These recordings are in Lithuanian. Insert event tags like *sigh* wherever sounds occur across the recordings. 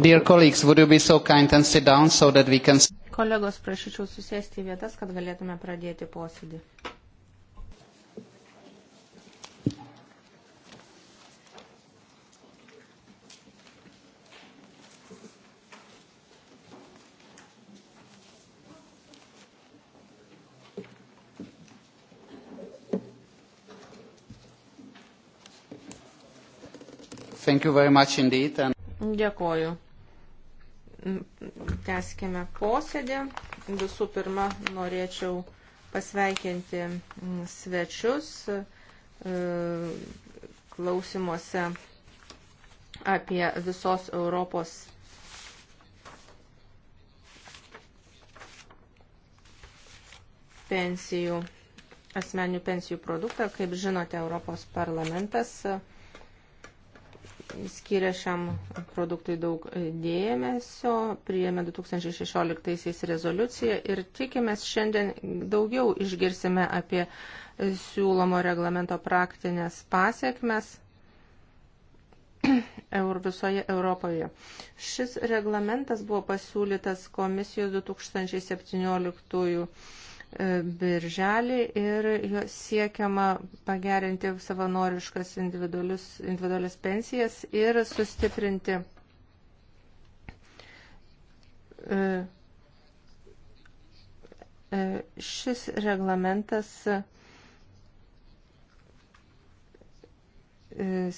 Dear colleagues, would you be so kind and sit down so that we can... Kolegos, prašyčiau susėsti į vietas, kad galėtume pradėti posėdį. Thank you very much indeed. And Dėkoju. Teskime posėdį. Visų pirma, norėčiau pasveikinti svečius e, klausimuose apie visos Europos pensijų, asmenių pensijų produktą. Kaip žinote, Europos parlamentas skiria šiam produktui daug dėmesio, priėmė 2016 rezoliuciją ir tikimės šiandien daugiau išgirsime apie siūlomo reglamento praktinės pasiekmes visoje Europoje. Šis reglamentas buvo pasiūlytas komisijos 2017 birželį ir siekiama pagerinti savanoriškas individualias pensijas ir sustiprinti e, e, šis reglamentas e,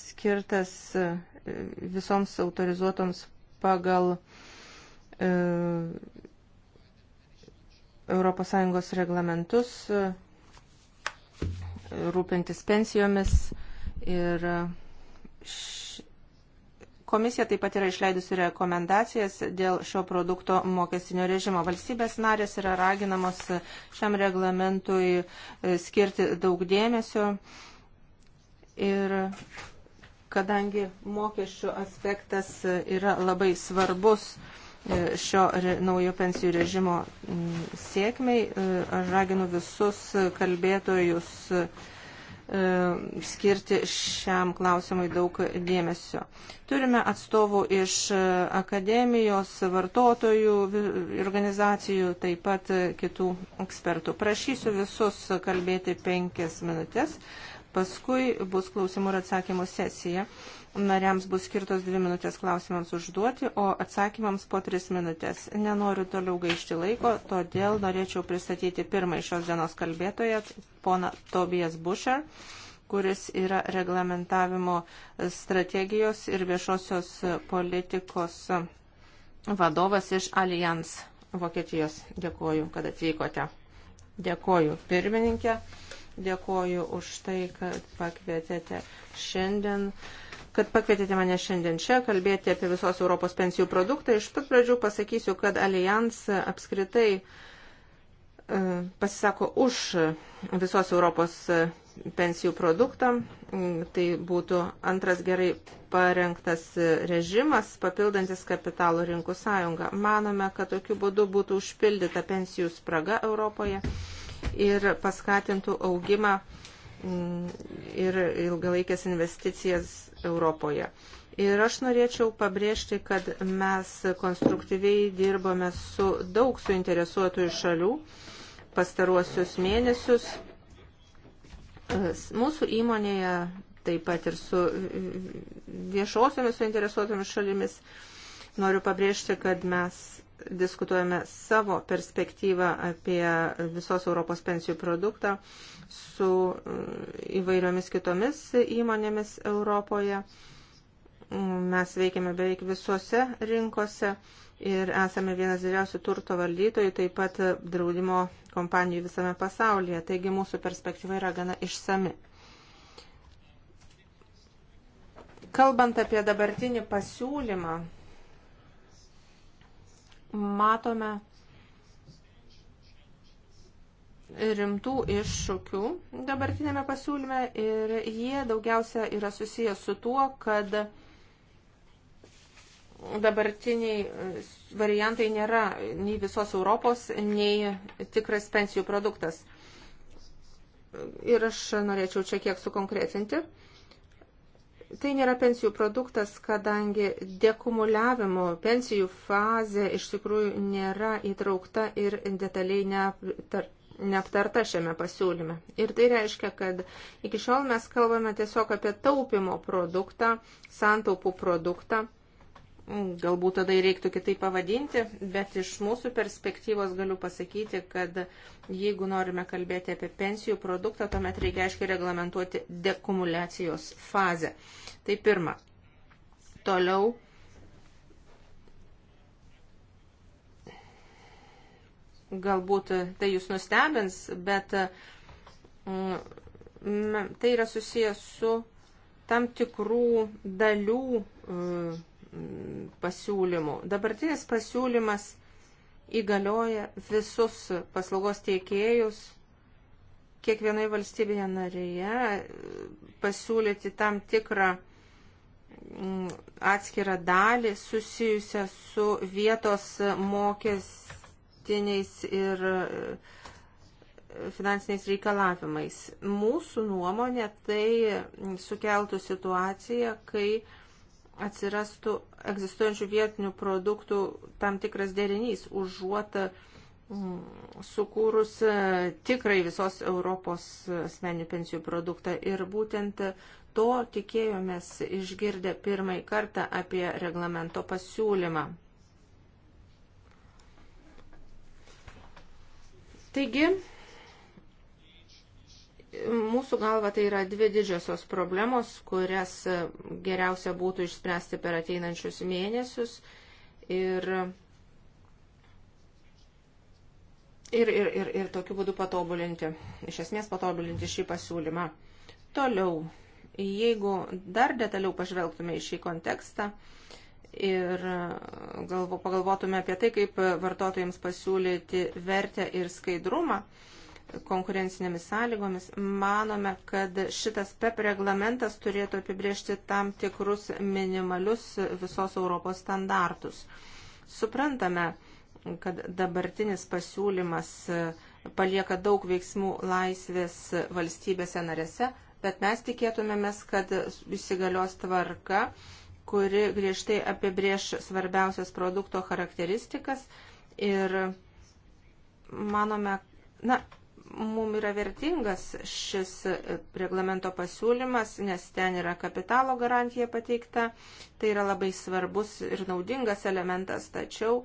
skirtas visoms autorizuotoms pagal ES reglamentus, rūpintis pensijomis ir š... komisija taip pat yra išleidusi rekomendacijas dėl šio produkto mokestinio režimo. Valstybės narės yra raginamos šiam reglamentui e, skirti daug dėmesio ir kadangi mokesčių aspektas yra labai svarbus, E, šio naujo pensijų režimo sėkmiai. E, aš raginu visus kalbėtojus e, skirti šiam klausimui daug dėmesio. Turime atstovų iš akademijos, vartotojų, organizacijų, taip pat kitų ekspertų. Prašysiu visus kalbėti penkias minutės. Paskui bus klausimų ir atsakymų sesija. Nariams bus skirtos dvi minutės klausimams užduoti, o atsakymams po tris minutės. Nenoriu toliau gaišti laiko, todėl norėčiau pristatyti pirmąjį šios dienos kalbėtoją, pona Tobijas Busher kuris yra reglamentavimo strategijos ir viešosios politikos vadovas iš Allianz Vokietijos. Dėkuoju, kad atvykote. Dėkuoju, pirmininkė. Dėkoju už tai, kad pakvietėte šiandien kad pakvietėte mane šiandien čia kalbėti apie visos Europos pensijų produktą. Iš pat pradžių pasakysiu, kad Allianz apskritai e, pasisako už visos Europos e, pensijų produktą. E, tai būtų antras gerai parengtas režimas, papildantis kapitalų rinkų sąjungą. Manome, kad tokiu būdu būtų užpildyta pensijų spraga Europoje ir paskatintų augimą mm, ir ilgalaikės investicijas Europoje. Ir aš norėčiau pabrėžti, kad mes konstruktyviai dirbome su daug suinteresuotųjų šalių pastaruosius mėnesius. Mūsų įmonėje taip pat ir su viešosiomis suinteresuotomis šalimis. Noriu pabrėžti, kad mes diskutuojame savo perspektyvą apie visos Europos pensijų produktą su mm, įvairiomis kitomis įmonėmis Europoje. Mm, mes veikiame beveik visose rinkose ir esame vienas didžiausių turto valdytojų, taip pat draudimo kompanijų visame pasaulyje. Taigi mūsų perspektyva yra gana išsami. Kalbant apie dabartinį pasiūlymą, matome rimtų iššūkių dabartinėme pasiūlyme ir jie daugiausia yra susijęs su tuo, kad dabartiniai e, variantai nėra nei visos Europos, nei tikras pensijų produktas. Ir aš norėčiau čia kiek sukonkretinti tai nėra pensijų produktas, kadangi dekumuliavimo pensijų fazė iš tikrųjų nėra įtraukta ir detaliai neaptarta neaptarta šiame pasiūlyme. Ir tai reiškia, kad iki šiol mes kalbame tiesiog apie taupimo produktą, santaupų produktą, Galbūt tada reiktų kitaip pavadinti, bet iš mūsų perspektyvos galiu pasakyti, kad jeigu norime kalbėti apie pensijų produktą, tuomet reikia aiškiai reglamentuoti dekumulacijos fazę. Tai pirma. Toliau galbūt tai jūs nustebins, bet mm, tai yra susijęs su tam tikrų dalių e, pasiūlymų. Dabartinis pasiūlymas įgalioja visus paslaugos tiekėjus kiekvienai valstybėje narėje e, pasiūlyti tam tikrą mm, atskirą dalį susijusią su vietos mokestiniais ir e, finansiniais reikalavimais. Mūsų nuomonė tai mm, sukeltų situaciją, kai atsirastų egzistuojančių vietinių produktų tam tikras derinys, užuot mm, sukūrus e, tikrai visos Europos asmeninių pensijų produktą. Ir būtent to tikėjomės išgirdę pirmąjį kartą apie reglamento pasiūlymą. Taigi, Mūsų galva tai yra dvi didžiosios problemos, kurias geriausia būtų išspręsti per ateinančius mėnesius. Ir ir, ir, ir, ir tokiu būdu patobulinti, iš esmės patobulinti šį pasiūlymą. Toliau, jeigu dar detaliau pažvelgtume į šį kontekstą ir galvo, pagalvotume apie tai, kaip vartotojams pasiūlyti vertę ir skaidrumą, konkurencinėmis sąlygomis, manome, kad šitas PEP reglamentas turėtų apibriežti tam tikrus minimalius visos Europos standartus. Suprantame, kad dabartinis pasiūlymas palieka daug veiksmų laisvės valstybėse narėse, bet mes tikėtumėmės, kad įsigalios tvarka, kuri griežtai apibrieš svarbiausias produkto charakteristikas ir manome, na, mums yra vertingas šis reglamento pasiūlymas, nes ten yra kapitalo garantija pateikta. Tai yra labai svarbus ir naudingas elementas, tačiau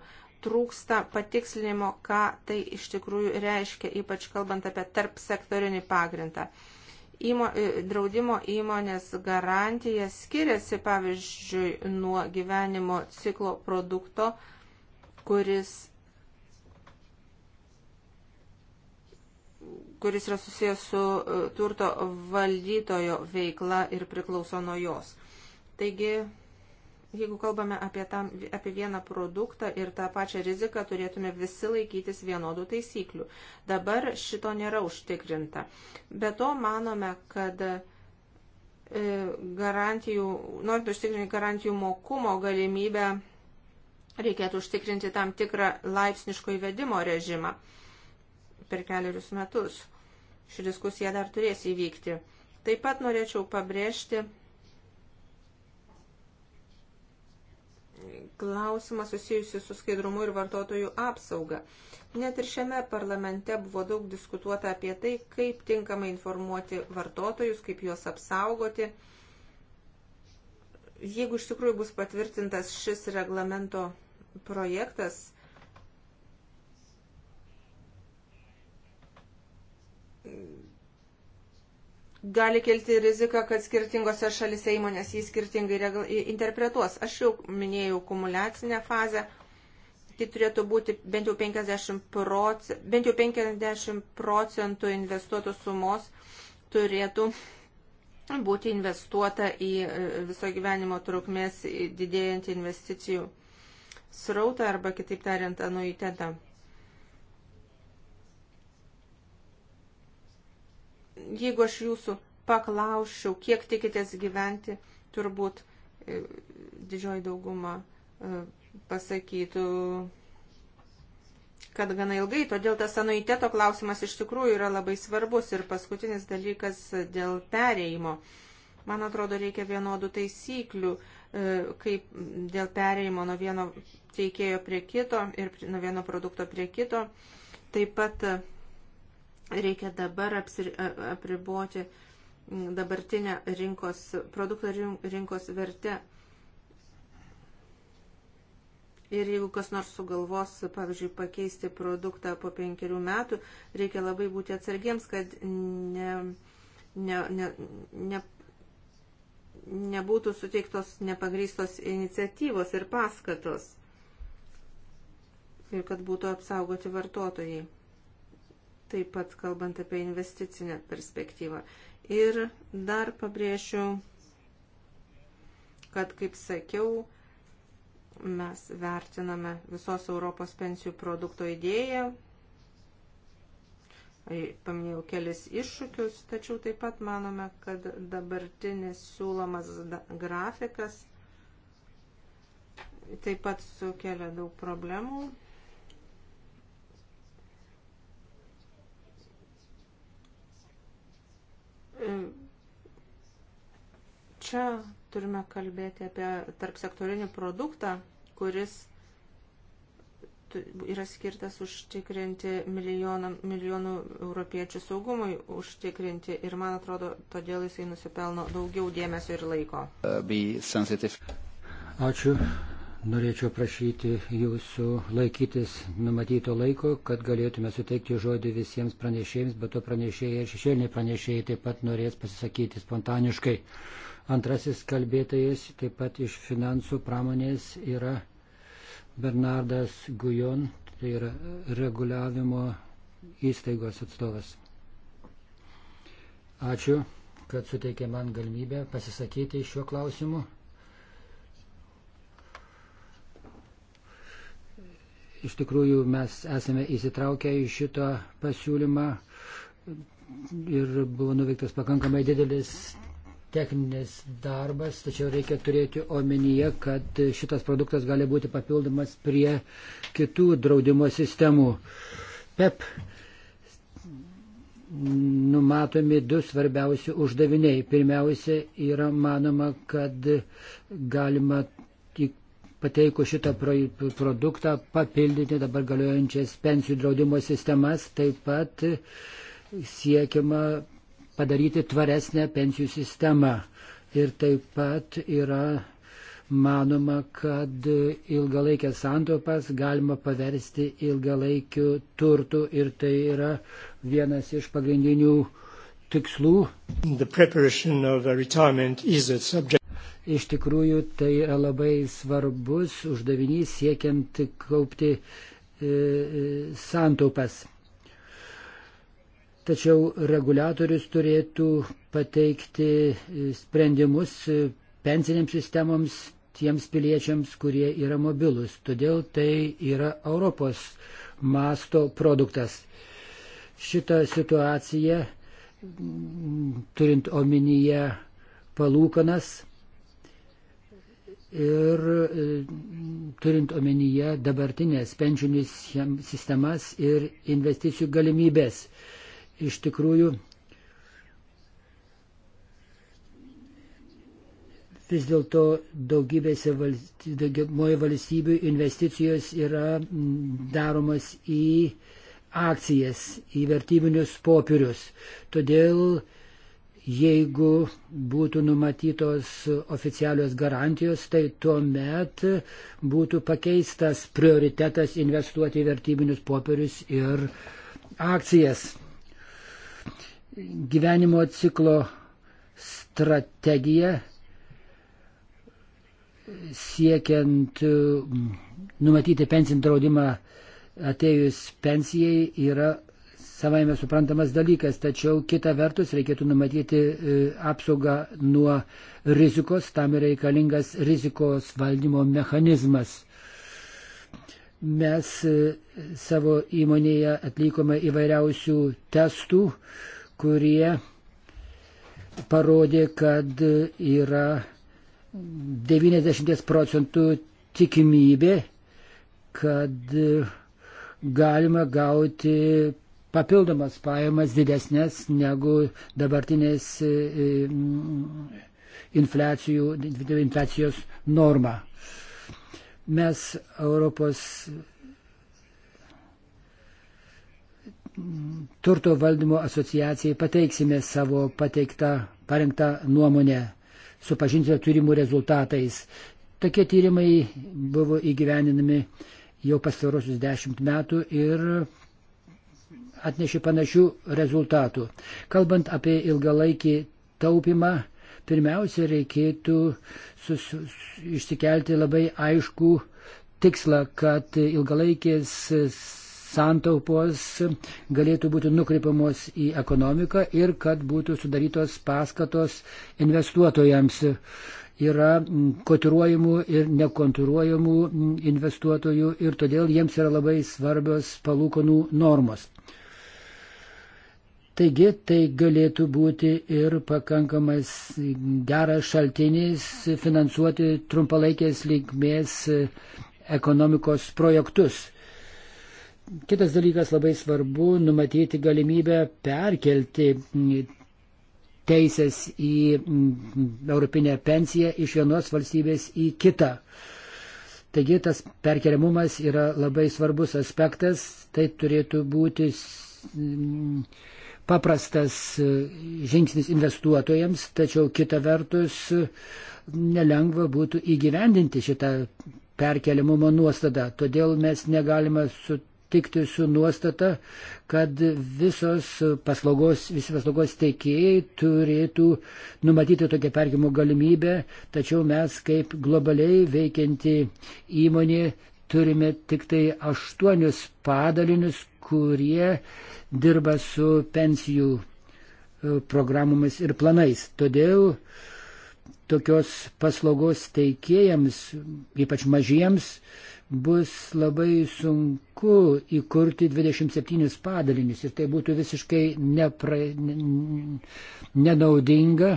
trūksta patikslinimo, ką tai iš tikrųjų reiškia, ypač kalbant apie tarp sektorinį pagrindą. Įmo, e, draudimo įmonės garantija skiriasi, pavyzdžiui, nuo gyvenimo ciklo produkto, kuris kuris yra susijęs su e, turto valdytojo veikla ir priklauso nuo jos. Taigi, jeigu kalbame apie, tam, apie vieną produktą ir tą pačią riziką, turėtume visi laikytis vienodų taisyklių. Dabar šito nėra užtikrinta. Be to, manome, kad e, garantijų, norint užtikrinti garantijų mokumo galimybę, reikėtų užtikrinti tam tikrą laipsniško įvedimo režimą per keliarius metus. Ši diskusija dar turės įvykti. Taip pat norėčiau pabrėžti klausimą susijusi su skaidrumu ir vartotojų apsauga. Net ir šiame parlamente buvo daug diskutuota apie tai, kaip tinkamai informuoti vartotojus, kaip juos apsaugoti. Jeigu iš tikrųjų bus patvirtintas šis reglamento projektas, gali kelti riziką, kad skirtingose šalise įmonės jį skirtingai regal, interpretuos. Aš jau minėjau kumulacinę fazę, tai turėtų būti bent jau 50 procentų, bent jau 50 procentų investuotų sumos turėtų būti investuota į e, viso gyvenimo trukmės didėjantį investicijų srautą arba kitaip tariant anuitetą. Nu jeigu aš jūsų paklausčiau, kiek tikitės gyventi, turbūt e, didžioji dauguma e, pasakytų, kad gana ilgai, todėl tas anuiteto klausimas iš tikrųjų yra labai svarbus. Ir paskutinis dalykas dėl pereimo. Man atrodo, reikia vienodų taisyklių, e, kaip dėl pereimo nuo vieno teikėjo prie kito ir nuo vieno produkto prie kito. Taip pat reikia dabar apsir, apriboti dabartinę rinkos, produkto rinkos vertę. Ir jeigu kas nors sugalvos, pavyzdžiui, pakeisti produktą po penkerių metų, reikia labai būti atsargiems, kad ne, ne, ne, ne, nebūtų suteiktos nepagrystos iniciatyvos ir paskatos ir kad būtų apsaugoti vartotojai taip pat kalbant apie investicinę perspektyvą. Ir dar pabrėšiu, kad, kaip sakiau, mes vertiname visos Europos pensijų produkto idėją. Paminėjau kelis iššūkius, tačiau taip pat manome, kad dabartinis siūlomas grafikas taip pat sukelia daug problemų Čia turime kalbėti apie tarp sektorinį produktą, kuris yra skirtas užtikrinti milijonam, milijonų europiečių saugumui užtikrinti ir man atrodo, todėl jisai nusipelno daugiau dėmesio ir laiko. Uh, Ačiū. Norėčiau prašyti jūsų laikytis numatyto laiko, kad galėtume suteikti žodį visiems pranešėjams, bet to pranešėjai ir šešėliniai pranešėjai taip pat norės pasisakyti spontaniškai. Antrasis kalbėtojas taip pat iš finansų pramonės yra Bernardas Gujon, tai yra reguliavimo įstaigos atstovas. Ačiū, kad suteikė man galimybę pasisakyti šiuo klausimu. Iš tikrųjų, mes esame įsitraukę į šitą pasiūlymą ir buvo nuveiktas pakankamai didelis techninis darbas, tačiau reikia turėti omenyje, kad šitas produktas gali būti papildomas prie kitų draudimo sistemų. PEP numatomi du svarbiausi uždaviniai. Pirmiausia, yra manoma, kad galima pateiko šitą produktą papildyti dabar galiojančias pensijų draudimo sistemas, taip pat siekiama padaryti tvaresnę pensijų sistemą. Ir taip pat yra manoma, kad ilgalaikės santopas galima paversti ilgalaikiu turtu ir tai yra vienas iš pagrindinių tikslų. Iš tikrųjų, tai yra labai svarbus uždavinys siekiant kaupti e, e santaupas. Tačiau reguliatorius turėtų pateikti e, sprendimus e, pensiniams sistemoms tiems piliečiams, kurie yra mobilus. Todėl tai yra Europos masto produktas. Šitą situaciją, turint omenyje palūkanas, ir e, turint omenyje dabartinės pensijų sistemas ir investicijų galimybės. Iš tikrųjų, vis dėlto daugybėse valstybių, valstybių investicijos yra daromas į akcijas, į vertybinius popierius. Todėl jeigu būtų numatytos oficialios garantijos, tai tuomet būtų pakeistas prioritetas investuoti į vertybinius popierius ir akcijas. Gyvenimo ciklo strategija siekiant numatyti pensinį draudimą atėjus pensijai yra savaime suprantamas dalykas, tačiau kita vertus reikėtų numatyti e, apsaugą nuo rizikos, tam reikalingas rizikos valdymo mechanizmas. Mes e, savo įmonėje atlikome įvairiausių testų, kurie parodė, kad yra 90 procentų tikimybė, kad galima gauti papildomas pajamas didesnės negu dabartinės e, e, infliacijų, infliacijos norma. Mes Europos turto valdymo asociacijai pateiksime savo pateiktą, parengtą nuomonę supažinsime turimų rezultatais. Tokie tyrimai buvo įgyveninami jau pastarosius dešimt metų ir atnešė panašių rezultatų. Kalbant apie ilgalaikį taupimą, pirmiausia reikėtų sus, išsikelti labai aišku tikslą, kad ilgalaikės santaupos galėtų būti nukreipiamos į ekonomiką ir kad būtų sudarytos paskatos investuotojams. Yra kotiruojamų ir nekontiruojamų investuotojų ir todėl jiems yra labai svarbios palūkonų normos. Taigi tai galėtų būti ir pakankamas geras šaltinis finansuoti trumpalaikės linkmės e, ekonomikos projektus. Kitas dalykas labai svarbu - numatyti galimybę perkelti teisės į europinę pensiją iš vienos valstybės į kitą. Taigi tas perkeliamumas yra labai svarbus aspektas, tai turėtų būti paprastas e, žingsnis investuotojams, tačiau kita vertus e, nelengva būtų įgyvendinti šitą perkeliamumo nuostatą. Todėl mes negalime sutikti su nuostata, kad visos paslaugos, visi paslaugos teikėjai turėtų numatyti tokią perkelimo galimybę, tačiau mes kaip globaliai veikianti įmonė turime tik tai aštuonius padalinius, kurie dirba su pensijų e, programomis ir planais. Todėl tokios paslaugos teikėjams, ypač mažiems, bus labai sunku įkurti 27 padalinius ir tai būtų visiškai nepra, nenaudinga.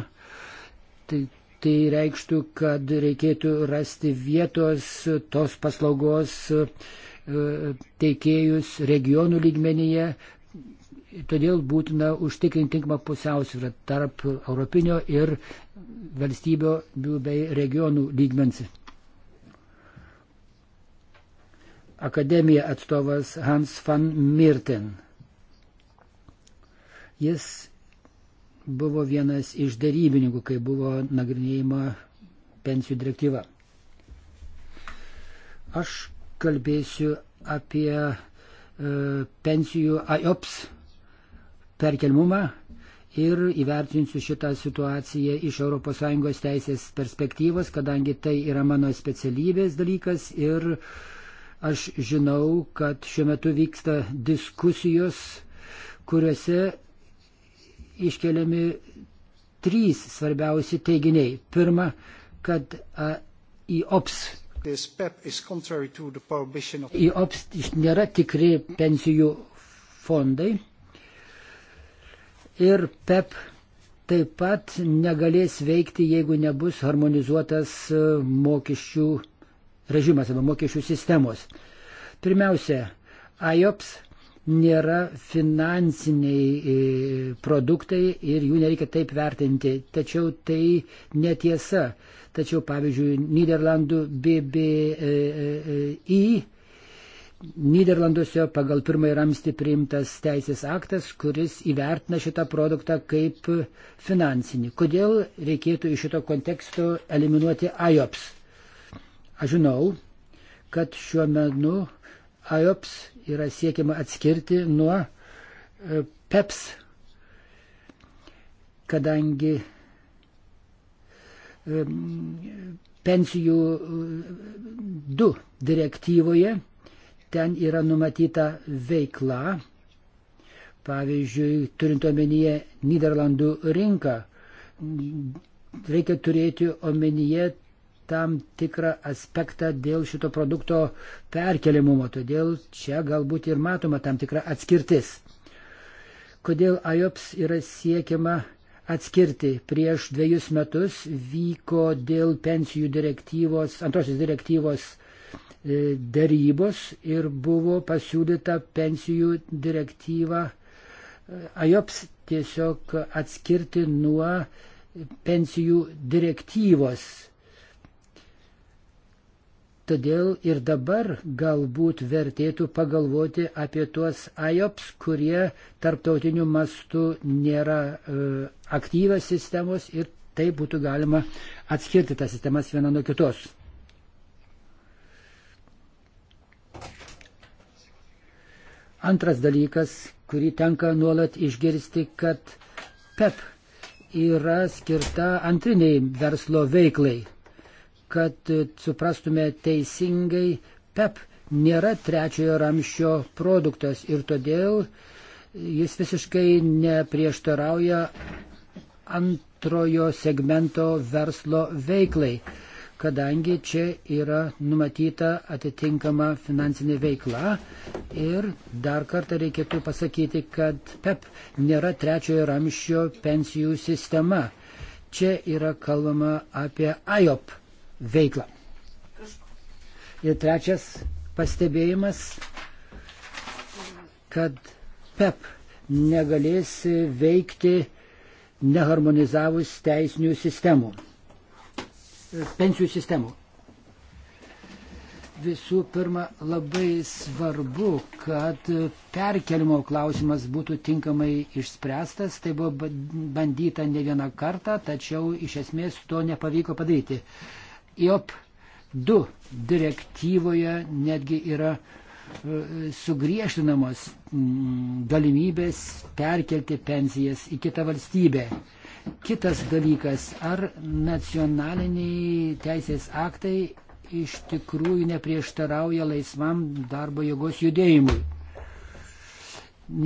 Tai, tai reikštų, kad reikėtų rasti vietos tos paslaugos uh, teikėjus regionų lygmenyje. Todėl būtina užtikrinti tinkamą pusiausvyrą tarp europinio ir valstybių bei regionų lygmens. Akademija atstovas Hans van Mirten. Jis buvo vienas iš darybininkų, kai buvo nagrinėjama pensijų direktyva. Aš kalbėsiu apie e, pensijų AIOPS perkelmumą ir įvertinsiu šitą situaciją iš ES teisės perspektyvos, kadangi tai yra mano specialybės dalykas ir aš žinau, kad šiuo metu vyksta diskusijos, kuriuose iškeliami trys svarbiausi teiginiai. Pirma, kad į OPS Įops nėra tikri pensijų fondai ir PEP taip pat negalės veikti, jeigu nebus harmonizuotas e, mokesčių režimas arba mokesčių sistemos. Pirmiausia, IOPS nėra finansiniai e, produktai ir jų nereikia taip vertinti. Tačiau tai netiesa. Tačiau, pavyzdžiui, Niderlandų BBI. E e Niderlanduose pagal pirmąjį ramstį priimtas teisės aktas, kuris įvertina šitą produktą kaip finansinį. Kodėl reikėtų iš šito konteksto eliminuoti IOPS? Aš žinau, kad šiuo menu IOPS yra siekiama atskirti nuo e, PEPS, kadangi e, pensijų 2 e, direktyvoje ten yra numatyta veikla, pavyzdžiui, turint omenyje Niderlandų rinką, reikia turėti omenyje tam tikrą aspektą dėl šito produkto perkeliamumo, todėl čia galbūt ir matoma tam tikra atskirtis. Kodėl AJOPS yra siekiama atskirti? Prieš dviejus metus vyko dėl pensijų direktyvos, antrosios direktyvos e, darybos ir buvo pasiūlyta pensijų direktyva e, AJOPS tiesiog atskirti nuo pensijų direktyvos Todėl ir dabar galbūt vertėtų pagalvoti apie tuos IOPS, kurie tarptautiniu mastu nėra e, aktyvios sistemos ir taip būtų galima atskirti tas sistemas vieną nuo kitos. Antras dalykas, kurį tenka nuolat išgirsti, kad PEP e yra skirta antriniai verslo veiklai kad e, suprastume teisingai, PEP nėra trečiojo ramščio produktas ir todėl jis visiškai neprieštarauja antrojo segmento verslo veiklai, kadangi čia yra numatyta atitinkama finansinė veikla ir dar kartą reikėtų pasakyti, kad PEP nėra trečiojo ramščio pensijų sistema. Čia yra kalbama apie IOP veiklą. Ir trečias pastebėjimas, kad PEP negalės veikti neharmonizavus teisinių sistemų, pensijų sistemų. Visų pirma, labai svarbu, kad perkelimo klausimas būtų tinkamai išspręstas. Tai buvo bandyta ne vieną kartą, tačiau iš esmės to nepavyko padaryti. IOP 2 direktyvoje netgi yra e, sugriežtinamos mm, galimybės perkelti pensijas į kitą valstybę. Kitas dalykas, ar nacionaliniai teisės aktai iš tikrųjų neprieštarauja laisvam darbo jėgos judėjimui.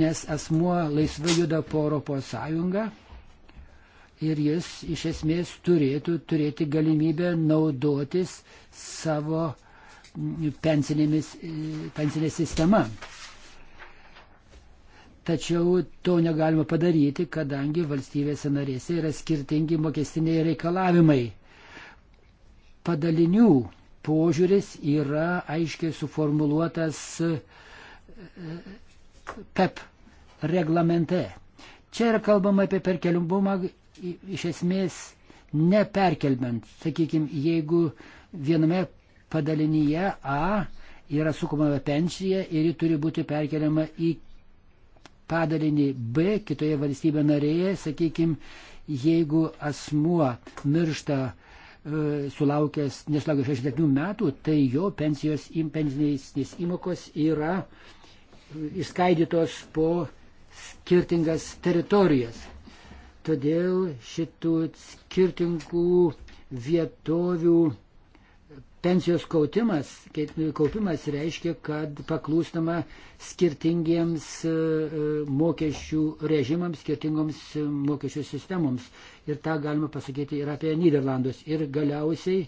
Nes asmuo laisvai juda po Europos Sąjungą ir jis iš esmės turėtų turėti galimybę naudotis savo mm, e, pensinė sistema. Tačiau to negalima padaryti, kadangi valstybėse narėse yra skirtingi mokestiniai reikalavimai. Padalinių požiūris yra aiškiai suformuluotas PEP e, e reglamente. Čia yra kalbama apie perkeliumumą iš esmės neperkelbent. Sakykime, jeigu viename padalinyje A yra sukama pensija ir ji turi būti perkeliama į padalinį B kitoje valstybėje narėje, sakykime, jeigu asmuo miršta e, sulaukęs, nesulaukęs 67 metų, tai jo pensijos, pensinės įmokos yra išskaidytos po skirtingas teritorijas. Todėl šitų skirtingų vietovių pensijos kautimas, kaupimas reiškia, kad paklūstama skirtingiems e, e, mokesčių režimams, skirtingoms e, mokesčių sistemoms. Ir tą galima pasakyti ir apie Niderlandus. Ir galiausiai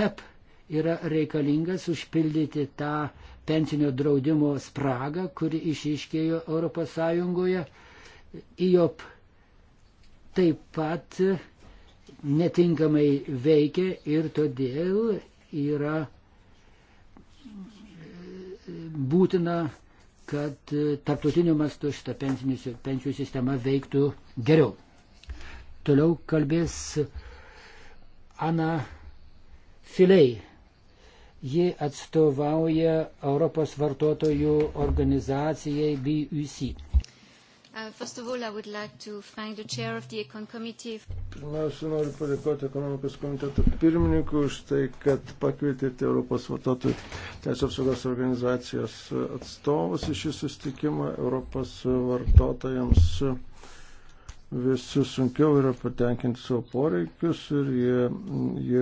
PEP yra reikalingas užpildyti tą pensinio draudimo spragą, kuri išiškėjo ES. IOP taip pat netinkamai veikia ir todėl yra būtina, kad tarptautiniu mastu šita pensijų sistema veiktų geriau. Toliau kalbės Ana Filei. Ji atstovauja Europos vartotojų organizacijai BUC. Uh, first of all, I would like to thank the chair of the Econ Committee. Pirmiausia, noriu padėkoti ekonomikos komiteto pirmininkui už tai, kad pakvietėte Europos vartotojų teisų apsaugos organizacijos atstovus į šį sustikimą. Europos vartotojams visi sunkiau yra patenkinti savo poreikius ir jie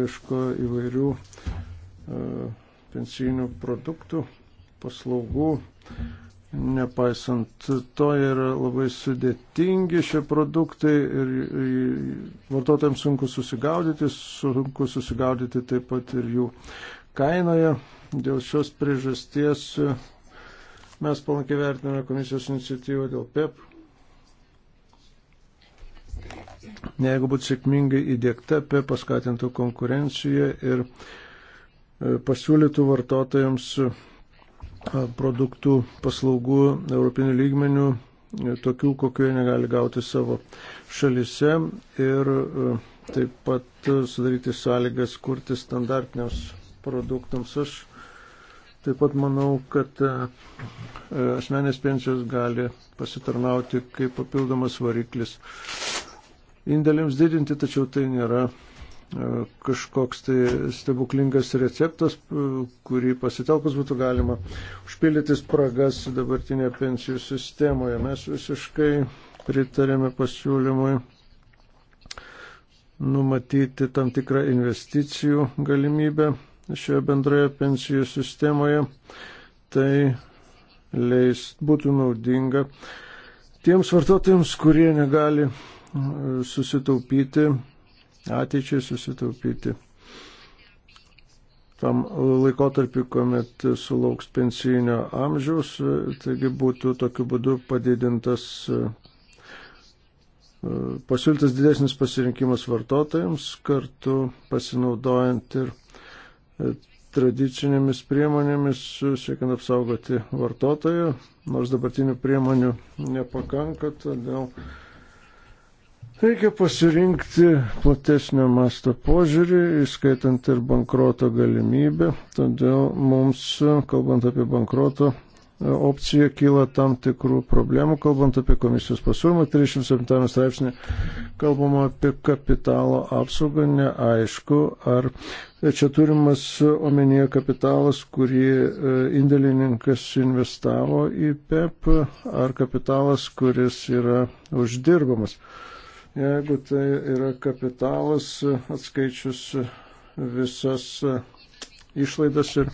ieško įvairių uh, pensijinių produktų, paslaugų. Uh, Nepaisant to yra labai sudėtingi šie produktai ir vartotojams sunku susigaudyti, sunku susigaudyti taip pat ir jų kainoje. Dėl šios priežasties mes palankiai vertiname komisijos iniciatyvą dėl PEP. E jeigu būtų sėkmingai įdėkta, PEP paskatintų konkurenciją ir e, pasiūlytų vartotojams produktų, paslaugų europinių lygmenių, e, tokių, kokiu jie negali gauti savo šalise ir e, taip pat sudaryti sąlygas kurti standartiniams produktams. Aš taip pat manau, kad e, asmenės pensijos gali pasitarnauti kaip papildomas variklis indėliams didinti, tačiau tai nėra kažkoks tai stebuklingas receptas, kurį pasitelkus būtų galima užpildyti spragas dabartinėje pensijų sistemoje. Mes visiškai pritarėme pasiūlymui numatyti tam tikrą investicijų galimybę šioje bendroje pensijų sistemoje. Tai leis, būtų naudinga tiems vartotojams, kurie negali susitaupyti ateičiai susitaupyti tam laikotarpiu, kuomet sulauks pensijinio amžiaus, taigi būtų tokiu būdu padidintas, pasiūlytas didesnis pasirinkimas vartotojams, kartu pasinaudojant ir tradicinėmis priemonėmis, siekiant apsaugoti vartotoją, nors dabartinių priemonių nepakanka, todėl Reikia pasirinkti platesnio masto požiūrį, įskaitant ir bankroto galimybę. Todėl mums, kalbant apie bankroto e, opciją, kyla tam tikrų problemų. Kalbant apie komisijos pasiūlymą, 37 straipsnė kalbama apie kapitalo apsaugą. Neaišku, ar čia turimas omenyje kapitalas, kurį e, indėlininkas investavo į PEP, e ar kapitalas, kuris yra uždirbamas. Jeigu tai yra kapitalas atskaičius visas išlaidas ir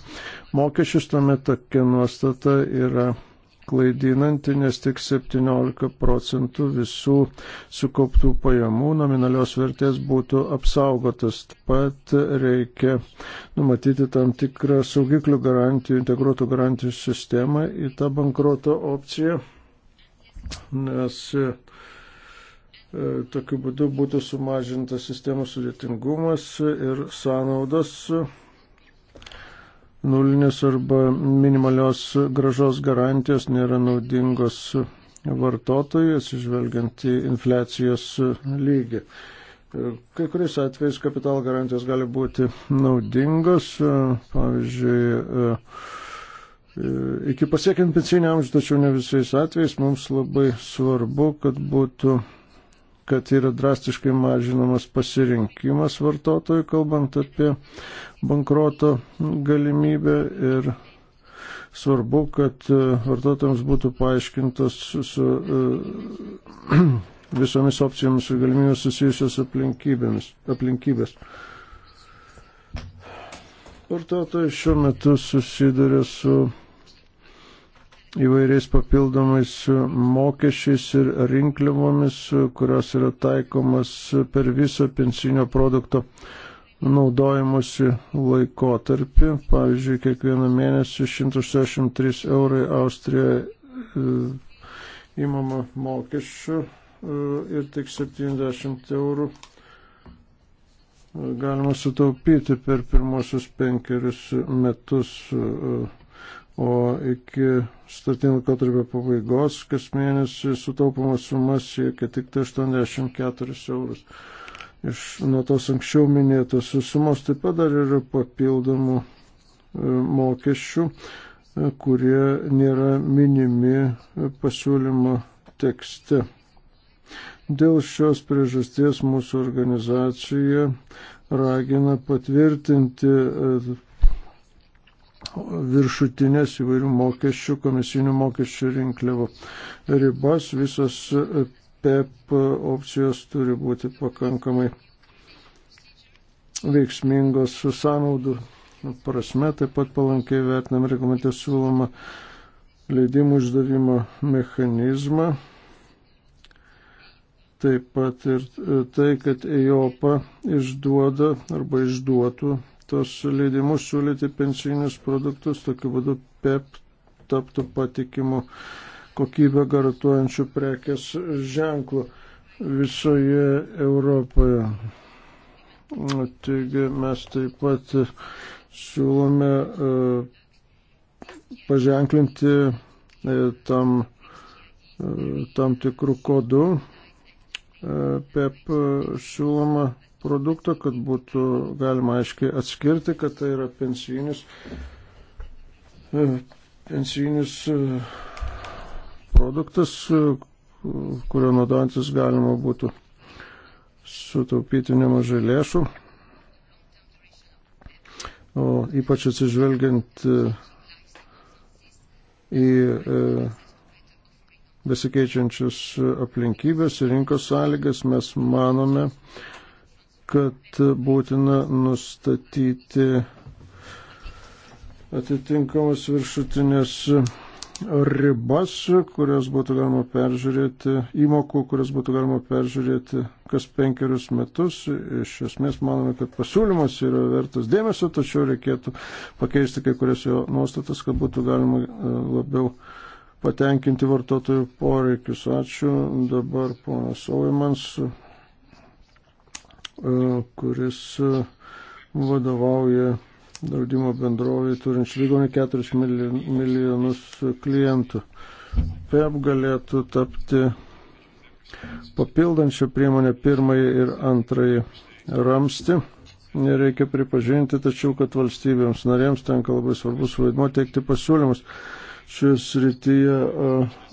mokesčius, tuomet tokia nuostata yra klaidinanti, nes tik 17 procentų visų sukauptų pajamų nominalios vertės būtų apsaugotas. Taip pat reikia numatyti tam tikrą saugiklių garantijų, integruotų garantijų sistemą į tą bankruoto opciją, nes E, tokiu būdu būtų sumažintas sistemos sudėtingumas ir sąnaudos nulinės arba minimalios gražos garantijos nėra naudingos vartotojui, atsižvelgiant į infliacijos lygį. E, kai kuriais atvejais kapitalo garantijos gali būti naudingos, e, pavyzdžiui, iki pasiekiant pensinį amžių, tačiau ne visais atvejais mums labai svarbu, kad būtų kad yra drastiškai mažinamas pasirinkimas vartotojų, kalbant apie bankroto galimybę ir svarbu, kad e, vartotojams būtų paaiškintos su e, *clears throat* visomis opcijomis ir galimybėmis susijusios aplinkybės. Vartotojai šiuo metu susiduria su įvairiais papildomais mokesčiais ir rinkliavomis, kurios yra taikomas per visą pensinio produkto naudojimusi laikotarpį. Pavyzdžiui, kiekvieną mėnesį 163 eurai Austrijoje e, įmama mokesčių e, ir tik 70 eurų e, galima sutaupyti per pirmosius penkerius metus o iki startinio laikotarpio pabaigos kas mėnesį sutaupama suma siekia tik 84 tai eurus. Iš nuo tos anksčiau minėtos sumos taip pat dar yra papildomų e, mokesčių, e, kurie nėra minimi e, pasiūlymo tekste. Dėl šios priežasties mūsų organizacija ragina patvirtinti viršutinės įvairių mokesčių, komisinių mokesčių rinkliavų ribas. Visos PEP e opcijos turi būti pakankamai veiksmingos su sąnaudų prasme. Taip pat palankiai vertinam rekomendacijos siūlomą leidimų išdavimo mechanizmą. Taip pat ir tai, kad EOPA išduoda arba išduotų tos leidimus siūlyti pensinius produktus, tokiu būdu PEP e taptų patikimu kokybę garantuojančių prekės ženklų visoje Europoje. Taigi mes taip pat siūlome e, paženklinti e, tam, tam tikrų kodų PEP siūloma produkto, kad būtų galima aiškiai atskirti, kad tai yra pensijinis, e, pensijinis e, produktas, e, kurio naudojantis galima būtų sutaupyti nemažai lėšų. O ypač atsižvelgiant į besikeičiančius aplinkybės ir rinkos sąlygas, mes manome, kad būtina nustatyti atitinkamas viršutinės ribas, kurias būtų galima peržiūrėti, įmokų, kurias būtų galima peržiūrėti kas penkerius metus. Iš esmės manome, kad pasiūlymas yra vertas dėmesio, tačiau reikėtų pakeisti kai kurias jo nuostatas, kad būtų galima e, labiau patenkinti vartotojų poreikius. Ačiū. Dabar ponas Oimans E, kuris e, vadovauja draudimo bendrovį turinčių daugiau nei 4 milijonus klientų. PEP e galėtų tapti papildančią priemonę pirmąjį ir antrąjį ramsti. Nereikia pripažinti, tačiau, kad valstybėms narėms tenka labai svarbus vaidmo teikti pasiūlymus šioje srityje,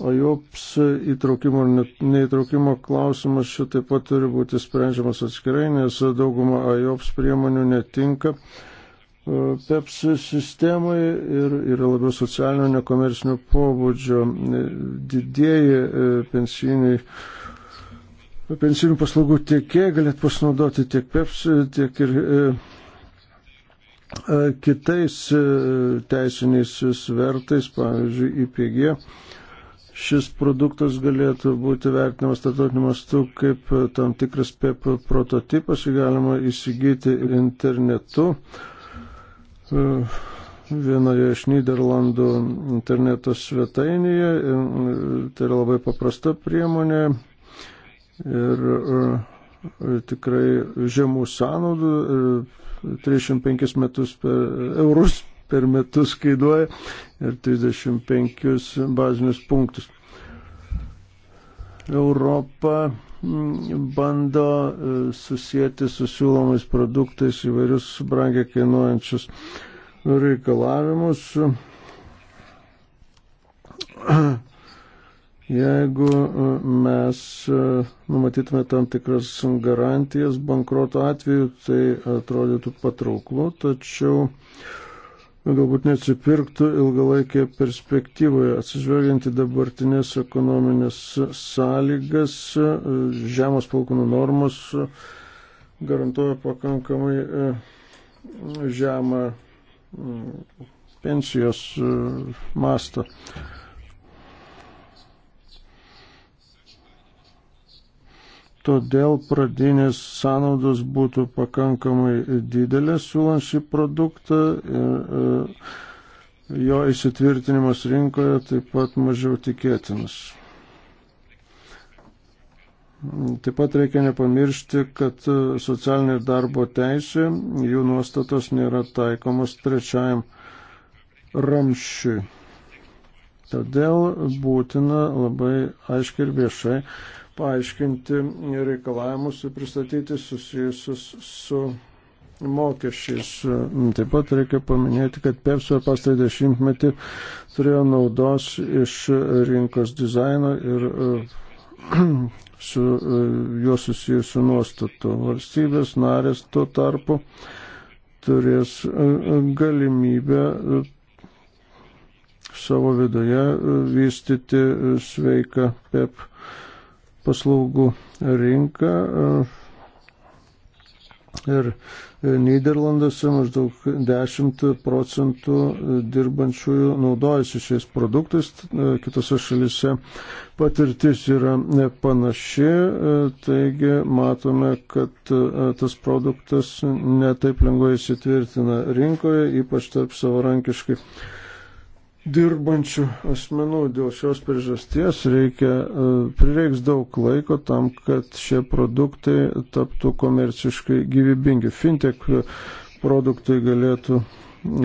o jops įtraukimo ir neįtraukimo klausimas čia taip pat turi būti sprendžiamas atskirai, nes dauguma jops priemonių netinka. PEPS sistemai ir yra labiau socialinio nekomercinio pobūdžio. Didieji e, pensiniai pensinių paslaugų tiekėjai galėtų pasinaudoti tiek PEPS, tiek ir e, E, kitais e, teisiniais svertais, pavyzdžiui, IPG, šis produktas galėtų būti vertinamas tarptautiniu mastu kaip tam tikras PEP prototipas, jį galima įsigyti internetu. E, vienoje iš Niderlandų interneto svetainėje tai yra labai paprasta priemonė ir tikrai žemų sąnaudų 35 metus per eurus per metus kaiduoja ir 35 bazinius punktus. Europa mm, bando e, susijęti su siūlomais produktais įvairius brangiai kainuojančius reikalavimus. *clears throat* Jeigu e, mes e, numatytume tam tikras garantijas bankruoto atveju, tai atrodytų patrauklu, tačiau galbūt neatsipirktų ilgalaikėje perspektyvoje. Atsižvelgiant į dabartinės ekonominės sąlygas, e, žemos palūkanų normos garantuoja pakankamai žemą pensijos mastą. todėl pradinės sąnaudos būtų pakankamai didelės siūlant šį produktą ir e, jo įsitvirtinimas rinkoje taip pat mažiau tikėtinas. Taip pat reikia nepamiršti, kad e, socialinė darbo teisė, jų nuostatos nėra taikomos trečiajam ramščiui. Todėl būtina labai aiškiai ir viešai paaiškinti reikalavimus ir pristatyti susijusius su mokesčiais. Taip pat reikia paminėti, kad PEPS per pastarąjį dešimtmetį turėjo naudos iš rinkos dizaino ir eh, *clears throat* su eh, juo susijusių nuostatų. Valstybės narės tuo tarpu turės eh, galimybę savo viduje vystyti sveiką PEP paslaugų rinką. E, ir e, Niderlanduose maždaug 10 procentų dirbančiųjų naudojasi šiais produktais, e, kitose šalise patirtis yra panaši, taigi matome, kad tas produktas netaip lengvai įsitvirtina rinkoje, ypač tarp savarankiškai dirbančių asmenų. Dėl šios priežasties reikia, e, prireiks daug laiko tam, kad šie produktai taptų komerciškai gyvybingi. Fintech produktai galėtų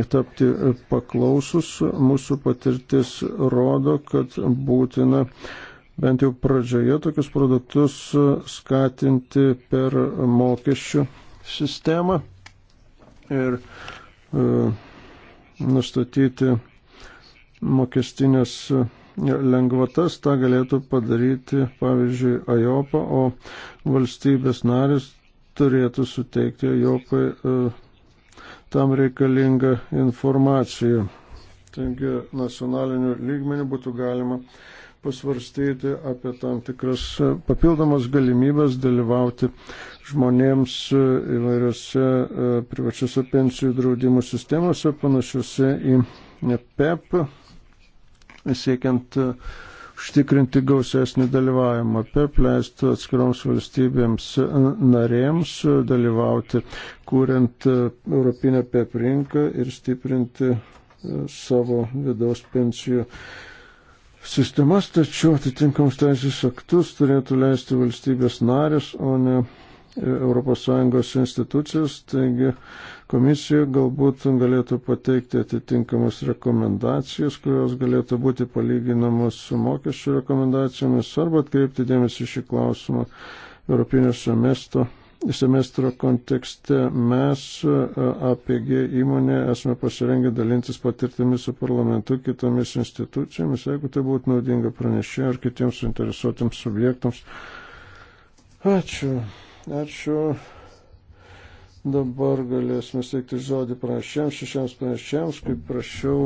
tapti paklausus. Mūsų patirtis rodo, kad būtina bent jau pradžioje tokius produktus skatinti per mokesčių sistemą ir e, nustatyti mokestinės e, lengvatas, tą galėtų padaryti, pavyzdžiui, AJOPA, o valstybės narės turėtų suteikti AJOPai e, tam reikalingą informaciją. Taigi nacionaliniu lygmeniu būtų galima pasvarstyti apie tam tikras e, papildomas galimybės dalyvauti žmonėms įvairiose privačiose pensijų draudimų sistemose, panašiose į PEP siekiant e, užtikrinti gausesnį dalyvavimą, perpleistų atskiroms valstybėms e, narėms e, dalyvauti, kūrint Europinę PEP rinką ir stiprinti savo vidaus pensijų sistemas, tačiau atitinkamus teisės aktus turėtų leisti valstybės narės, o ne ES institucijos. Taigi, Komisija galbūt galėtų pateikti atitinkamas rekomendacijas, kurios galėtų būti palyginamos su mokesčių rekomendacijomis arba atkreipti dėmesį šį klausimą Europinio semestro. Semestro kontekste mes e, APG įmonė esame pasirengę dalintis patirtimis su parlamentu kitomis institucijomis, jeigu tai būtų naudinga pranešė ar kitiems suinteresuotams subjektams. Ačiū. Ačiū. Dabar galėsime steigti žodį pranešėms, šešiems pranešėms, kaip prašiau,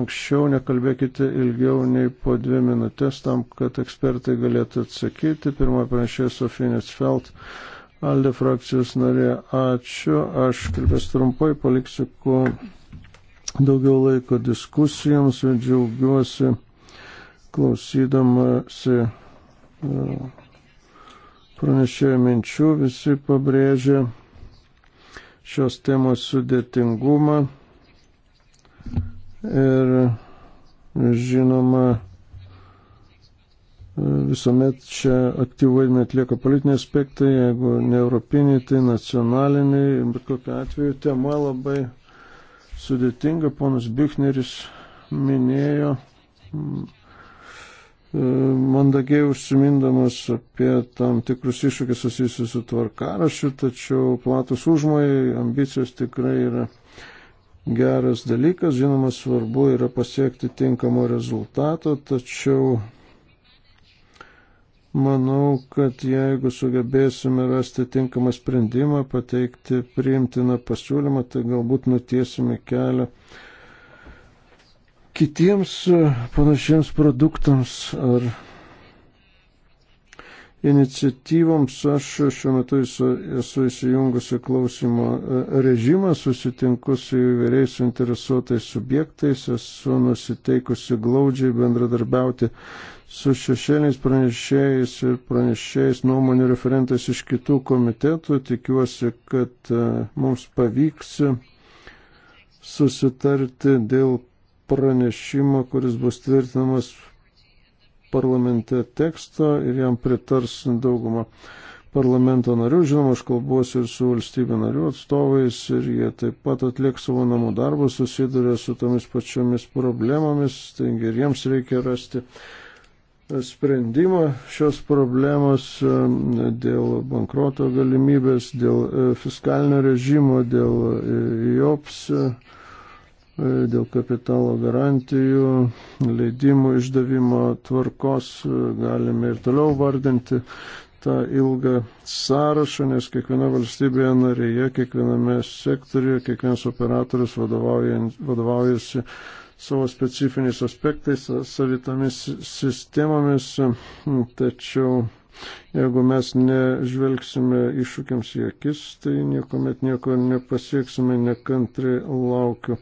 anksčiau nekalbėkite ilgiau nei po dvi minutės tam, kad ekspertai galėtų atsakyti. Pirmoji pranešėja Sofinės Felt, Alde frakcijos narė, ačiū. Aš kalbėsiu trumpai, paliksiu kuo daugiau laiko diskusijoms ir džiaugiuosi klausydamasi e, pranešėjo minčių, visi pabrėžia šios temos sudėtingumą ir žinoma visuomet čia aktyvų vaidmenį atlieka politiniai aspektai, jeigu ne europiniai, tai nacionaliniai, bet kokiu atveju tema labai sudėtinga, ponas Bichneris minėjo E, mandagiai užsimindamas apie tam tikrus iššūkius susijusius su tvarkarašiu, tačiau platus užmojai, ambicijos tikrai yra geras dalykas, žinoma, svarbu yra pasiekti tinkamo rezultato, tačiau manau, kad jeigu sugebėsime rasti tinkamą sprendimą, pateikti priimtiną pasiūlymą, tai galbūt nutiesime kelią kitiems e, panašiems produktams ar iniciatyvoms. Aš šiuo metu esu įsijungusi klausimo e, režimą, susitinku su įvairiais suinteresuotais subjektais, esu nusiteikusi glaudžiai bendradarbiauti su šešėliais pranešėjais ir pranešėjais nuomonių referentais iš kitų komitetų. Tikiuosi, kad e, mums pavyks susitarti dėl pranešimo, kuris bus tvirtinamas parlamente teksto ir jam pritars daugumą parlamento narių. Žinoma, aš kalbuosiu ir su valstybė narių atstovais ir jie taip pat atlieks savo namų darbą, susiduria su tomis pačiomis problemomis, taigi ir jiems reikia rasti sprendimą šios problemos e, dėl bankroto galimybės, dėl e, fiskalinio režimo, dėl e, JOPS E, dėl kapitalo garantijų, leidimų išdavimo tvarkos e, galime ir toliau vardinti tą ilgą sąrašą, nes kiekviena valstybėje narėje, kiekviename sektoriuje, kiekvienas operatorius vadovaujasi savo specifiniais aspektais, savitomis sistemomis, tačiau jeigu mes nežvelgsime iššūkiams į akis, tai niekuomet nieko nepasieksime, nekantri laukiu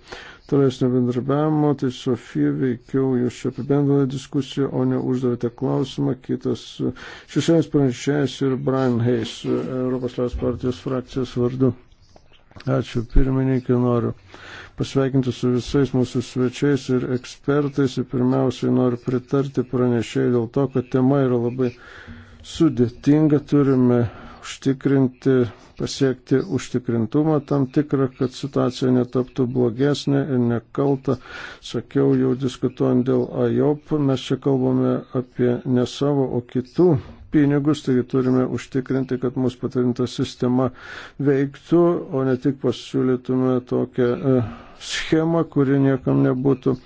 tolesnio bendrabiavimo, tai Sofija veikiau jūs čia apibendrinote diskusiją, o ne uždavėte klausimą. Kitas šešėlis pranešėjas ir Brian Hayes, Europos Liaudės partijos frakcijos vardu. Ačiū pirmininkai, noriu pasveikinti su visais mūsų svečiais ir ekspertais ir pirmiausiai noriu pritarti pranešėjai dėl to, kad tema yra labai sudėtinga, turime užtikrinti, pasiekti užtikrintumą tam tikrą, kad situacija netaptų blogesnė ir nekalta. Sakiau jau diskutuojant dėl AJOP, mes čia kalbame apie ne savo, o kitų pinigus, taigi turime užtikrinti, kad mūsų patvirtinta sistema veiktų, o ne tik pasiūlytume tokią e, schemą, kuri niekam nebūtų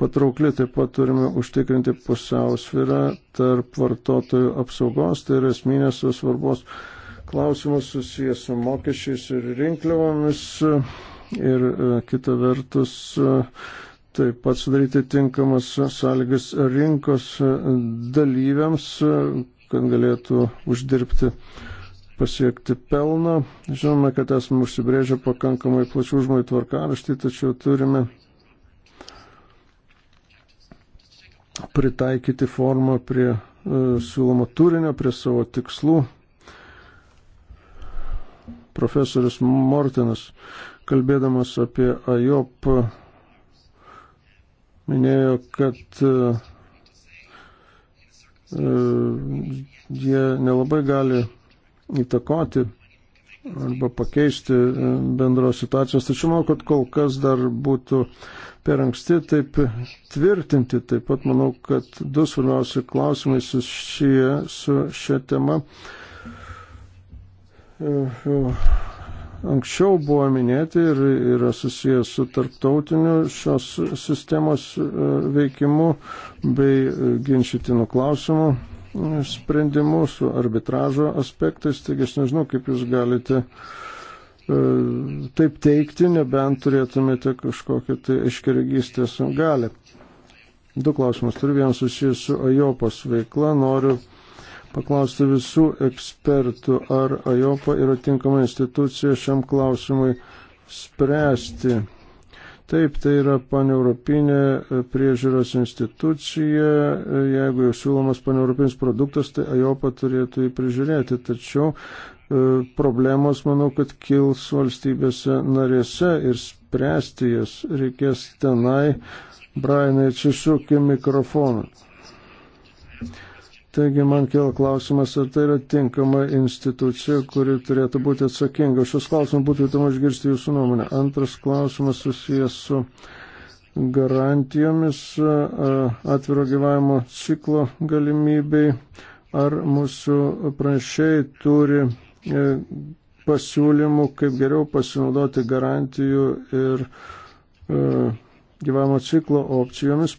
patraukli. Taip pat turime užtikrinti pusiausvyrą tarp vartotojų apsaugos, tai yra esminės svarbos klausimus susijęs su mokesčiais ir rinkliavomis ir e, kita vertus e, taip pat sudaryti tinkamas sąlygas rinkos e, dalyviams, kad galėtų uždirbti pasiekti pelną. Žinome, kad esame užsibrėžę pakankamai plačių žmonių tvarkaraštį, tačiau turime pritaikyti formą prie e, siūlomo turinio, prie savo tikslų, profesorius Mortinas, kalbėdamas apie AJOP, minėjo, kad e, jie nelabai gali įtakoti arba pakeisti e, bendros situacijos. Tačiau manau, kad kol kas dar būtų per anksti taip tvirtinti. Taip pat manau, kad du svarbiausi klausimai susiję su šia tema. Uh, jau anksčiau buvo minėti ir yra susijęs su tarptautiniu šios sistemos e, veikimu bei e, ginčytinų klausimų e, sprendimu su arbitražo aspektais. Taigi aš nežinau, kaip jūs galite taip teikti, nebent turėtumėte kažkokią tai aiškiregystės galę. Du klausimus turiu, vienas susijęs su Ajopos veikla. Noriu paklausti visų ekspertų, ar AJOPA yra tinkama institucija šiam klausimui spręsti. Taip, tai yra paneuropinė priežiūros institucija. Jeigu jau siūlomas paneuropinis produktas, tai AJOPA turėtų jį prižiūrėti. Tačiau e, problemos, manau, kad kils valstybėse narėse ir spręsti jas reikės tenai. Brainai, atsisukė mikrofoną. Taigi man kėl klausimas, ar tai yra tinkama institucija, kuri turėtų būti atsakinga. Šis klausimas būtų įdomu išgirsti jūsų nuomonę. Antras klausimas susijęs su garantijomis atviro gyvavimo ciklo galimybei. Ar mūsų pranešėjai turi e, pasiūlymų, kaip geriau pasinaudoti garantijų ir e, gyvavimo ciklo opcijomis?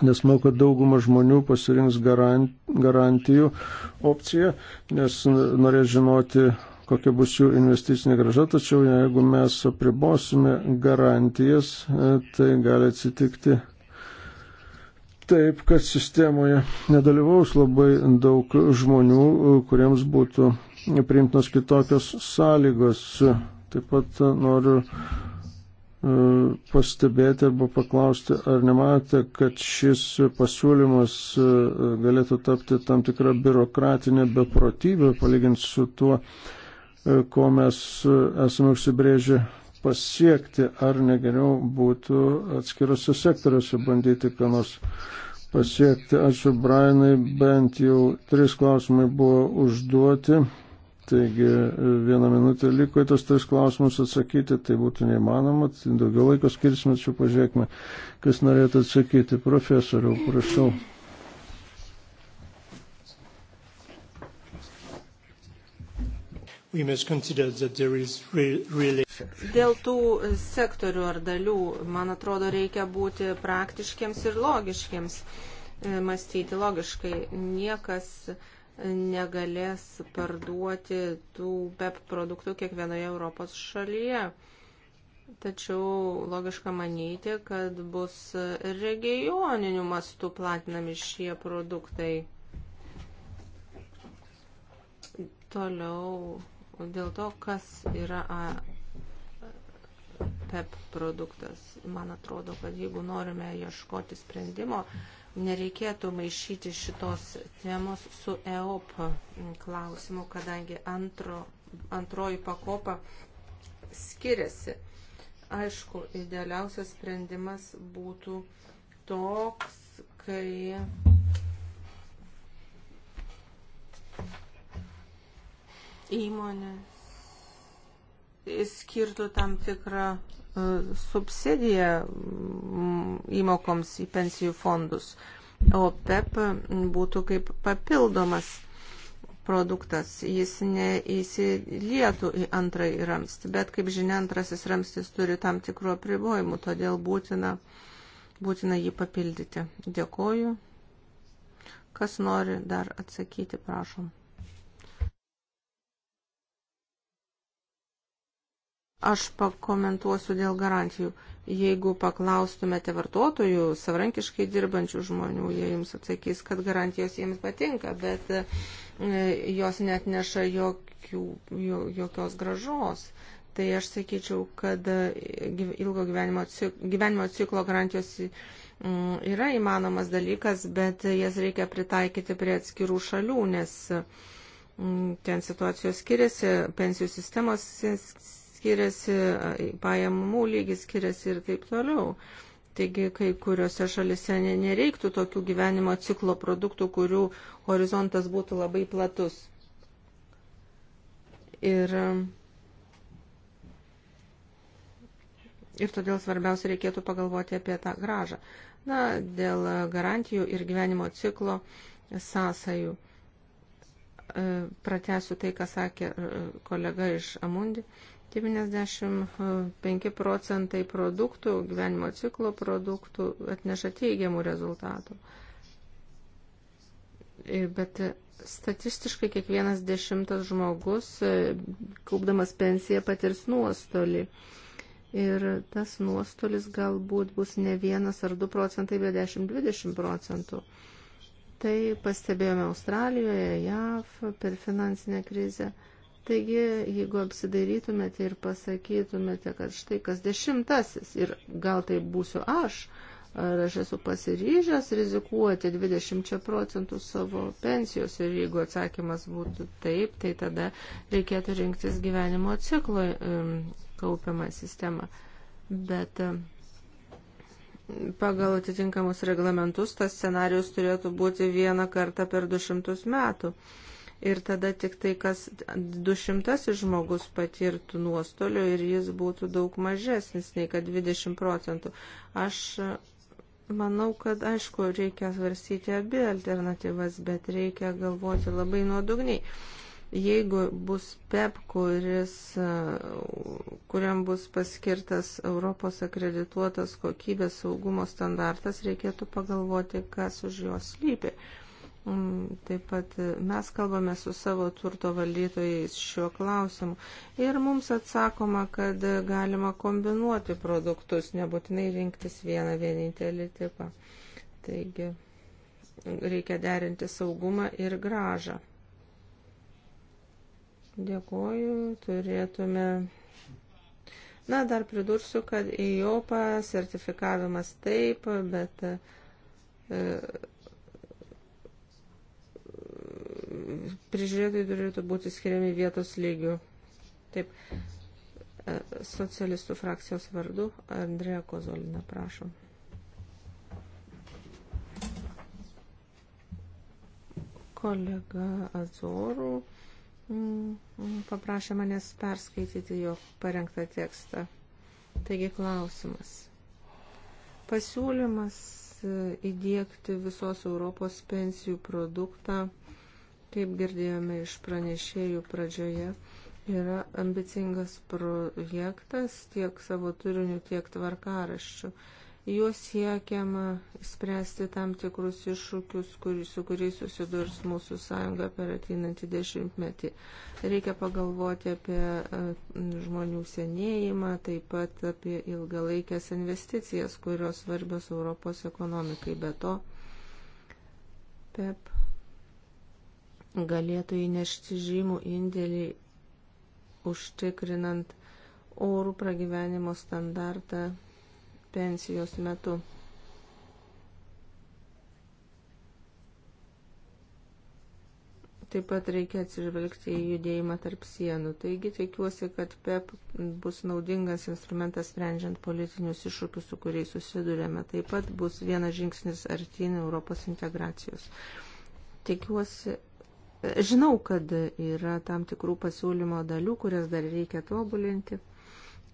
nes manau, kad dauguma žmonių pasirinks garantijų opciją, nes norės žinoti, kokia bus jų investicinė graža, tačiau jeigu mes apribosime garantijas, e, tai gali atsitikti taip, kad sistemoje nedalyvaus labai daug žmonių, e, kuriems būtų priimtinos kitokios sąlygos. Taip pat e, noriu E, pastebėti arba paklausti, ar nematote, kad šis pasiūlymas e, galėtų tapti tam tikrą biurokratinę beprotybę, palyginti su tuo, e, ko mes esame užsibrėžę pasiekti, ar negeriau būtų atskirose sektoriuose bandyti ką nors pasiekti. Ačiū, Brianai, bent jau trys klausimai buvo užduoti. Taigi vieną minutę liko į tos tris klausimus atsakyti, tai būtų neįmanoma, tai daugiau laiko skirsime, čia pažiūrėkime, kas norėtų atsakyti. Profesoriau, prašau. Dėl tų sektorių ar dalių, man atrodo, reikia būti praktiškiams ir logiškiams, e, mąstyti logiškai. Niekas uh, negalės parduoti tų PEP produktų kiekvienoje Europos šalyje. Tačiau logiška manyti, kad bus regioniniu mastu platinami šie produktai. Toliau dėl to, kas yra PEP produktas. Man atrodo, kad jeigu norime ieškoti sprendimo, nereikėtų maišyti šitos temos su EOP klausimu, kadangi antro, antroji pakopa skiriasi. Aišku, idealiausias sprendimas būtų toks, kai įmonės skirtų tam tikrą E, subsidiją įmokoms į pensijų fondus, o PEP būtų kaip papildomas produktas, jis neįsilietų į antrąjį ramstį, bet kaip žinia, antrasis ramstis turi tam tikrų apribojimų, todėl būtina, būtina jį papildyti. Dėkoju. Kas nori dar atsakyti, prašom. Aš pakomentuosiu dėl garantijų. Jeigu paklaustumėte vartotojų, savarankiškai dirbančių žmonių, jie jums atsakys, kad garantijos jiems patinka, bet e, jos net neša jokių, jokios gražos. Tai aš sakyčiau, kad e, ilgo gyvenimo ciklo, gyvenimo ciklo garantijos mm, yra įmanomas dalykas, bet jas reikia pritaikyti prie atskirų šalių, nes mm, ten situacijos skiriasi, pensijų sistemos skiriasi, pajamų lygis skiriasi ir taip toliau. Taigi, kai kuriuose šalise nereiktų tokių gyvenimo ciklo produktų, kurių horizontas būtų labai platus. Ir, ir todėl svarbiausia reikėtų pagalvoti apie tą gražą. Na, dėl garantijų ir gyvenimo ciklo sąsajų. E, Pratesiu tai, ką sakė e, kolega iš Amundi. E, 95 procentai produktų, gyvenimo ciklo produktų atneša teigiamų rezultatų. Bet statistiškai kiekvienas dešimtas žmogus, e, kaupdamas pensiją, patirs nuostolį. Ir tas nuostolis galbūt bus ne vienas ar du procentai, bet 10-20 procentų. Tai pastebėjome Australijoje, JAV per finansinę krizę. Taigi, jeigu apsidairytumėte ir pasakytumėte, kad štai kas dešimtasis ir gal tai būsiu aš, ar aš esu pasiryžęs rizikuoti 20 procentų savo pensijos ir jeigu atsakymas būtų taip, tai tada reikėtų rinktis gyvenimo ciklo kaupiamą sistemą. Bet pagal atitinkamus reglamentus tas scenarius turėtų būti vieną kartą per 200 metų ir tada tik tai kas dušimtasis žmogus patirtų nuostolių ir jis būtų daug mažesnis nei kad 20 procentų. Aš e, manau, kad aišku, reikia svarstyti abi alternatyvas, bet reikia galvoti labai nuodugniai. Jeigu bus PEP, kuris, e, kuriam bus paskirtas Europos akredituotas kokybės saugumo standartas, reikėtų pagalvoti, kas už jos lypi. Uh, Mm, taip pat e, mes kalbame su savo turto valdytojais šiuo klausimu ir mums atsakoma, kad e, galima kombinuoti produktus, nebūtinai rinktis vieną vienintelį tipą. Taigi reikia derinti saugumą ir gražą. Dėkoju, turėtume. Na, dar pridursiu, kad į jopą sertifikavimas taip, bet. E, prižiūrėtojai turėtų būti skiriami vietos lygių. Taip, e, socialistų frakcijos vardu Andrėja Kozolina, prašom. Kolega Azorų mm, paprašė manęs perskaityti jo parengtą tekstą. Taigi klausimas. Pasiūlymas įdėkti visos Europos pensijų produktą kaip girdėjome iš pranešėjų pradžioje, yra ambicingas projektas tiek savo turiniu, tiek tvarkaraščiu. Juos siekiama spręsti tam tikrus iššūkius, kur, su kuriais susidurs mūsų sąjunga per ateinantį dešimtmetį. Reikia pagalvoti apie e, žmonių senėjimą, taip pat apie ilgalaikės investicijas, kurios svarbios Europos ekonomikai. Be to, PEP galėtų įnešti žymų indėlį užtikrinant orų pragyvenimo standartą pensijos metu. Taip pat reikia atsižvelgti į judėjimą tarp sienų. Taigi tikiuosi, kad PEP bus naudingas instrumentas sprendžiant politinius iššūkius, su kuriais susidurėme. Taip pat bus vienas žingsnis artin Europos integracijos. Tikiuosi, Žinau, kad yra tam tikrų pasiūlymo dalių, kurias dar reikia tobulinti,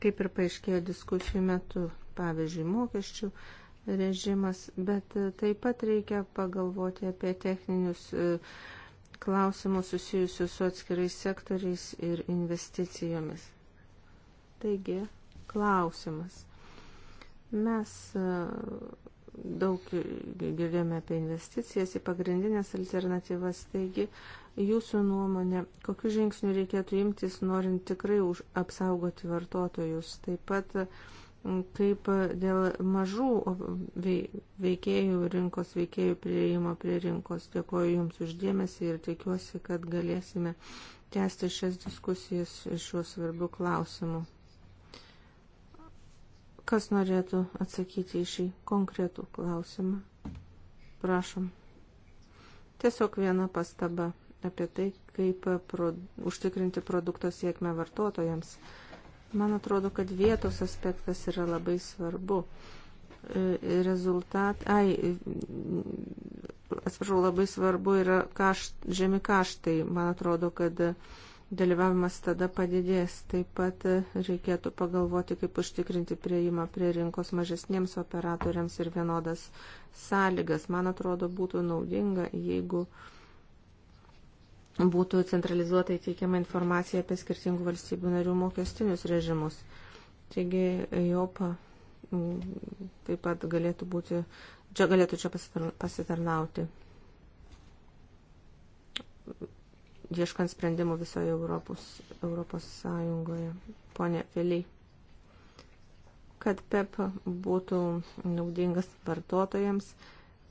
kaip ir paaiškėjo diskusijų metu, pavyzdžiui, mokesčių režimas, bet taip pat reikia pagalvoti apie techninius e, klausimus susijusius su atskirais sektoriais ir investicijomis. Taigi, klausimas. Mes e, daug girdėjome apie investicijas į pagrindinės alternatyvas. Taigi, jūsų nuomonė, kokiu žingsniu reikėtų imtis, norint tikrai už, apsaugoti vartotojus? Taip pat, kaip dėl mažų veikėjų, rinkos veikėjų prieimo prie rinkos. Dėkuoju Jums uždėmesį ir tikiuosi, kad galėsime tęsti šias diskusijas šiuo svarbiu klausimu. Kas norėtų atsakyti į šį konkretų klausimą? Prašom. Tiesiog viena pastaba apie tai, kaip pro, užtikrinti produkto sėkmę vartotojams. Man atrodo, kad vietos aspektas yra labai svarbu. E, rezultat, ai, atsiprašau, labai svarbu yra kaš, žemi kaštai. Man atrodo, kad dalyvavimas tada padidės. Taip pat reikėtų pagalvoti, kaip užtikrinti prieimą prie rinkos mažesniems operatoriams ir vienodas sąlygas. Man atrodo, būtų naudinga, jeigu būtų centralizuotai teikiama informacija apie skirtingų valstybių narių mokestinius režimus. Taigi, JOPA mm, taip pat galėtų būti, čia galėtų čia pasitarnauti ieškant sprendimų visoje Europos, Europos Sąjungoje. Pone Filiai, kad PEP būtų naudingas vartotojams,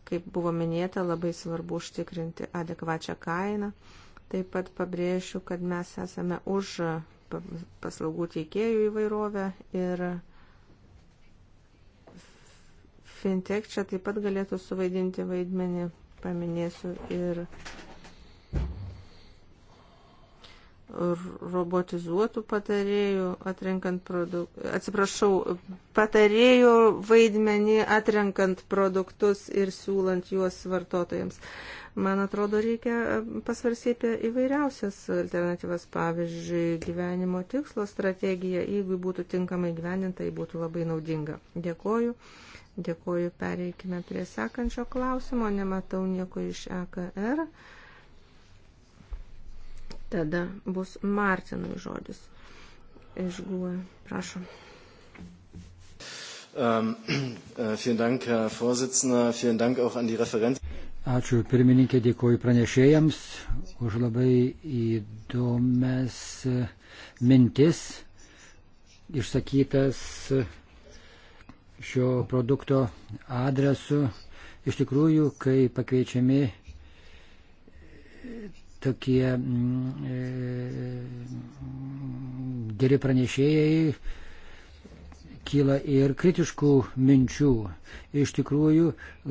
kaip buvo minėta, labai svarbu užtikrinti adekvačią kainą. Taip pat pabrėšiu, kad mes esame už paslaugų teikėjų įvairovę ir fintech čia taip pat galėtų suvaidinti vaidmenį, paminėsiu ir robotizuotų patarėjų atrenkant produktus, atsiprašau, patarėjų vaidmenį atrenkant produktus ir siūlant juos vartotojams. Man atrodo, reikia e, pasvarsyti įvairiausias alternatyvas, pavyzdžiui, gyvenimo tikslo strategija, jeigu būtų tinkamai gyveninta, tai būtų labai naudinga. Dėkoju. Dėkoju, pereikime prie sekančio klausimo, nematau nieko iš EKR. Tada bus Martinui žodis. Išguoja, e, prašom. Um, uh, vielen Dank, Herr Vorsitzender, vielen Dank auch an die Referenz. Ačiū pirmininkė, dėkuoju pranešėjams už labai įdomias e, mintis išsakytas e, šio produkto adresu. Iš tikrųjų, kai pakviečiami tokie mm, e, geri pranešėjai kyla ir kritiškų minčių. Iš tikrųjų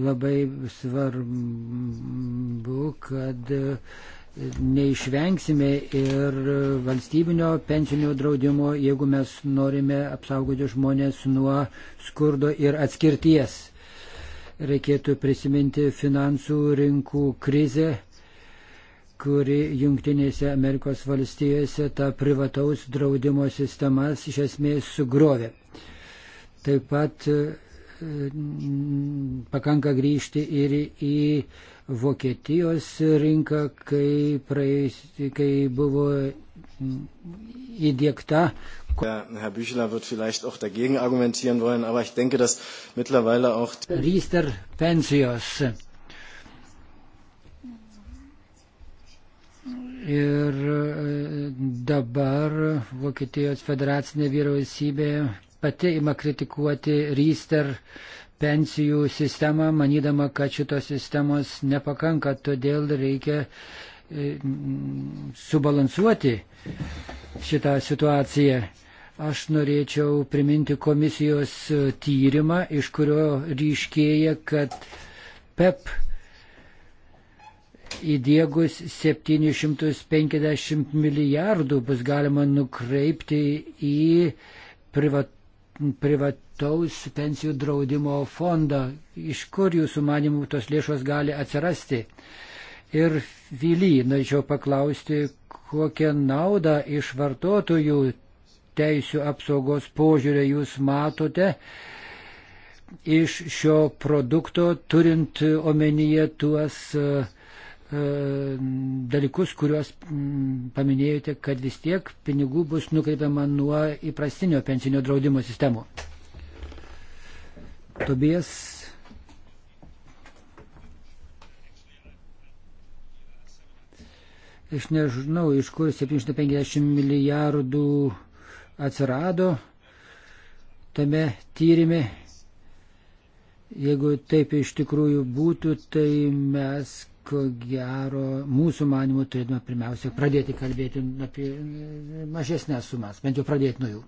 labai svarbu, kad neišvengsime ir valstybinio pensinio draudimo, jeigu mes norime apsaugoti žmonės nuo skurdo ir atskirties. Reikėtų prisiminti finansų rinkų krizę kuri Junktinėse Amerikos valstijose tą privataus draudimo sistemas iš esmės sugrovė. Taip pat e, pakanka grįžti ir į Vokietijos rinką, kai, praeis, kai buvo įdėkta. Herr Büchler wird vielleicht auch dagegen argumentieren wollen, aber ich denke, dass mittlerweile auch. Riester pensijos Ir e, dabar Vokietijos federacinė vyriausybė pati ima kritikuoti Ryster pensijų sistemą, manydama, kad šitos sistemos nepakanka, todėl reikia e, subalansuoti šitą situaciją. Aš norėčiau priminti komisijos tyrimą, iš kurio ryškėja, kad PEP įdėgus 750 milijardų bus galima nukreipti į privat, privataus pensijų draudimo fondą. Iš kur jūsų manimų tos lėšos gali atsirasti? Ir Vily, norėčiau paklausti, kokią naudą iš vartotojų teisų apsaugos požiūrė jūs matote iš šio produkto, turint omenyje tuos uh, E, dalykus, kuriuos paminėjote, kad vis tiek pinigų bus nukreipiama nuo įprastinio pensinio draudimo sistemų. Tobijas. Aš nežinau, iš kur 750 milijardų atsirado tame tyrimė, jeigu taip iš tikrųjų būtų, tai mes ko gero, mūsų manimų turėtume pirmiausia pradėti kalbėti apie mažesnės sumas, bent jau pradėti nuo jų.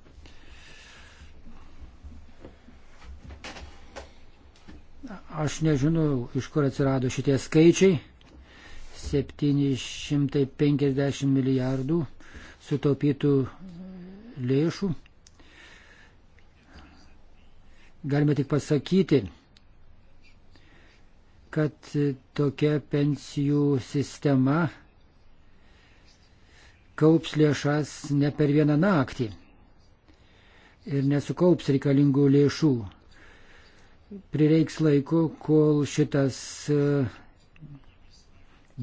Aš nežinau, iš kur atsirado šitie skaičiai. 750 milijardų sutaupytų lėšų. Galime tik pasakyti, kad tokia pensijų sistema kaups lėšas ne per vieną naktį ir nesukaups reikalingų lėšų. Prireiks laiko, kol šitas e,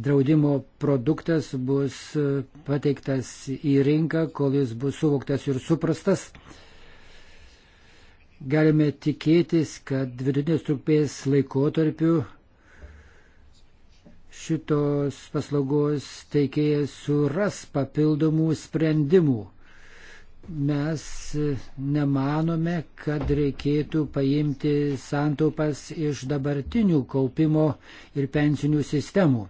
draudimo produktas bus e, pateiktas į rinką, kol jis bus suvoktas ir suprastas. Galime tikėtis, kad vidutinės trupės laikotarpiu šitos paslaugos teikėjas suras papildomų sprendimų. Mes nemanome, kad reikėtų paimti santaupas iš dabartinių kaupimo ir pensinių sistemų.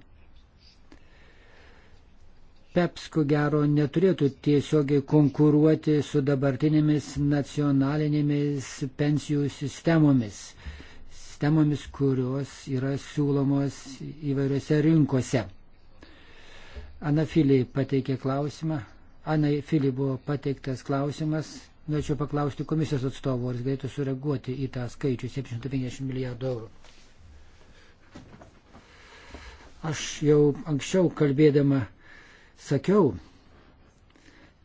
PEPS, ko gero, neturėtų tiesiogiai konkuruoti su dabartinėmis nacionalinėmis pensijų sistemomis sistemomis, kurios yra siūlomos įvairiose rinkose. Ana Filiai pateikė klausimą. Ana Filiai buvo pateiktas klausimas. Norėčiau paklausti komisijos atstovo, ar jis galėtų sureaguoti į tą skaičių 750 milijardų eurų. Aš jau anksčiau kalbėdama sakiau,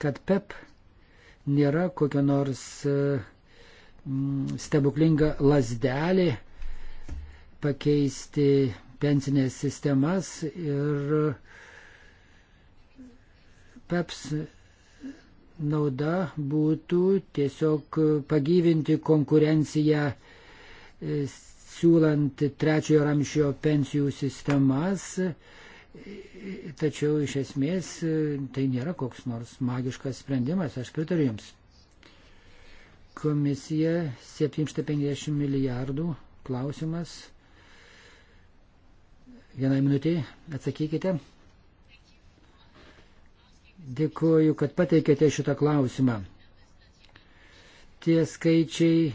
kad PEP nėra kokia nors e, stebuklinga lasdelė, pakeisti pensinės sistemas ir PEPS nauda būtų tiesiog pagyvinti konkurenciją e, siūlant trečiojo ramšio pensijų sistemas, tačiau iš esmės e, tai nėra koks nors magiškas sprendimas, aš pritariu Jums. Komisija 750 milijardų klausimas Vienai minutiai atsakykite. Dėkuoju, kad pateikėte šitą klausimą. Tie skaičiai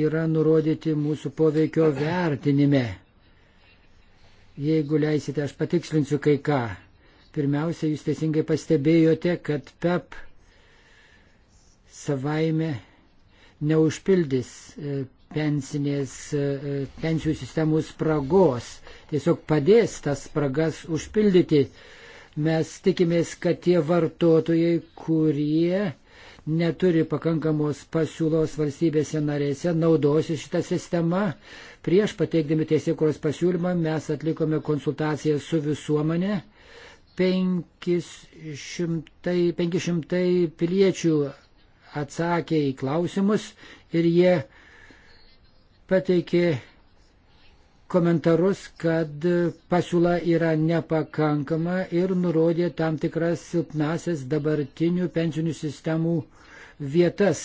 yra nurodyti mūsų poveikio vertinime. Jeigu leisite, aš patikslinsiu kai ką. Pirmiausia, jūs teisingai pastebėjote, kad PEP savaime neužpildys e, pensinės, e, pensijų sistemų spragos, tiesiog padės tas spragas užpildyti. Mes tikimės, kad tie vartotojai, kurie neturi pakankamos pasiūlos valstybėse narėse, naudosi šitą sistemą. Prieš pateikdami teisėkuros pasiūlymą mes atlikome konsultaciją su visuomenė. 500, 500 piliečių atsakė į klausimus ir jie pateikė komentarus, kad pasiūla yra nepakankama ir nurodė tam tikras silpnasias dabartinių pensinių sistemų vietas.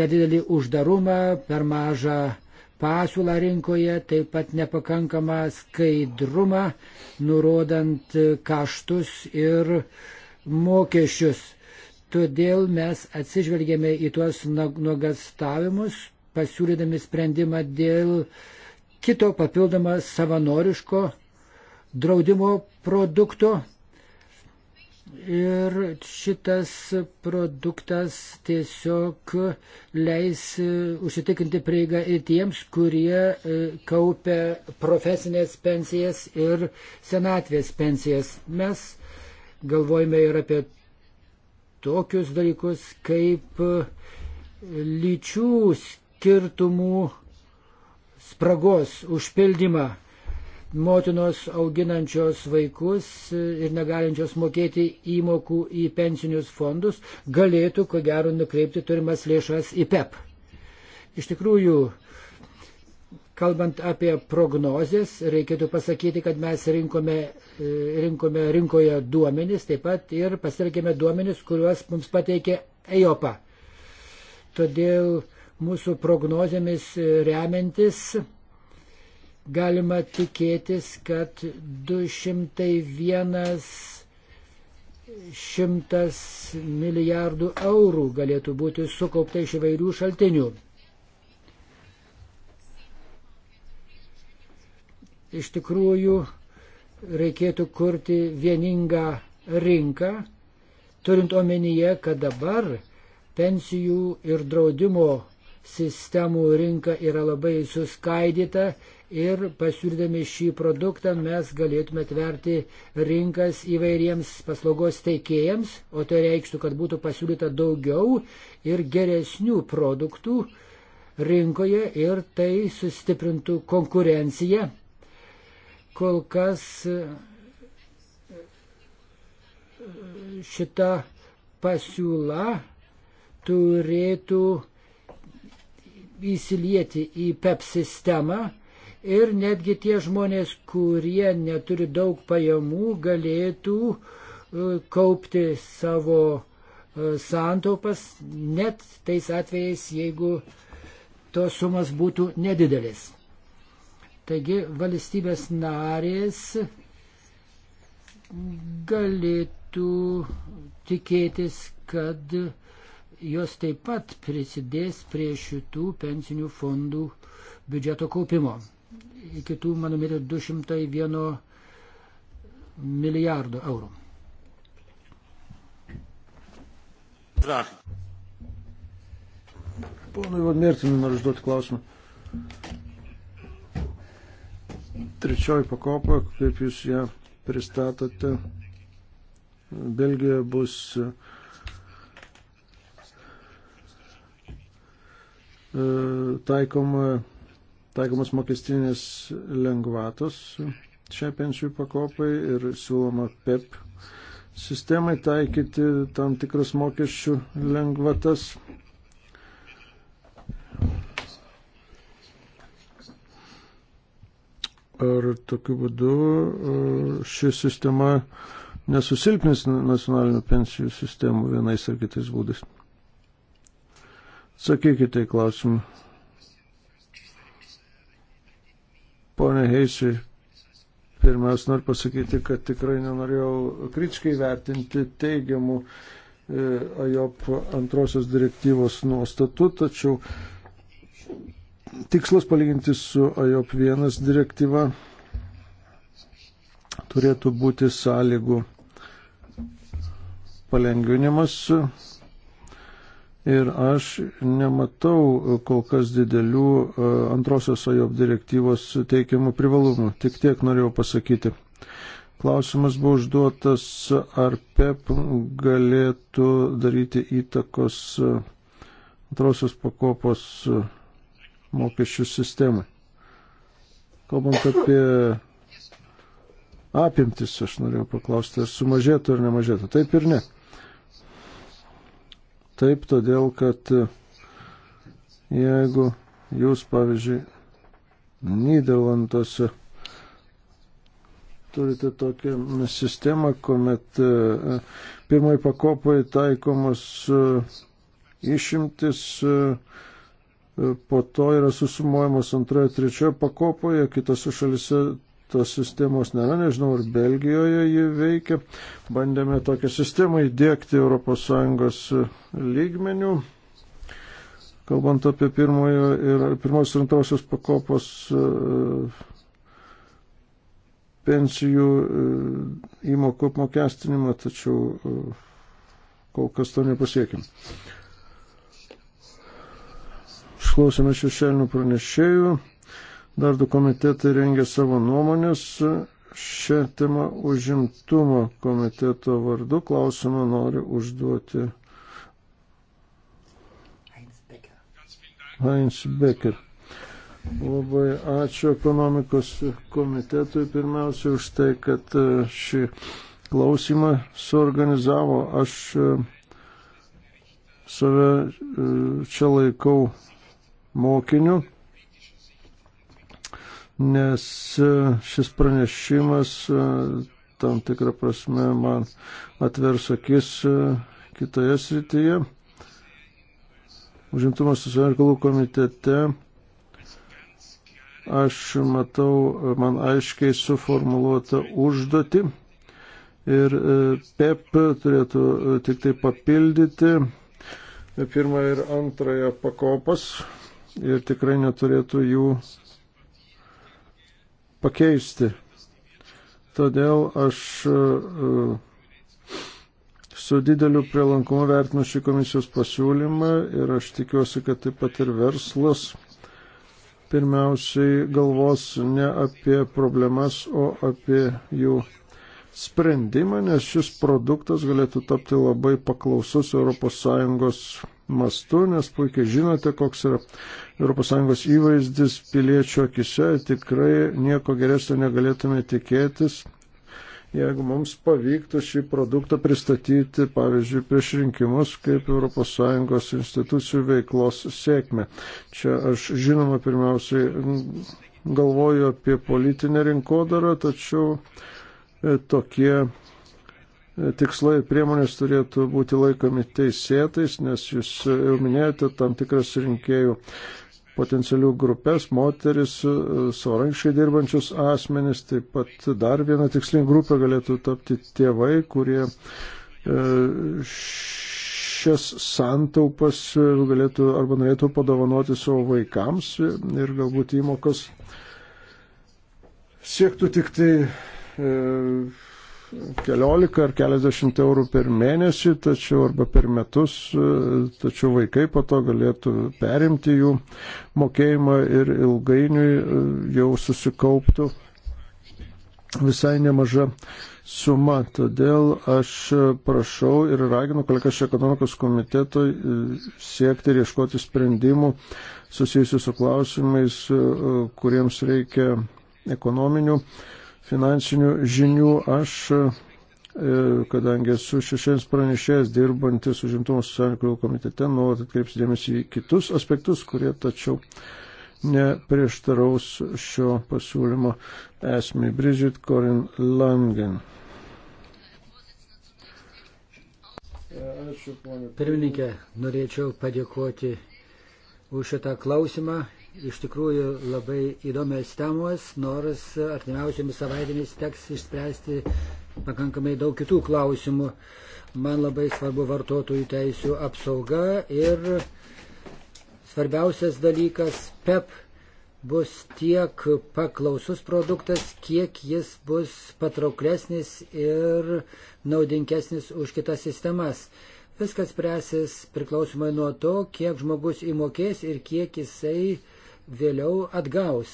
Per didelį uždarumą, per mažą pasiūlą rinkoje, taip pat nepakankamą skaidrumą, nurodant kaštus ir mokesčius. Todėl mes atsižvelgėme į tuos nuogastavimus, pasiūlydami sprendimą dėl kito papildomą savanoriško draudimo produkto. Ir šitas produktas tiesiog leis e, užsitikrinti prieigą ir tiems, kurie e, kaupia profesinės pensijas ir senatvės pensijas. Mes galvojame ir apie tokius dalykus kaip e, lyčių skirtumus skirtumų spragos užpildymą motinos auginančios vaikus ir negalinčios mokėti įmokų į pensinius fondus galėtų, ko gero, nukreipti turimas lėšas į PEP. E Iš tikrųjų, kalbant apie prognozes, reikėtų pasakyti, kad mes rinkome, e, rinkome rinkoje duomenis, taip pat ir pasirinkėme duomenis, kuriuos mums pateikė EIOPA. Todėl mūsų prognozėmis remiantis galima tikėtis, kad 201 šimtas milijardų eurų galėtų būti sukaupta iš įvairių šaltinių. Iš tikrųjų, reikėtų kurti vieningą rinką, turint omenyje, kad dabar pensijų ir draudimo sistemų rinka yra labai suskaidyta ir pasiūlydami šį produktą mes galėtume atverti rinkas įvairiems paslaugos teikėjams, o tai reikštų, kad būtų pasiūlyta daugiau ir geresnių produktų rinkoje ir tai sustiprintų konkurenciją. Kol kas e, šita pasiūla turėtų įsilieti į PEP e sistemą ir netgi tie žmonės, kurie neturi daug pajamų, galėtų e, kaupti savo e, santaupas, net tais atvejais, jeigu tos sumas būtų nedidelis. Taigi valstybės narės galėtų tikėtis, kad uh, jos taip pat prisidės prie šitų pensinių fondų biudžeto kaupimo. Iki tų, mano mėtė, 201 milijardo eurų. Ponui Vadmertinui noriu užduoti klausimą. Trečioji pakopa, kaip jūs ją pristatote, Belgijoje bus uh, E, taikoma, taikomas mokestinės lengvatos šiai pensijų pakopai ir siūloma PEP sistemai taikyti tam tikras mokesčių lengvatas. Ar tokiu būdu e, ši sistema nesusilpnis nacionalinių pensijų sistemų vienais ar kitais būdais? Sakykite į klausimą. Pone Heisui, pirmiausia, noriu pasakyti, kad tikrai nenorėjau kritiškai vertinti teigiamų e, AJOP antrosios direktyvos nuostatų, tačiau tikslas palyginti su AJOP 1 direktyva turėtų būti sąlygų palengvinimas Ir aš nematau kol kas didelių e, antrosios OJOP direktyvos teikiamų privalumų. Tik tiek norėjau pasakyti. Klausimas buvo užduotas, ar PEP galėtų daryti įtakos e, antrosios pakopos e, mokesčių sistemai. Kalbant apie apimtis, aš norėjau paklausti, ar sumažėtų ar nemažėtų. Taip ir ne. Taip, todėl, kad jeigu jūs, pavyzdžiui, Niderlanduose turite tokią sistemą, kuomet e, pirmai pakopai taikomas e, išimtis, e, po to yra susumuojamas antroje, trečioje pakopoje, kitose šalise tos sistemos nėra, nežinau, ar Belgijoje ji veikia. Bandėme tokią sistemą įdėkti ES lygmenių. Kalbant apie pirmojo ir pirmos ir antrosios pakopos e, pensijų e, įmokų apmokestinimą, tačiau e, kol kas to nepasiekim. Išklausėme šešėlinių pranešėjų. Dar du komitetai rengia savo nuomonės. Šią temą užimtumo komiteto vardu klausimą nori užduoti Heinz Becker. Labai ačiū ekonomikos komitetui pirmiausia už tai, kad e, šį klausimą suorganizavo. Aš e, save e, čia laikau mokiniu nes e, šis pranešimas e, tam tikrą prasme man atvers akis e, kitoje srityje. Užimtumas susirinkalų komitete aš matau man aiškiai suformuluotą užduotį ir PEP turėtų tik tai papildyti pirmąją ir antrąją pakopas ir tikrai neturėtų jų pakeisti. Todėl aš e, e, su dideliu prielankumu vertinu šį komisijos pasiūlymą ir aš tikiuosi, kad taip pat ir verslas pirmiausiai galvos ne apie problemas, o apie jų sprendimą, nes šis produktas galėtų tapti labai paklausus ES mastu, nes puikiai žinote, koks yra ES įvaizdis piliečių akise, tikrai nieko geresnio negalėtume tikėtis, jeigu mums pavyktų šį produktą pristatyti, pavyzdžiui, prieš rinkimus kaip ES institucijų veiklos sėkmę. Čia aš žinoma pirmiausiai galvoju apie politinę rinkodarą, tačiau e, tokie tikslai ir priemonės turėtų būti laikomi teisėtais, nes jūs jau minėjote tam tikras rinkėjų potencialių grupės, moteris, savarankiškai dirbančius asmenys, taip pat dar viena tikslinė grupė galėtų tapti tėvai, kurie e, šias santaupas galėtų arba norėtų padovanoti savo vaikams ir galbūt įmokas siektų tik tai e, keliolika ar keliasdešimt eurų per mėnesį, tačiau arba per metus, e, tačiau vaikai po to galėtų perimti jų mokėjimą ir ilgainiui e, jau susikauptų visai nemaža suma. Todėl aš prašau ir raginu kolegas iš ekonomikos komiteto e, siekti ir ieškoti sprendimų susijusių su klausimais, kuriems reikia ekonominių finansinių žinių. Aš, e, kadangi esu šešiems pranešėjas dirbantis užimtumo socialinių komitete, nuolat atkreipsiu dėmesį į kitus aspektus, kurie tačiau neprieštaraus šio pasiūlymo esmį. Bridget Corin Langen. Pirmininkė, norėčiau padėkoti už šitą klausimą iš tikrųjų labai įdomios temos, nors artimiausiamis savaitėmis teks išspręsti pakankamai daug kitų klausimų. Man labai svarbu vartotojų teisų apsauga ir svarbiausias dalykas PEP bus tiek paklausus produktas, kiek jis bus patrauklesnis ir naudinkesnis už kitas sistemas. Viskas presis priklausomai nuo to, kiek žmogus įmokės ir kiek jisai uh, vėliau atgaus.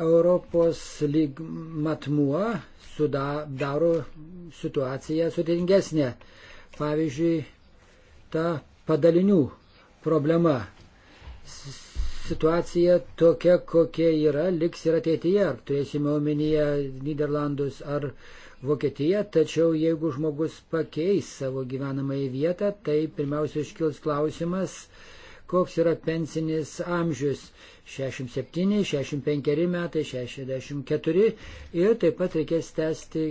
Europos lyg matmuo sudaro situaciją sudėtingesnę. Pavyzdžiui, ta padalinių problema. Situacija tokia, kokia yra, liks ir ateityje. Ar turėsime omenyje Niderlandus ar Vokietiją, tačiau jeigu žmogus pakeis savo gyvenamąją vietą, tai pirmiausia iškils klausimas, koks yra pensinis amžius 67, 65 metai, 64 ir taip pat reikės tęsti,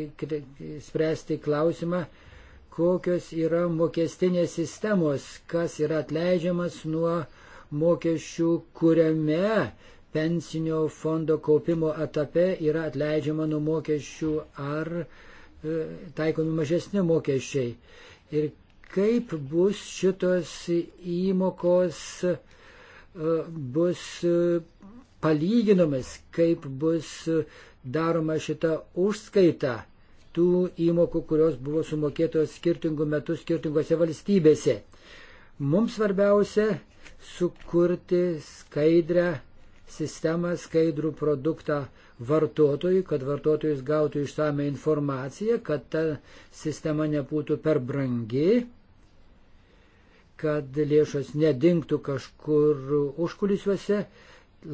spręsti klausimą, kokios yra mokestinės sistemos, kas yra atleidžiamas nuo mokesčių, kuriame pensinio fondo kaupimo etape yra atleidžiama nuo mokesčių ar e, taikomi mažesni mokesčiai. Ir kaip bus šitos įmokos e, bus e, palyginamas, kaip bus daroma šita užskaita tų įmokų, kurios buvo sumokėtos skirtingų metų skirtingose valstybėse. Mums svarbiausia sukurti skaidrę sistemą, skaidrų produktą vartotojui, kad vartotojas gautų išsame informaciją, kad ta sistema nebūtų per brangi kad lėšos nedingtų kažkur užkulisiuose,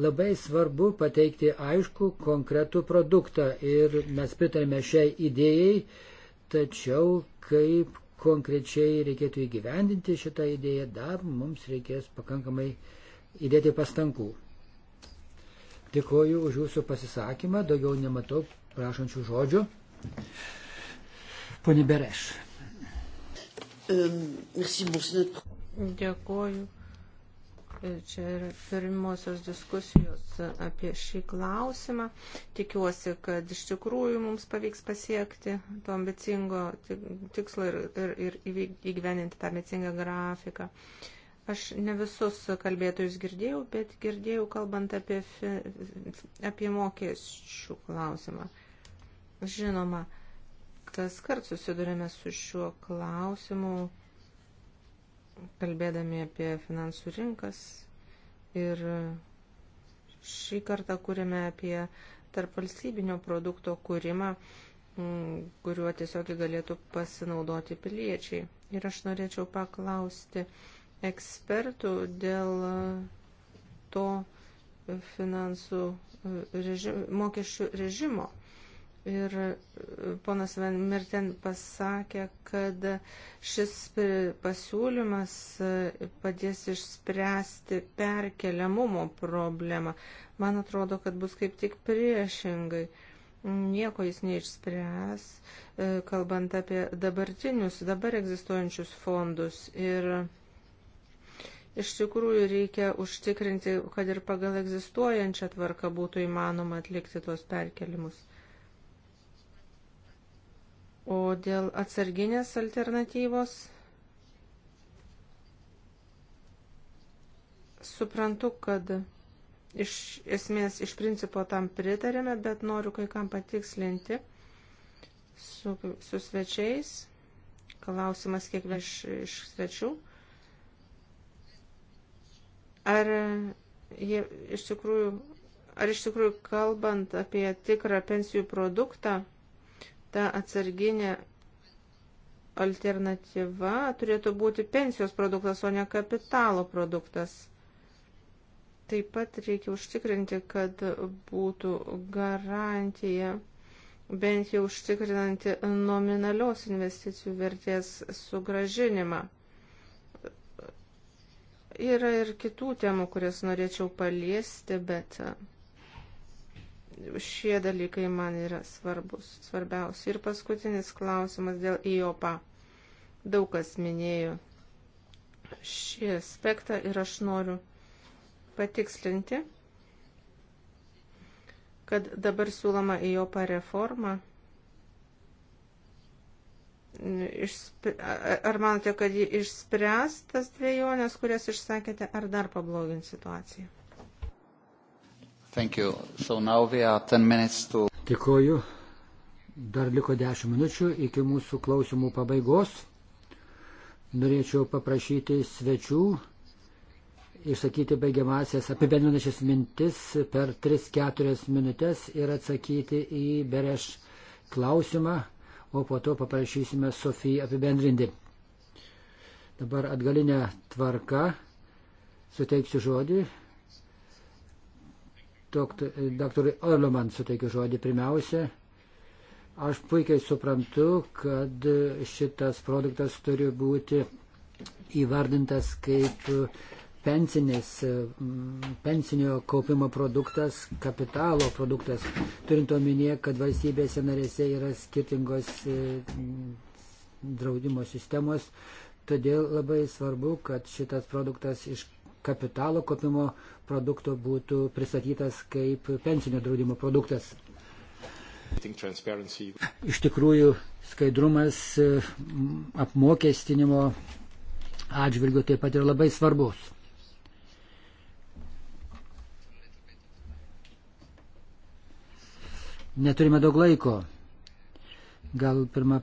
labai svarbu pateikti aišku konkretų produktą ir mes pritarėme šiai idėjai, tačiau kaip konkrečiai reikėtų įgyvendinti šitą idėją, dar mums reikės pakankamai įdėti pastangų. Dėkuoju už jūsų pasisakymą, daugiau nematau prašančių žodžių. Pone Bereš. Um, merci, Dėkoju. Čia yra pirmosios diskusijos apie šį klausimą. Tikiuosi, kad iš tikrųjų mums pavyks pasiekti to ambicingo tikslo ir, ir, ir įgyveninti tą ambicingą grafiką. Aš ne visus kalbėtojus girdėjau, bet girdėjau kalbant apie, apie mokesčių klausimą. Žinoma, kas kart susidurėme su šiuo klausimu, kalbėdami apie finansų rinkas ir šį kartą kūrėme apie tarp valstybinio produkto kūrimą, mm, kuriuo tiesiog galėtų pasinaudoti piliečiai. Ir aš norėčiau paklausti ekspertų dėl to finansų režim, mokesčių režimo. Ir e, ponas Van Mirten pasakė, kad šis pasiūlymas e, padės išspręsti perkeliamumo problemą. Man atrodo, kad bus kaip tik priešingai. Nieko jis neišspręs, e, kalbant apie dabartinius, dabar egzistuojančius fondus. Ir iš tikrųjų reikia užtikrinti, kad ir pagal egzistuojančią tvarką būtų įmanoma atlikti tuos perkelimus. O dėl atsarginės alternatyvos suprantu, kad iš esmės, iš principo tam pritarėme, bet noriu kai kam patikslinti su, su svečiais. Klausimas kiek iš, iš svečių. Ar jie iš tikrųjų, ar iš tikrųjų kalbant apie tikrą pensijų produktą, ta atsarginė alternatyva turėtų būti pensijos produktas, o ne kapitalo produktas. Taip pat reikia užtikrinti, kad būtų garantija bent jau užtikrinanti nominalios investicijų vertės sugražinimą. Yra ir kitų temų, kurias norėčiau paliesti, bet šie dalykai man yra svarbus, svarbiausi. Ir paskutinis klausimas dėl IOPA. Daug kas minėjo šį aspektą ir aš noriu patikslinti, kad dabar siūloma IOPA reforma. Ar manote, kad ji išspręs tas dviejonės, kurias išsakėte, ar dar pablogins situaciją? Thank you. So now we are 10 minutes to... Dėkuoju. Dar liko 10 minučių iki mūsų klausimų pabaigos. Norėčiau paprašyti svečių išsakyti baigiamasias apibendrinančias mintis per 3-4 minutės ir atsakyti į Bereš klausimą, o po to paprašysime Sofiją apibendrinti. Dabar atgalinė tvarka suteiksiu žodį Daktarui e, Orloman suteikiu žodį pirmiausia. Aš puikiai suprantu, kad šitas produktas turi būti įvardintas kaip pensinis, e, pensinio kaupimo produktas, kapitalo produktas, turint omenyje, kad valstybėse narėse yra skirtingos e, draudimo sistemos. Todėl labai svarbu, kad šitas produktas iš kapitalo kopimo produkto būtų pristatytas kaip pensinio draudimo produktas. Iš tikrųjų, skaidrumas e, apmokestinimo atžvilgių taip pat yra labai svarbus. Neturime daug laiko. Gal pirmą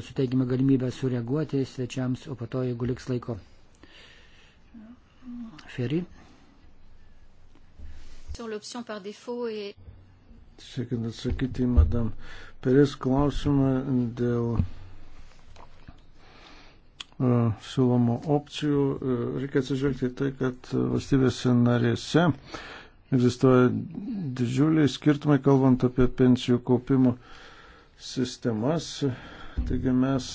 suteikime galimybę sureaguoti svečiams, o po to, jeigu liks laiko. Ferry. Sėkint atsakyti į madam Perės klausimą dėl e, siūlomų opcijų, e, reikia atsižvelgti tai, kad valstybėse narėse egzistuoja didžiuliai skirtumai, kalbant apie pensijų kaupimo sistemas. Taigi mes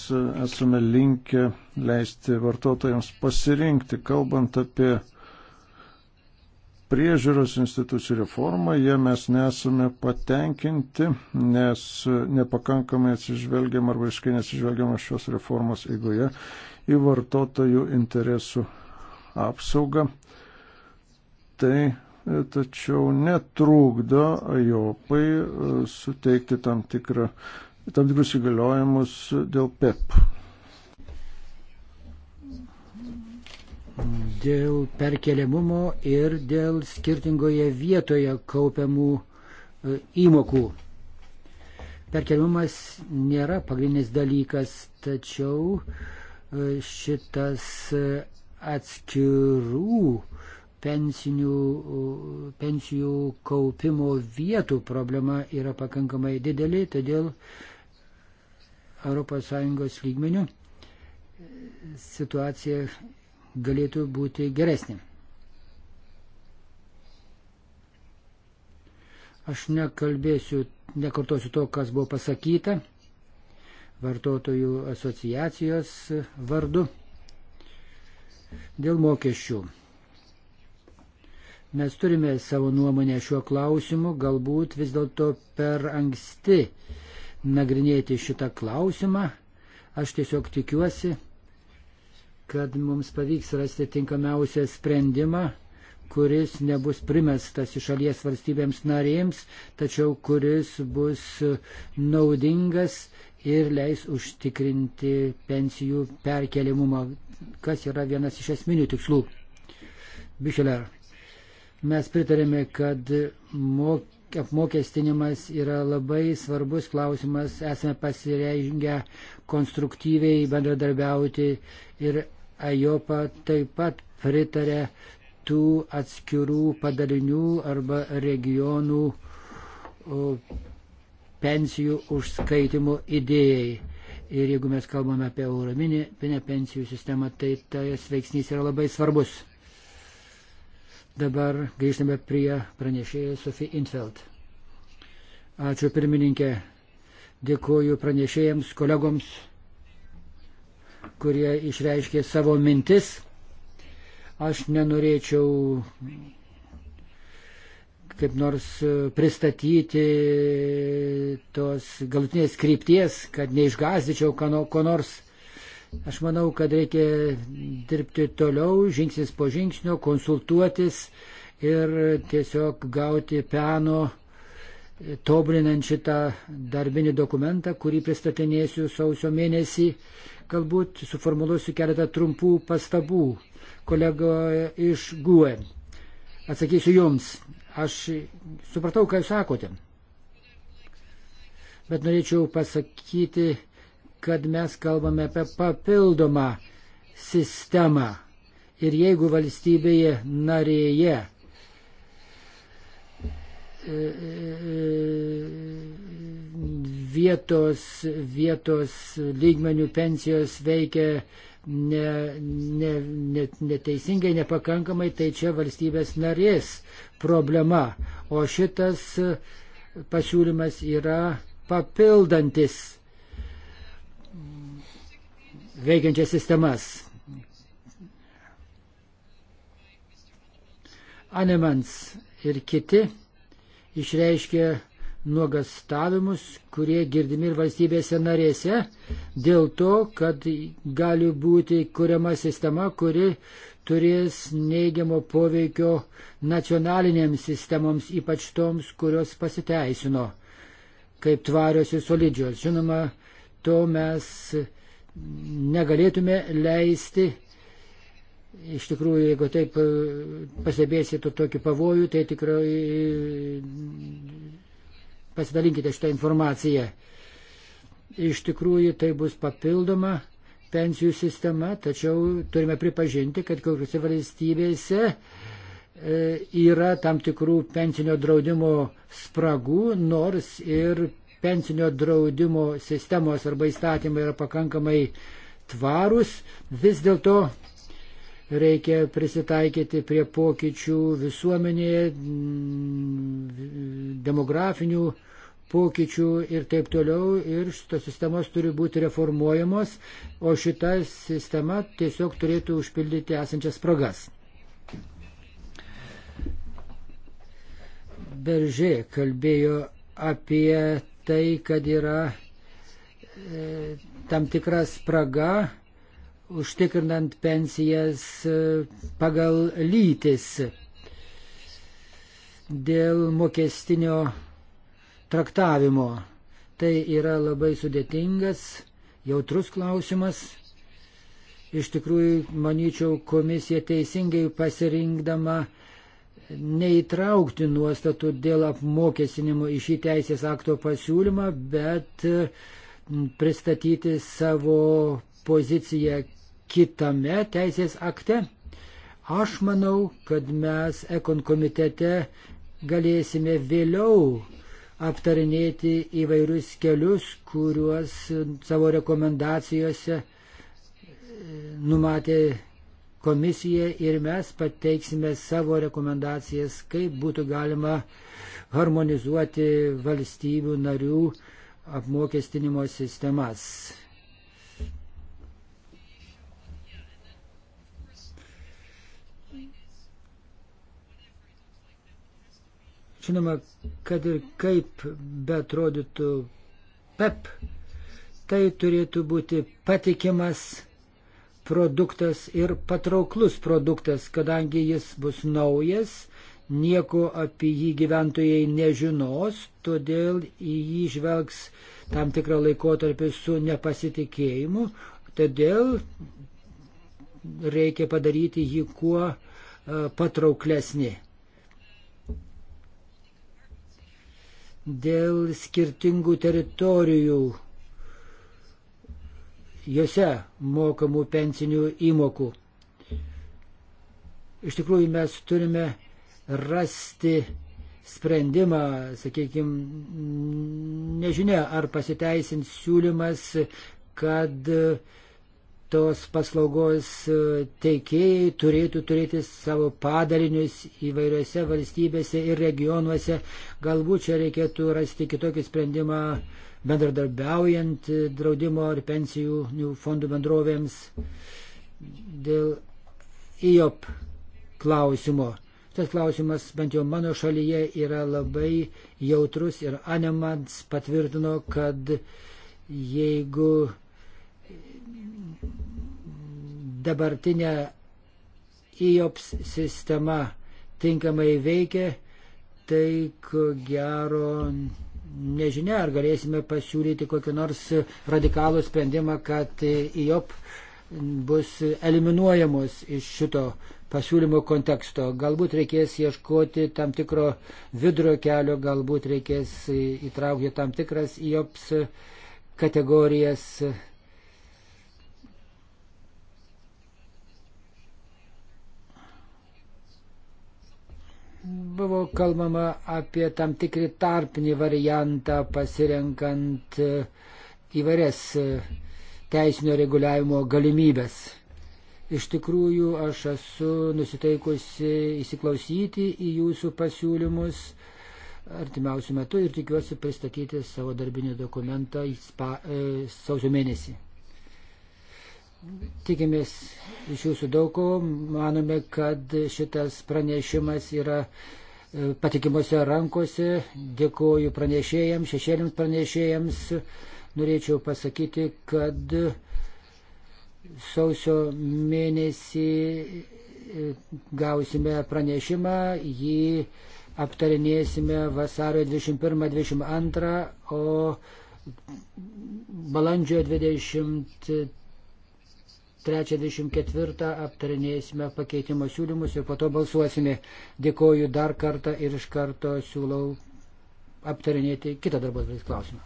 esame linkę leisti vartotojams pasirinkti, kalbant apie priežiūros institucijų reformą, jie mes nesame patenkinti, nes nepakankamai atsižvelgiam arba iškai nesižvelgiam šios reformos eigoje į vartotojų interesų apsaugą. Tai e, tačiau netrūkdo ajopai e, suteikti tam tikrą tam tikrus įgaliojimus dėl PEP. E dėl perkeliamumo ir dėl skirtingoje vietoje kaupiamų e, įmokų. Perkeliamumas nėra pagrindinis dalykas, tačiau e, šitas atskirų pensinių, pensijų kaupimo vietų problema yra pakankamai didelė, todėl ES lygmenių situacija galėtų būti geresnė. Aš nekalbėsiu, nekartosiu to, kas buvo pasakyta vartotojų asociacijos vardu dėl mokesčių. Mes turime savo nuomonę šiuo klausimu, galbūt vis dėlto per anksti nagrinėti šitą klausimą. Aš tiesiog tikiuosi, kad mums pavyks rasti tinkamiausią sprendimą, kuris nebus primestas iš šalies valstybėms narėms, tačiau kuris bus naudingas ir leis užtikrinti pensijų perkelimumą, kas yra vienas iš esminių tikslų. Bišeler, mes pritarėme, kad mokesčiai apmokestinimas yra labai svarbus klausimas. Esame pasirežingę konstruktyviai bendradarbiauti ir AJOPA taip pat pritarė tų atskirų padalinių arba regionų pensijų užskaitimo idėjai. Ir jeigu mes kalbame apie eurominę pensijų sistemą, tai tas veiksnys yra labai svarbus. Dabar grįžtame prie pranešėjų Sofie Infeld. Ačiū pirmininkė. Dėkuoju pranešėjams, kolegoms, kurie išreiškė savo mintis. Aš nenorėčiau kaip nors pristatyti tos galutinės krypties, kad neišgazdyčiau ko nors Aš manau, kad reikia dirbti toliau, žingsnis po žingsnio, konsultuotis ir tiesiog gauti peno, tobulinant šitą darbinį dokumentą, kurį pristatinėsiu sausio mėnesį. Galbūt suformuluosiu keletą trumpų pastabų kolego iš GUE. Atsakysiu jums. Aš supratau, ką jūs sakote. Bet norėčiau pasakyti, kad mes kalbame apie papildomą sistemą. Ir jeigu valstybėje narėje e, e, vietos, vietos lygmenių pensijos veikia ne, ne, ne, neteisingai, nepakankamai, tai čia valstybės narės problema. O šitas pasiūlymas yra papildantis veikiančias sistemas. Anemans ir kiti išreiškė nuogastavimus, kurie girdimi ir valstybėse narėse, dėl to, kad gali būti kuriama sistema, kuri turės neigiamo poveikio nacionalinėms sistemoms, ypač toms, kurios pasiteisino kaip tvarios ir solidžios. Žinoma, to mes negalėtume leisti, iš tikrųjų, jeigu taip e, pastebėsite tokį pavojų, tai tikrai e, pasidalinkite šitą informaciją. Iš tikrųjų, tai bus papildoma pensijų sistema, tačiau turime pripažinti, kad kokiuose valstybėse e, yra tam tikrų pensinio draudimo spragų, nors ir pensinio draudimo sistemos arba įstatymai yra pakankamai tvarūs, vis dėlto reikia prisitaikyti prie pokyčių visuomenėje, mm, demografinių pokyčių ir taip toliau. Ir šitos sistemos turi būti reformuojamos, o šita sistema tiesiog turėtų užpildyti esančias spragas. Beržė kalbėjo apie tai, kad yra e, tam tikra spraga užtikrinant pensijas e, pagal lytis. Dėl mokestinio traktavimo tai yra labai sudėtingas, jautrus klausimas. Iš tikrųjų, manyčiau, komisija teisingai pasirinkdama neįtraukti nuostatų dėl apmokestinimo į šį teisės akto pasiūlymą, bet pristatyti savo poziciją kitame teisės akte. Aš manau, kad mes Ekon komitete galėsime vėliau aptarinėti įvairius kelius, kuriuos savo rekomendacijose e, numatė komisija ir mes pateiksime savo rekomendacijas, kaip būtų galima harmonizuoti valstybių narių apmokestinimo sistemas. Žinoma, kad ir kaip betrodytų PEP, tai turėtų būti patikimas produktas ir patrauklus produktas, kadangi jis bus naujas, nieko apie jį gyventojai nežinos, todėl į jį žvelgs tam tikrą laikotarpį su nepasitikėjimu, todėl reikia padaryti jį kuo e, patrauklesnį. Dėl skirtingų teritorijų juose mokamų pensinių įmokų. Iš tikrųjų mes turime rasti sprendimą, sakykime, nežinia, ar pasiteisins siūlymas, kad tos paslaugos teikėjai turėtų turėti savo padalinius įvairiose valstybėse ir regionuose. Galbūt čia reikėtų rasti kitokį sprendimą bendradarbiaujant draudimo ir pensijų nu, fondų bendrovėms dėl IOP klausimo. Tas klausimas bent jau mano šalyje yra labai jautrus ir Anemans patvirtino, kad jeigu dabartinė IOPS sistema tinkamai veikia, tai ko gero nežinia, ar galėsime pasiūlyti kokį nors radikalų sprendimą, kad IOP bus eliminuojamos iš šito pasiūlymo konteksto. Galbūt reikės ieškoti tam tikro vidurio kelio, galbūt reikės įtraukti tam tikras IOPS kategorijas Buvo kalbama apie tam tikrį tarpinį variantą pasirenkant e, įvairias e, teisinio reguliavimo galimybės. Iš tikrųjų, aš esu nusiteikusi įsiklausyti į jūsų pasiūlymus artimiausių metų ir tikiuosi pristatyti savo darbinį dokumentą spa, e, sausio mėnesį tikimės iš jūsų daug, manome, kad šitas pranešimas yra e, patikimuose rankose. Dėkuoju pranešėjams, šešėliams pranešėjams. Norėčiau pasakyti, kad sausio mėnesį e, gausime pranešimą, jį aptarinėsime vasario 21-22, o balandžio 23 34 aptarinėsime pakeitimo siūlymus ir po to balsuosime. Dėkoju dar kartą ir iš karto siūlau aptarinėti kitą darbotvarkės klausimą.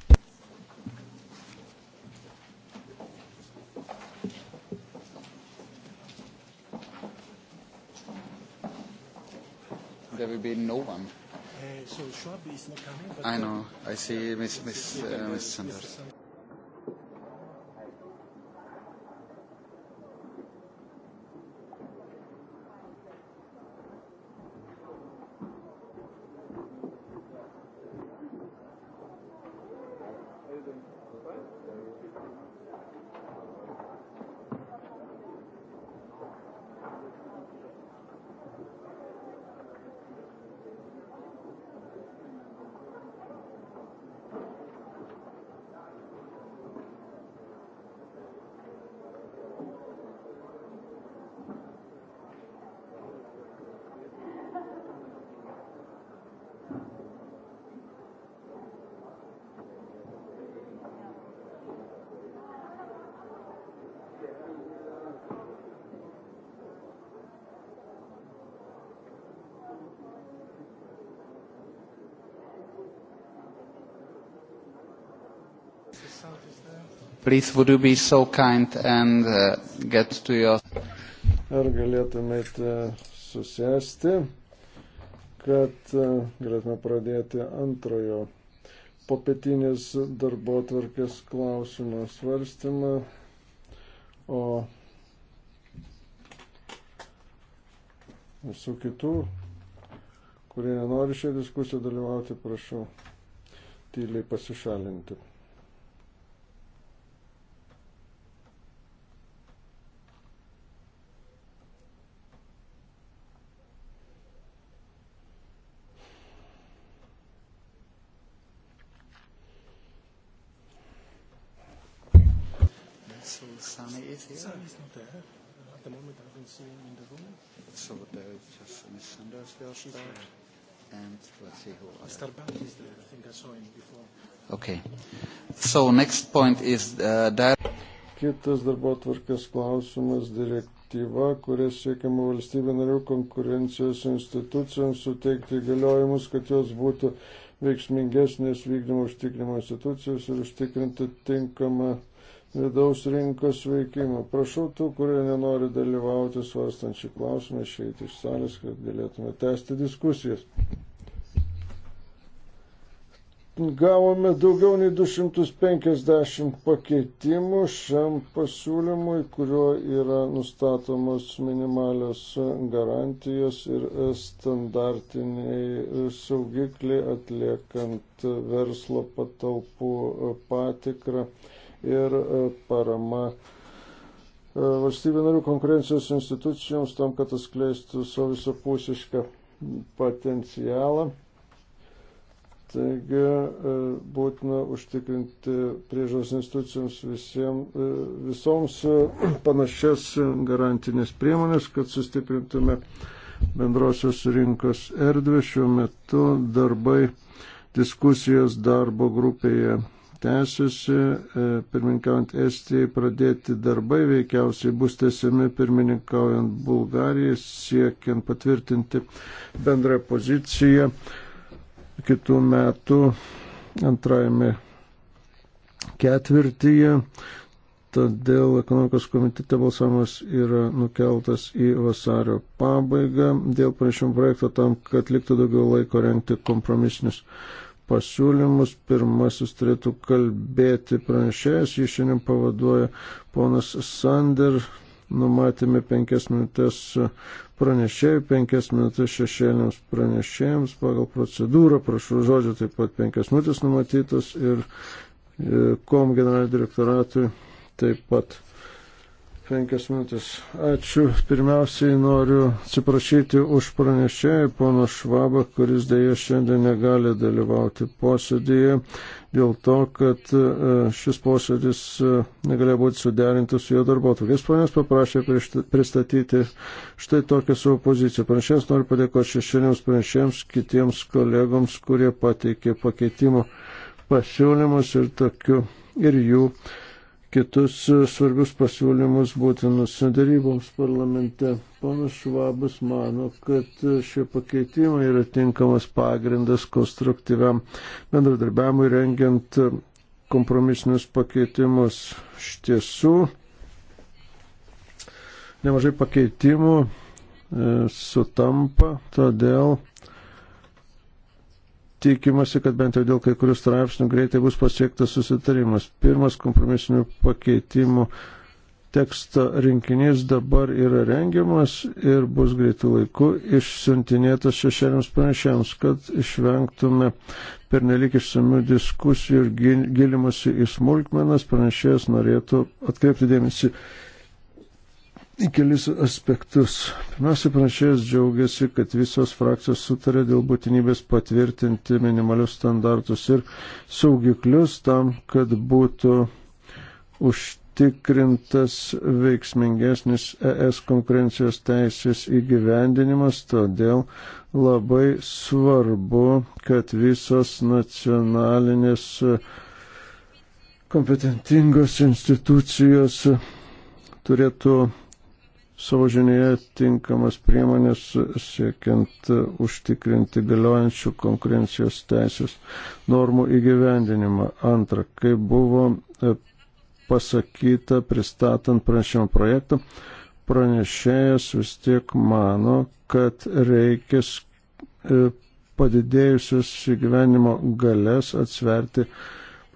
There will be no one. Uh, so Schwab is not coming. But I know. I see Miss Miss uh, Miss Sanders. Mr. Sanders. Please, would you be so kind and uh, get to your... Ar galėtumėte susėsti, kad uh, galėtume pradėti antrojo popietinės darbo tvarkės klausimo svarstymą, o visų kitų, kurie nenori šią diskusiją dalyvauti, prašau tyliai pasišalinti. here. Sam is not there. At the moment, I haven't seen him in the room. So there is just Miss Sanders Verstappen and let's see who else. Starbat is there. I think I saw him before. Okay. So next point is uh, that. Kitas darbo tvarkės klausimas - direktyva, kuria siekiama valstybė narių konkurencijos institucijoms suteikti įgaliojimus, kad jos būtų veiksmingesnės vykdymo užtikrinimo institucijos ir užtikrinti tinkamą vidaus rinkos veikimo. Prašau tų, kurie nenori dalyvauti svarstant šį klausimą, išeiti iš salės, kad galėtume tęsti diskusijas gavome daugiau nei 250 pakeitimų šiam pasiūlymui, kuriuo yra nustatomos minimalios garantijos ir standartiniai saugikliai atliekant verslo patalpų patikrą ir e, parama e, valstybė narių konkurencijos institucijoms tam, kad atskleistų savo visapusišką potencialą. Taigi e, būtina užtikrinti priežos institucijoms visiems, visoms panašias garantinės priemonės, kad sustiprintume bendrosios rinkos erdvę. Šiuo metu darbai diskusijos darbo grupėje tęsiasi, e, pirmininkaujant Estijai pradėti darbai veikiausiai bus tęsiami pirmininkaujant Bulgarijai, siekiant patvirtinti bendrą poziciją kitų metų antrajame ketvirtyje. Todėl ekonomikos komitete balsavimas yra nukeltas į vasario pabaigą dėl pranešimų projekto tam, kad liktų daugiau laiko renkti kompromisinius pasiūlymus. Pirmasis turėtų kalbėti pranešėjas, jį šiandien pavaduoja ponas Sander. Numatėme penkias minutės pranešėjų, penkias minutės šešėliams pranešėjams. Pagal procedūrą, prašau žodžio, taip pat penkias minutės numatytos ir e, kom generalinio direktoratui taip pat. Penkias minutės. Ačiū. Pirmiausiai noriu atsiprašyti už pranešėją pono Švabą, kuris dėja šiandien negali dalyvauti posėdėje dėl to, kad e, šis posėdis e, negalėjo būti suderintas su jo darbo. Tokias ponės paprašė pristatyti štai tokią savo poziciją. Pranešėjams noriu padėkoti šešiniams pranešėjams, kitiems kolegoms, kurie pateikė pakeitimo pasiūlymus ir tokiu ir jų kitus e, svarbius pasiūlymus būtinus daryboms parlamente. Ponas Švabas mano, kad e, šie pakeitimai yra tinkamas pagrindas konstruktyviam bendradarbiavimui rengiant e, kompromisinius pakeitimus. Iš tiesų, nemažai pakeitimų e, sutampa, todėl tikimasi, kad bent jau dėl kai kurių straipsnių greitai bus pasiektas susitarimas. Pirmas kompromisinių pakeitimų teksto rinkinys dabar yra rengiamas ir bus greitų laikų išsiuntinėtas šešėliams panašiams, kad išvengtume pernelik išsamių diskusijų ir gilimusi į smulkmenas, pranešėjas norėtų atkreipti dėmesį į kelis aspektus. Pirmiausia, pranešėjas džiaugiasi, kad visos frakcijos sutarė dėl būtinybės patvirtinti minimalius standartus ir saugiklius tam, kad būtų užtikrintas veiksmingesnis ES konkurencijos teisės įgyvendinimas, todėl labai svarbu, kad visos nacionalinės kompetentingos institucijos turėtų savo žinioje tinkamas priemonės siekiant užtikrinti galiojančių konkurencijos teisės normų įgyvendinimą. Antra, kaip buvo e, pasakyta pristatant pranešimo projektą, pranešėjas vis tiek mano, kad reikia e, padidėjusius įgyvenimo galės atsverti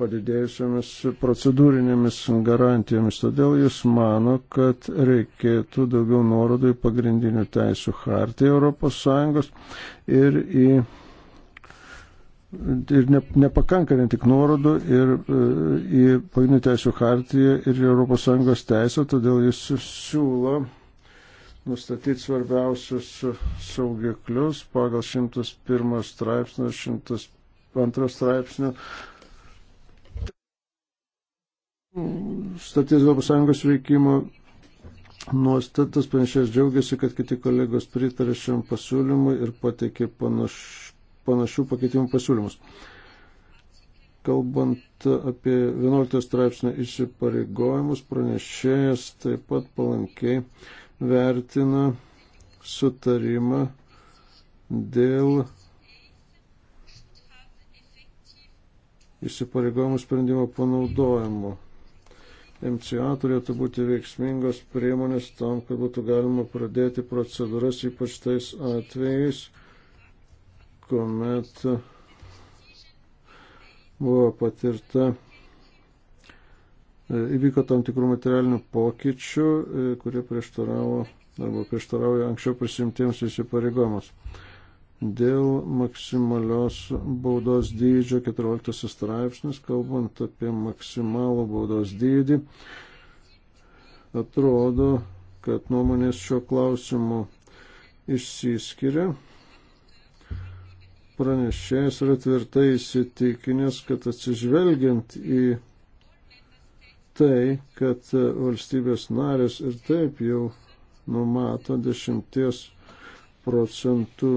padidėjusiamis procedūrinėmis garantijomis. Todėl jis mano, kad reikėtų daugiau nuorodų į pagrindinių teisų hartį ES ir į. Ir ne, nepakanka ne tik nuorodų ir e, į pagrindinių teisų hartiją ir ES teisę, todėl jis siūlo nustatyti svarbiausius saugiklius pagal 101 straipsnio, 102 straipsnio Statys Europos Sąjungos veikimo nuostatas pranešės džiaugiasi, kad kiti kolegos pritarė šiam pasiūlymui ir pateikė panaš, panašių pakeitimų pasiūlymus. Kalbant apie 11 straipsnio įsipareigojimus, pranešėjas taip pat palankiai vertina sutarimą dėl įsipareigojimų sprendimo panaudojimo MCA turėtų būti veiksmingos priemonės tam, kad būtų galima pradėti procedūras, ypač tais atvejais, kuomet buvo patirta, e, įvyko tam tikrų materialinių pokyčių, e, kurie prieštaravo arba prieštarauja anksčiau prisimtiems įsipareigomus dėl maksimalios baudos dydžio 14 straipsnis, kalbant apie maksimalų baudos dydį, atrodo, kad nuomonės šio klausimu išsiskiria. Pranešėjas yra tvirtai įsitikinęs, kad atsižvelgiant į tai, kad valstybės narės ir taip jau numato dešimties procentų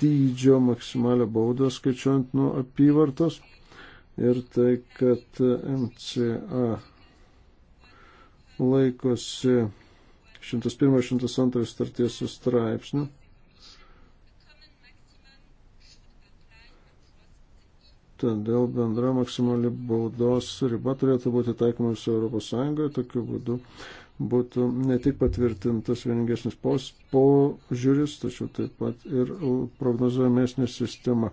dydžio maksimalę baudą skaičiuojant nuo apyvartos ir tai, kad MCA laikosi 101-102 starties straipsnių. Todėl bendra maksimali baudos riba turėtų būti taikoma visoje Europos Sąjungoje, tokiu būdu uh, būtų ne tik patvirtintas vieningesnis požiūris, tačiau taip pat ir prognozuojamesnė sistema.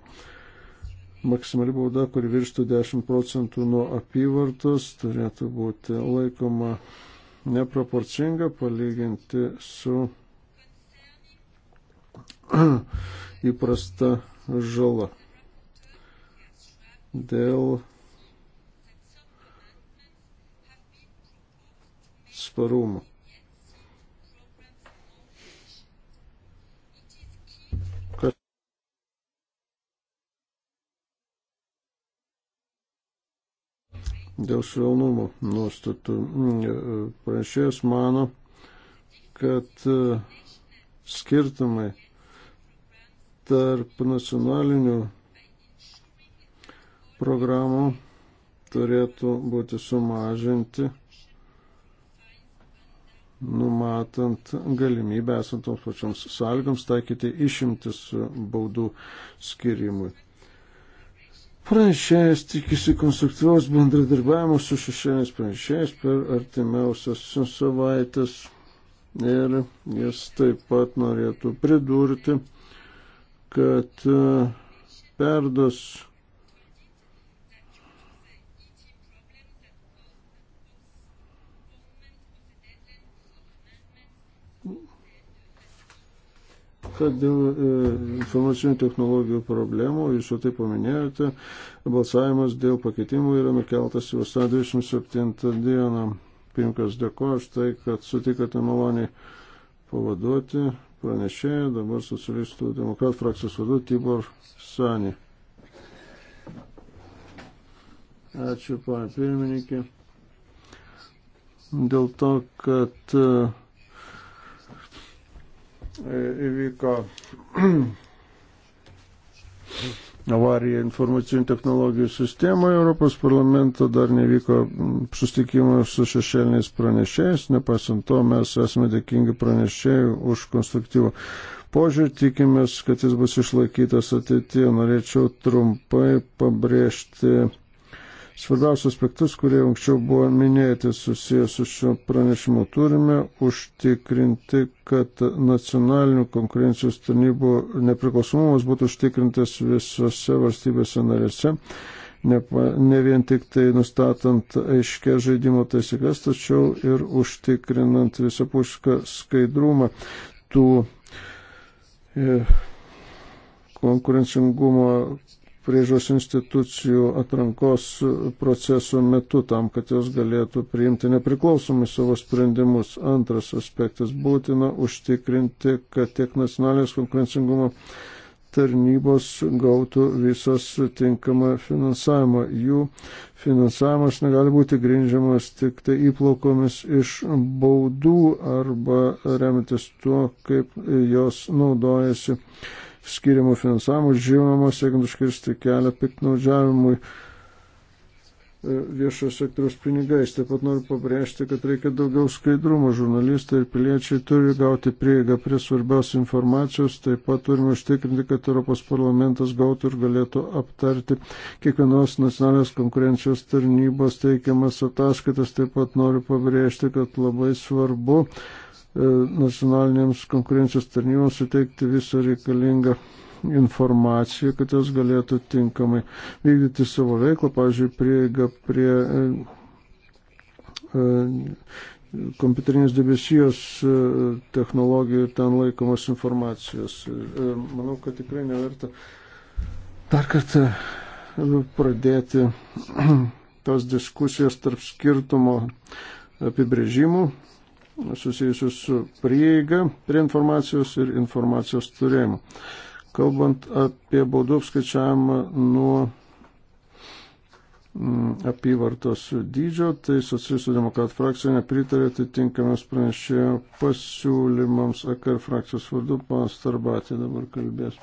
Maksimali bauda, kuri virštų 10 procentų nuo apyvartos, turėtų būti laikoma neproporcinga palyginti su *clears throat* įprasta žala. Dėl atsparumo. dėl švelnumo nuostatų. Mm, e, pranešėjas mano, kad e, skirtumai tarp nacionalinių programų turėtų būti sumažinti numatant galimybę esant toms pačioms sąlygoms taikyti išimtis baudų skirimui. Pranešėjas tikisi konstruktyvaus bendradarbiavimo su šešėliais pranešėjais per artimiausias savaitės ir jis taip pat norėtų pridurti, kad e, perdos kad dėl e, informacinių technologijų problemų, jūs jau tai paminėjote, balsavimas dėl pakeitimų yra nukeltas į vasarą 27 dieną. Pinkas dėkoju už tai, kad sutikote maloniai pavaduoti pranešėją, dabar socialistų demokratų frakcijos vadovą Tibor Sanį. Ačiū, pana pirmininkė. Dėl to, kad uh, įvyko *clears throat* avarija informacinių technologijų sistemoje Europos parlamento, dar nevyko sustikimas su šešėliniais pranešėjais, nepaisant to mes esame dėkingi pranešėjai už konstruktyvų požiūrį, tikimės, kad jis bus išlaikytas ateityje. Norėčiau trumpai pabrėžti svarbiausius aspektus, kurie anksčiau buvo minėti susijęs su šio pranešimu. Turime užtikrinti, kad nacionalinių konkurencijos tarnybų nepriklausomumas būtų užtikrintas visose valstybėse narėse. Ne, ne vien tik tai nustatant aiškę žaidimo taisyklės, tačiau ir užtikrinant visapušką skaidrumą tų e, konkurencingumo priežos institucijų atrankos proceso metu, tam, kad jos galėtų priimti nepriklausomai savo sprendimus. Antras aspektas - būtina užtikrinti, kad tiek nacionalinės konkurencingumo tarnybos gautų visas tinkamą finansavimą. Jų finansavimas negali būti grindžiamas tik tai įplaukomis iš baudų arba remiantis tuo, kaip jos naudojasi skiriamų finansavimų, žinoma, siekiant užkirsti kelią piktnaudžiavimui e, viešojo sektoriaus pinigais. Taip pat noriu pabrėžti, kad reikia daugiau skaidrumo. Žurnalistai ir piliečiai turi gauti prieigą prie svarbios informacijos. Taip pat turime užtikrinti, kad Europos parlamentas gautų ir galėtų aptarti kiekvienos nacionalinės konkurencijos tarnybos teikiamas ataskaitas. Taip pat noriu pabrėžti, kad labai svarbu E, nacionalinėms konkurencijos tarnyboms suteikti visą reikalingą informaciją, kad jos galėtų tinkamai vykdyti savo veiklą, pavyzdžiui, prieiga prie e, e, kompiuterinės debesijos technologijų ir ten laikomos informacijos. Manau, kad tikrai neverta dar kartą pradėti *clears throat* tos diskusijos tarp skirtumo apibrėžimų susijusius su prieiga prie informacijos ir informacijos turėjimu. Kalbant apie baudų apskaičiavimą nuo mm, apyvartos dydžio, tai socialistų demokratų frakcija nepritarė atitinkamiems pranešėjo pasiūlymams, akar frakcijos vardu, panas Tarbatė dabar kalbės.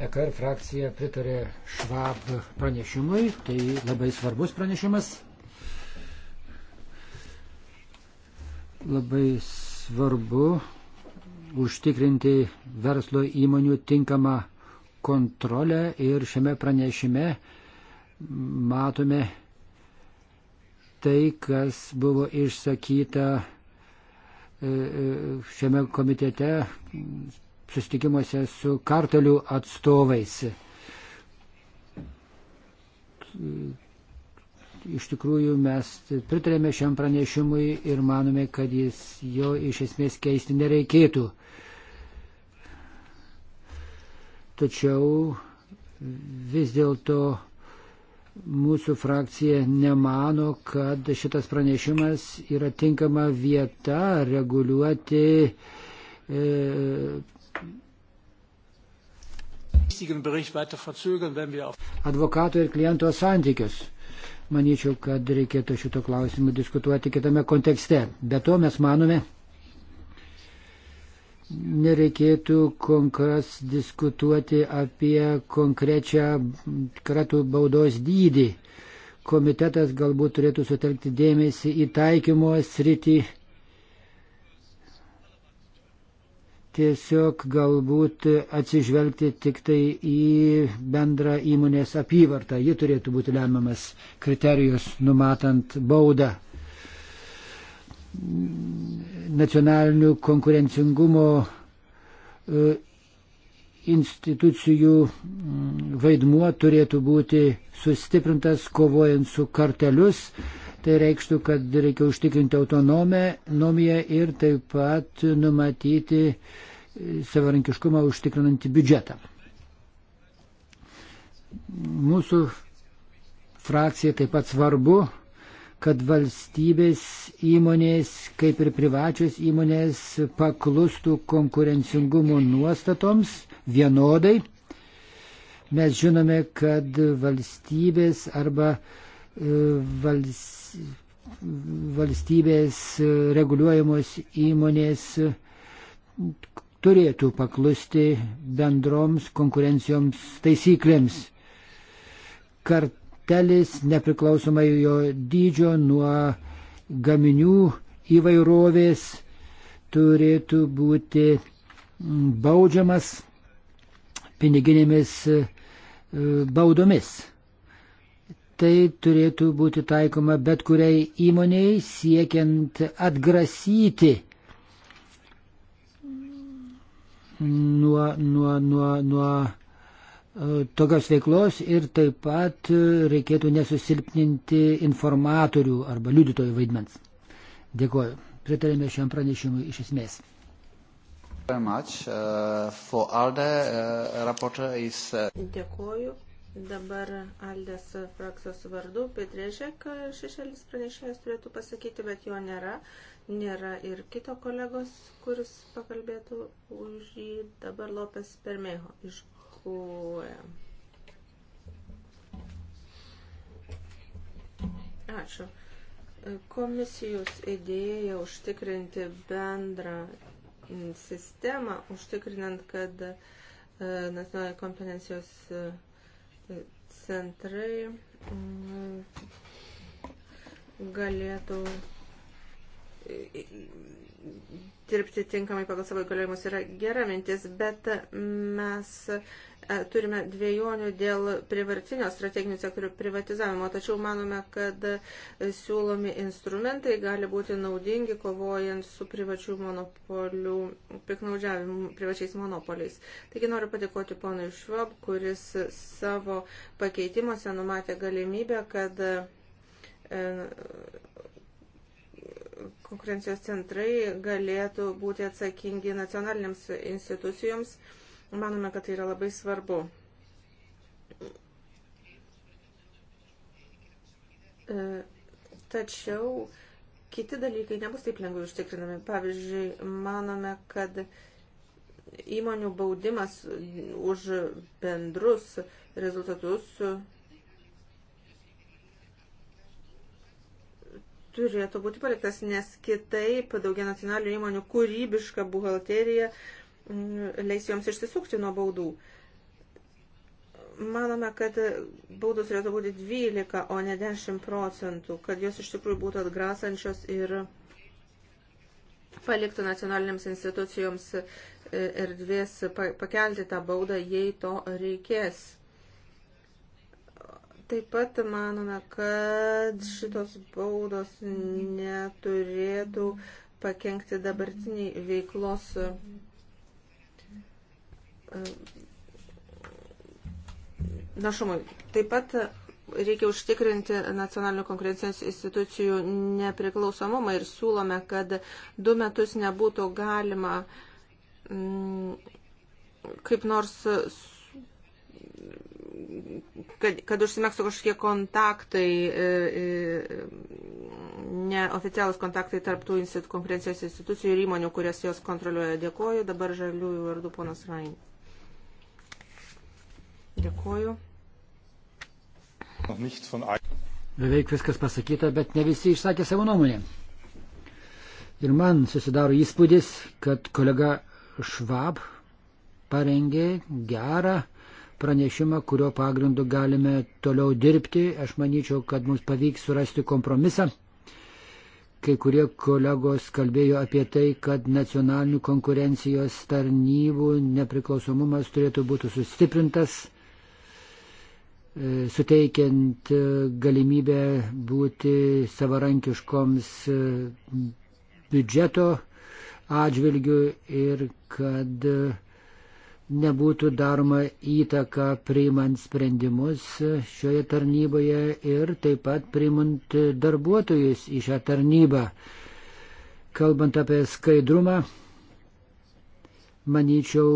EKR frakcija pritarė Švab pranešimui, tai labai svarbus pranešimas. Labai svarbu užtikrinti verslo įmonių tinkamą kontrolę ir šiame pranešime matome tai, kas buvo išsakyta e, e, šiame komitete sustikimuose su kartelių atstovais. Iš tikrųjų mes pritarėme šiam pranešimui ir manome, kad jis jo iš esmės keisti nereikėtų. Tačiau vis dėlto mūsų frakcija nemano, kad šitas pranešimas yra tinkama vieta reguliuoti e, Advokato ir kliento santykius. Manyčiau, kad reikėtų šito klausimu diskutuoti kitame kontekste. Be to mes manome, nereikėtų konkras diskutuoti apie konkrečią kratų baudos dydį. Komitetas galbūt turėtų sutelkti dėmesį į taikymo sritį tiesiog galbūt atsižvelgti tik tai į bendrą įmonės apyvartą. Ji turėtų būti lemiamas kriterijus numatant baudą. Nacionalinių konkurencingumo e, institucijų vaidmuo turėtų būti sustiprintas kovojant su kartelius, Tai reikštų, kad reikia užtikrinti autonomiją ir taip pat numatyti savarankiškumą užtikrinantį biudžetą. Mūsų frakcija taip pat svarbu, kad valstybės įmonės, kaip ir privačios įmonės, paklustų konkurencingumo nuostatoms vienodai. Mes žinome, kad valstybės arba e, valstybės valstybės reguliuojamos įmonės turėtų paklusti bendroms konkurencijoms taisyklėms. Kartelis nepriklausomai jo dydžio nuo gaminių įvairovės turėtų būti baudžiamas piniginėmis e, baudomis tai turėtų būti taikoma bet kuriai įmoniai siekiant atgrasyti nuo, nuo, nuo, nuo e, tokios veiklos ir taip pat reikėtų nesusilpninti informatorių arba liudytojų vaidmens. Dėkuoju. Pritarėme šiam pranešimui iš esmės. Uh, uh, uh, Dėkuoju. Dabar Aldės frakcijos vardu Petrėžek šešėlis pranešėjas turėtų pasakyti, bet jo nėra. Nėra ir kito kolegos, kuris pakalbėtų už jį. Dabar Lopes Permejo iš GUE. Ačiū. Komisijos idėja užtikrinti bendrą sistemą, užtikrinant, kad e, nacionalinė kompetencijos e, centrai mm, galėtų dirbti tinkamai pagal savo įgaliojimus yra gera mintis, bet mes e, turime dviejonių dėl privartinio strateginių sektorių privatizavimo, tačiau manome, kad siūlomi instrumentai gali būti naudingi kovojant su privačių monopolių, piknaudžiavimu privačiais monopoliais. Taigi noriu padėkoti ponui Švab, kuris savo pakeitimuose numatė galimybę, kad e, konkurencijos centrai galėtų būti atsakingi nacionaliniams institucijoms. Manome, kad tai yra labai svarbu. E, tačiau kiti dalykai nebus taip lengvai užtikrinami. Pavyzdžiui, manome, kad įmonių baudimas už bendrus rezultatus turėtų būti paliktas, nes kitaip daugia nacionalinių įmonių kūrybiška buhalterija mm, leis joms išsisukti nuo baudų. Manome, kad baudos turėtų būti 12, o ne 10 procentų, kad jos iš tikrųjų būtų atgrasančios ir paliktų nacionalinėms institucijoms e, erdvės pakelti tą baudą, jei to reikės. Taip pat manome, kad šitos baudos neturėtų pakengti dabartiniai veiklos e, našumui. Taip pat reikia užtikrinti nacionalinių konkurencijos institucijų nepriklausomumą ir siūlome, kad du metus nebūtų galima mm, kaip nors kad, kad užsimėgstų kažkokie kontaktai, e, e, neoficialus kontaktai tarptų institu, konkurencijos institucijų ir įmonių, kurias jos kontroliuoja. Dėkoju. Dabar žaliųjų vardu ponas Rain. Dėkoju. Beveik viskas pasakyta, bet ne visi išsakė savo nuomonę. Ir man susidaro įspūdis, kad kolega Švab parengė gerą pranešimą, kurio pagrindu galime toliau dirbti. Aš manyčiau, kad mums pavyks surasti kompromisą. Kai kurie kolegos kalbėjo apie tai, kad nacionalinių konkurencijos tarnybų nepriklausomumas turėtų būti sustiprintas, e, suteikiant e, galimybę būti savarankiškoms e, biudžeto atžvilgių ir kad uh, nebūtų daroma įtaka priimant sprendimus šioje tarnyboje ir taip pat priimant darbuotojus į šią tarnybą. Kalbant apie skaidrumą, manyčiau,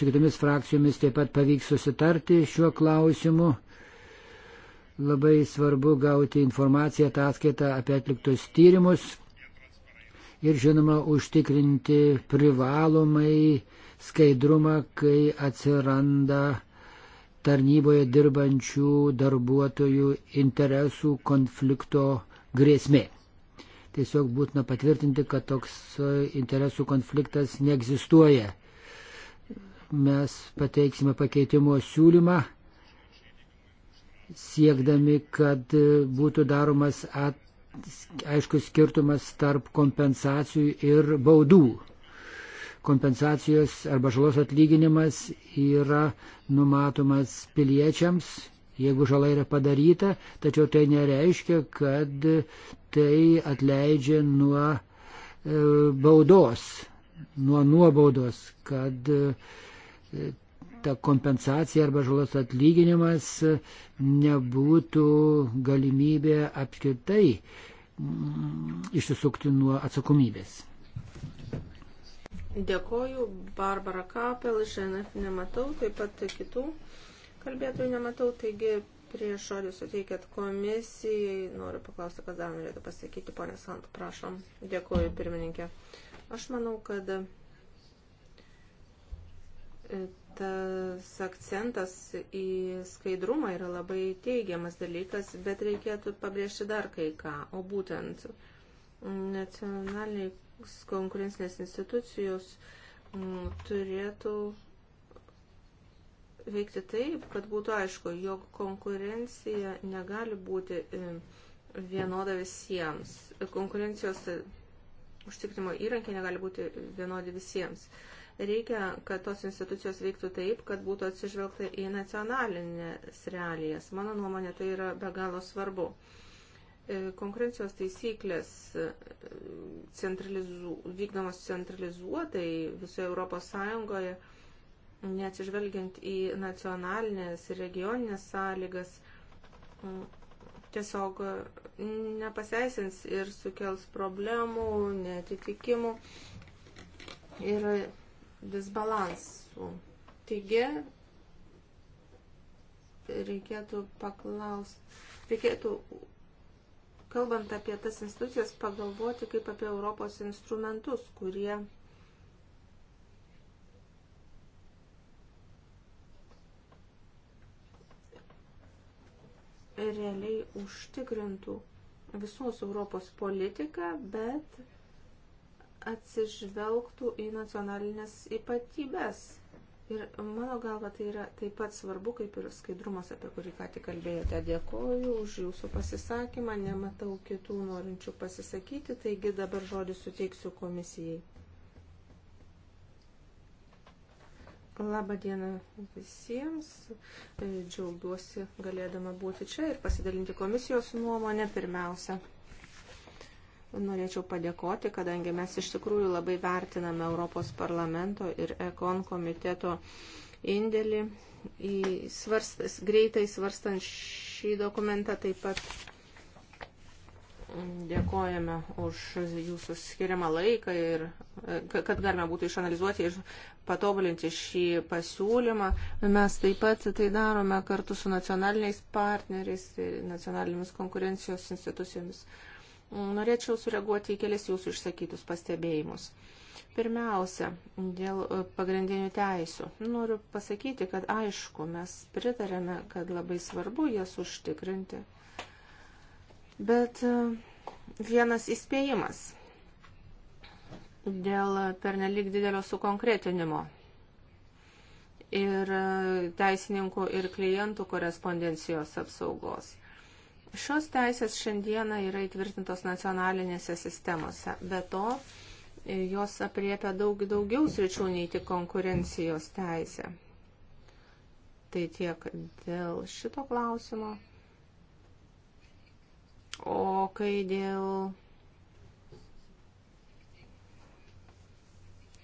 su kitomis frakcijomis taip pat pavyks susitarti šiuo klausimu. Labai svarbu gauti informaciją, ataskaitą apie atliktus tyrimus ir, žinoma, užtikrinti privalomai skaidrumą, kai atsiranda tarnyboje dirbančių darbuotojų interesų konflikto grėsmė. Tiesiog būtina patvirtinti, kad toks e, interesų konfliktas neegzistuoja. Mes pateiksime pakeitimo siūlymą, siekdami, kad būtų daromas at, aiškus skirtumas tarp kompensacijų ir baudų kompensacijos arba žalos atlyginimas yra numatomas piliečiams, jeigu žala yra padaryta, tačiau tai nereiškia, kad tai atleidžia nuo e, baudos, nuo nuobaudos, kad e, ta kompensacija arba žalos atlyginimas nebūtų galimybė apskritai mm, išsisukti nuo atsakomybės. Dėkoju, Barbara Kapel, ŽNF nematau, taip pat kitų kalbėtojų nematau, taigi prieš žodį suteikėt komisijai, noriu paklausti, kas dar norėtų pasakyti, ponė Sant, prašom. Dėkoju, pirmininkė. Aš manau, kad e, tas akcentas į skaidrumą yra labai teigiamas dalykas, bet reikėtų pabrėžti dar kai ką, o būtent nacionaliniai konkurencinės institucijos mm, turėtų veikti taip, kad būtų aišku, jog konkurencija negali būti e, vienoda visiems. Konkurencijos e, užtikrimo įrankiai negali būti vienodi visiems. Reikia, kad tos institucijos veiktų taip, kad būtų atsižvelgta į nacionalinės realijas. Mano nuomonė, tai yra be galo svarbu. E, konkurencijos taisyklės e, centralizu, vykdomos centralizuotai visoje Europos Sąjungoje, neatsižvelgiant į nacionalinės ir regioninės sąlygas, e, tiesiog nepaseisins ir sukels problemų, netitikimų ir disbalansų. Taigi, reikėtų paklausti, reikėtų kalbant apie tas institucijas, pagalvoti kaip apie Europos instrumentus, kurie realiai užtikrintų visos Europos politiką, bet atsižvelgtų į nacionalinės ypatybės Ir mano galva tai yra taip pat svarbu, kaip ir skaidrumas, apie kurį ką tik kalbėjote. Dėkoju už jūsų pasisakymą, nematau kitų norinčių pasisakyti, taigi dabar žodį suteiksiu komisijai. Labą dieną visiems. Džiaugiuosi galėdama būti čia ir pasidalinti komisijos nuomonę pirmiausia. Norėčiau padėkoti, kadangi mes iš tikrųjų labai vertiname Europos parlamento ir ekon komiteto indėlį į svarstas, greitai svarstant šį dokumentą. Taip pat dėkojame už jūsų skiriamą laiką ir kad galime būtų išanalizuoti ir patobulinti šį pasiūlymą. Mes taip pat tai darome kartu su nacionaliniais partneriais, nacionalinėmis konkurencijos institucijomis. Norėčiau sureaguoti į kelias jūsų išsakytus pastebėjimus. Pirmiausia, dėl e, pagrindinių teisių. Noriu pasakyti, kad aišku, mes pritarėme, kad labai svarbu jas užtikrinti. Bet e, vienas įspėjimas dėl pernelik didelio sukonkretinimo ir e, teisininkų ir klientų korespondencijos apsaugos. Šios teisės šiandieną yra įtvirtintos nacionalinėse sistemose. Be to, jos apriepia daug daugiau sričių nei tik konkurencijos teisė. Tai tiek dėl šito klausimo. O kai dėl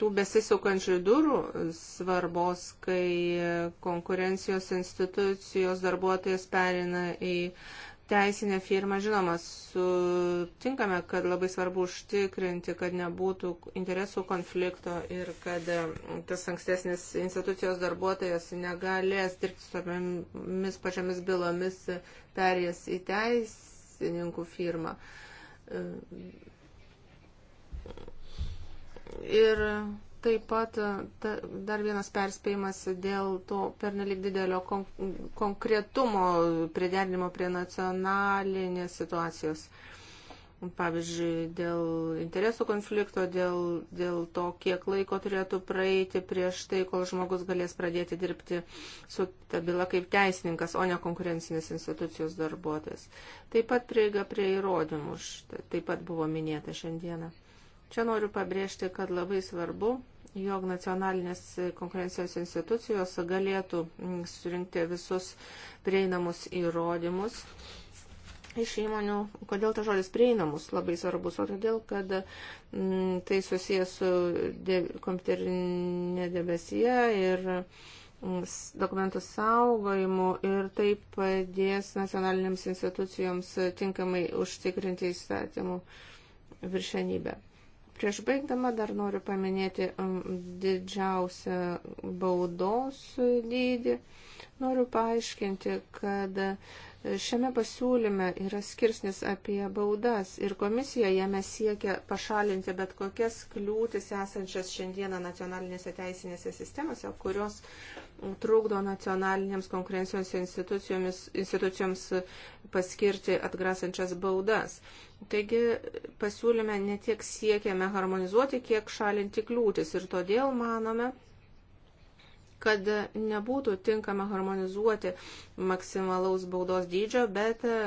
tų besisukančių durų svarbos, kai konkurencijos institucijos darbuotojas perina į teisinė firma, žinoma, sutinkame, kad labai svarbu užtikrinti, kad nebūtų interesų konflikto ir kad e, tas ankstesnis institucijos darbuotojas negalės dirbti su tomis pačiamis bylomis perės į teisininkų firmą. E, ir Taip pat e, ta, dar vienas perspėjimas dėl to pernelik didelio kon, konkretumo priderinimo prie nacionalinės situacijos. Pavyzdžiui, dėl interesų konflikto, dėl, dėl to, kiek laiko turėtų praeiti prieš tai, kol žmogus galės pradėti dirbti su ta byla kaip teisininkas, o ne konkurencinės institucijos darbuotojas. Taip pat prieiga prie įrodymų, taip pat buvo minėta šiandieną. Čia noriu pabrėžti, kad labai svarbu jog nacionalinės konkurencijos institucijos galėtų mm, surinkti visus prieinamus įrodymus iš įmonių. Kodėl tas žodis prieinamus labai svarbus? O todėl, kad m, mm, tai susijęs su de, kompiuterinė debesija ir m, mm, dokumentų saugojimu ir tai padės nacionalinėms institucijoms tinkamai užtikrinti įstatymų viršenybę. Prieš baigdama dar noriu paminėti um, didžiausią baudos dydį. Noriu paaiškinti, kad Šiame pasiūlyme yra skirsnis apie baudas ir komisija jame siekia pašalinti bet kokias kliūtis esančias šiandieną nacionalinėse teisinėse sistemose, kurios trukdo nacionalinėms konkurencijos institucijoms, institucijoms paskirti atgrasančias baudas. Taigi pasiūlyme ne tiek siekiame harmonizuoti, kiek šalinti kliūtis ir todėl manome, kad nebūtų tinkama harmonizuoti maksimalaus baudos dydžio, bet e,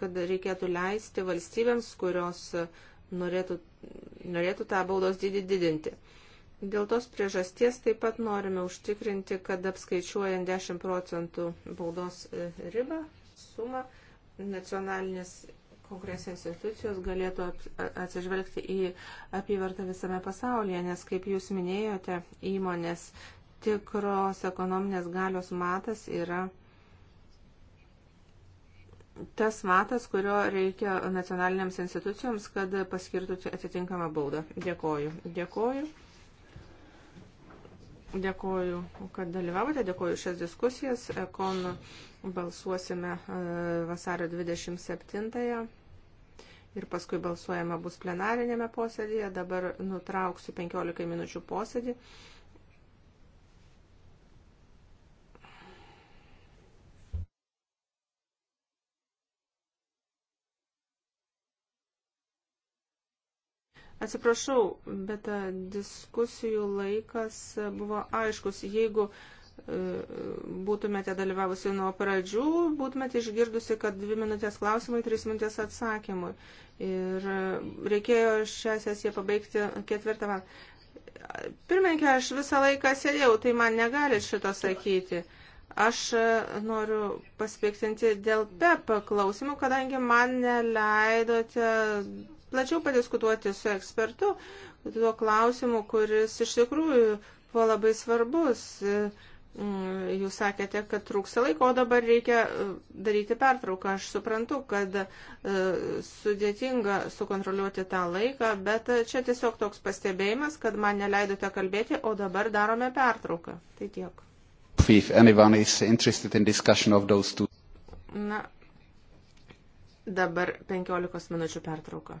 kad reikėtų leisti valstybėms, kurios norėtų, norėtų tą baudos dydį didinti. Dėl tos priežasties taip pat norime užtikrinti, kad apskaičiuojant 10 procentų baudos e, ribą, sumą, nacionalinės konkrečios institucijos galėtų atsižvelgti į apyvartą visame pasaulyje, nes, kaip jūs minėjote, įmonės tikros ekonominės galios matas yra tas matas, kurio reikia nacionalinėms institucijoms, kad paskirtų atitinkamą baudą. Dėkoju. Dėkoju. Dėkoju, kad dalyvavote, dėkoju šias diskusijas. Ekon balsuosime e, vasario 27-ąją ir paskui balsuojama bus plenarinėme posėdėje. Dabar nutrauksiu 15 minučių posėdį. Atsiprašau, bet diskusijų laikas buvo aiškus. Jeigu e, būtumėte dalyvavusi nuo pradžių, būtumėte išgirdusi, kad dvi minutės klausimai, trys minutės atsakymui. Ir reikėjo šią sesiją pabaigti ketvirtą valandą. Pirmininkė, aš visą laiką sėdėjau, tai man negalit šito sakyti. Aš e, noriu paspiktinti dėl PEP klausimų, kadangi man neleidote plačiau padiskutuoti su ekspertu tuo klausimu, kuris iš tikrųjų buvo labai svarbus. Jūs sakėte, kad trūksta laiko, o dabar reikia e, daryti pertrauką. Aš suprantu, kad e, sudėtinga sukontroliuoti tą laiką, bet e, čia tiesiog toks pastebėjimas, kad man neleidote kalbėti, o dabar darome pertrauką. Tai tiek. Na, dabar 15 minučių pertrauka.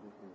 Thank you.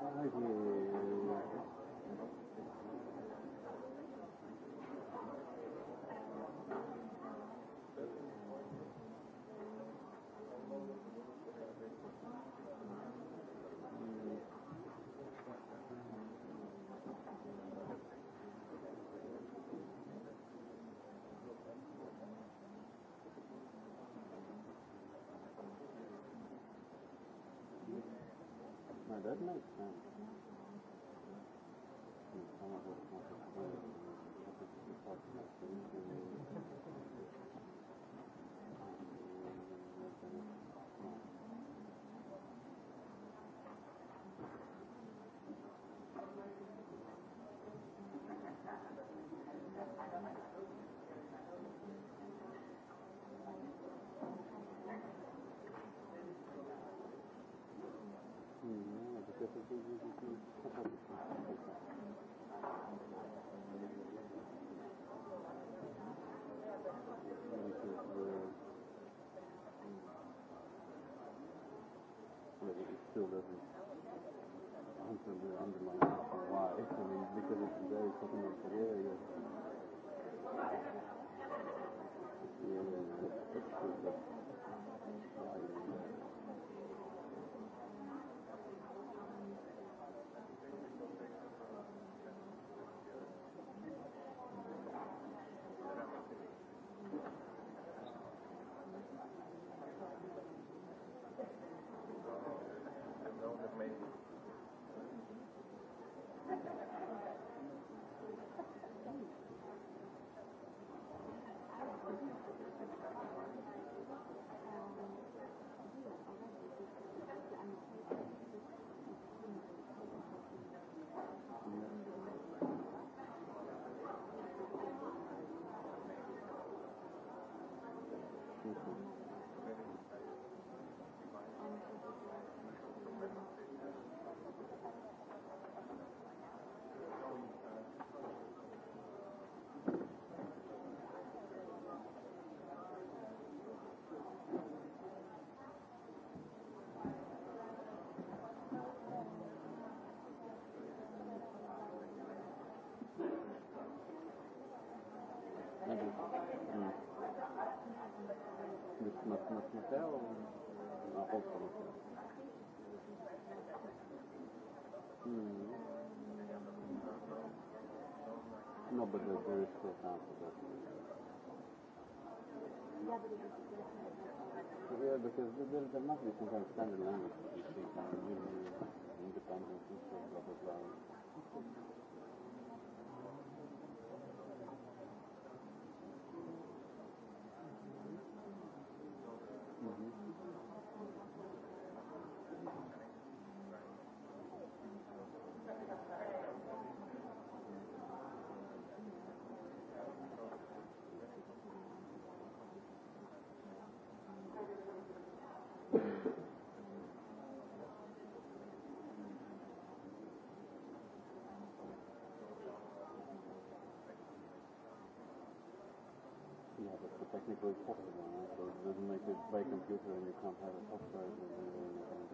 Ay, but it still doesn't answer the underlying why. I mean, because it's very fucking aware, you're на Снетел, на Холстона. Но бъде 9-16. Вие да се задържа нас, не съм стане на Independent Institute, blah blah blah. technically possible. So it doesn't make it by computer and you can't have a software. And, and, and,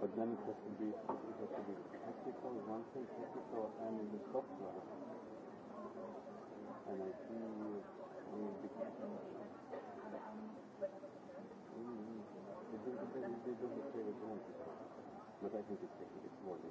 But then it has to be it has to be technical, one thing technical and in the software. And I think we become they don't necessarily want it. But I think it's, it's more than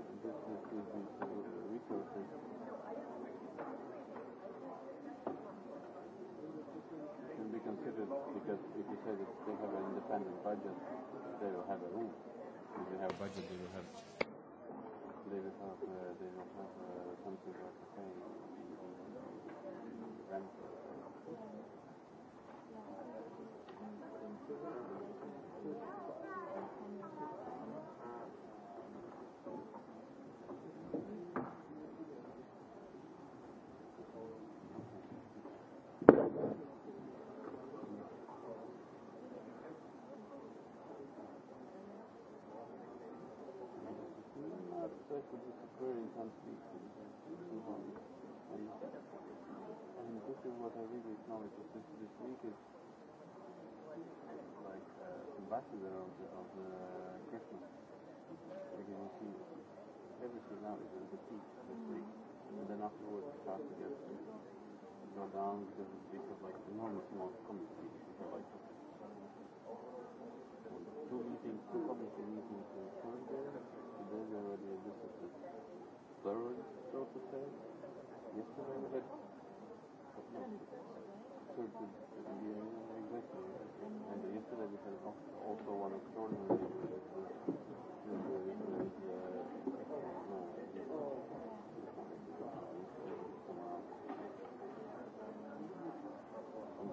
Should be considered because if you say that they have an independent budget, they will have a room. If they have a budget, they will have. They will have. Uh, they will have uh, something like a pay uh, rent. Thank you. afterwards start to get go down because it's because like enormous amount of committees. We have like two meetings, two committee meetings on Thursday. Today we already this is the third, so to say. Yesterday we had third, yeah, exactly. And yesterday we had also one extraordinary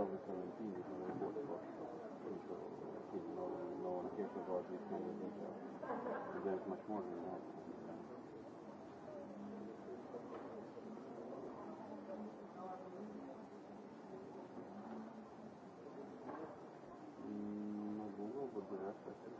cose preventivi come il bosco, appunto, quindi non, non chiedo cose che there's much more than that. Mm, non lo so, but the rest I think.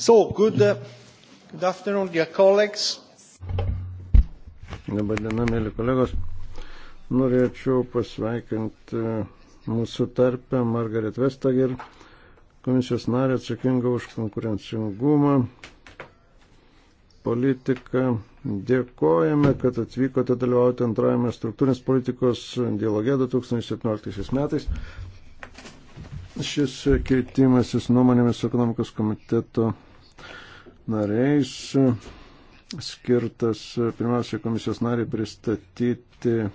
So, good, uh, good afternoon, dear colleagues. Dabar diena, mėly kolegos. Norėčiau pasveikinti uh, mūsų tarpę Margaret Vestager, komisijos narė atsakinga už konkurencingumą, politiką. Dėkojame, kad atvykote dalyvauti antrajame struktūrinės politikos dialoge 2017 metais. Šis keitimasis nuomonėmis ekonomikos komiteto nariais, skirtas pirmiausia komisijos nariai pristatyti e,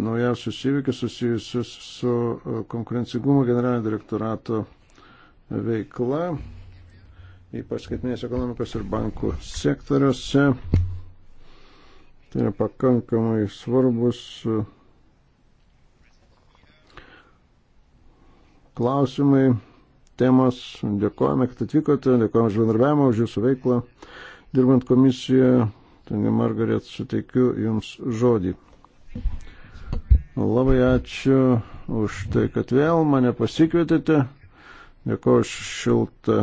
naujausius įvykius susijusius su e, konkurencingumo generalinio direktorato veikla, ypač skaitinės ekonomikos ir bankų sektoriuose. Tai yra pakankamai svarbus e, klausimai temos. Dėkojame, kad atvykote, dėkojame už bendarbiavimą, už jūsų veiklą. Dirbant komisijoje, Tangi Margaret, suteikiu Jums žodį. Labai ačiū už tai, kad vėl mane pasikvietėte. Dėkoju už šiltą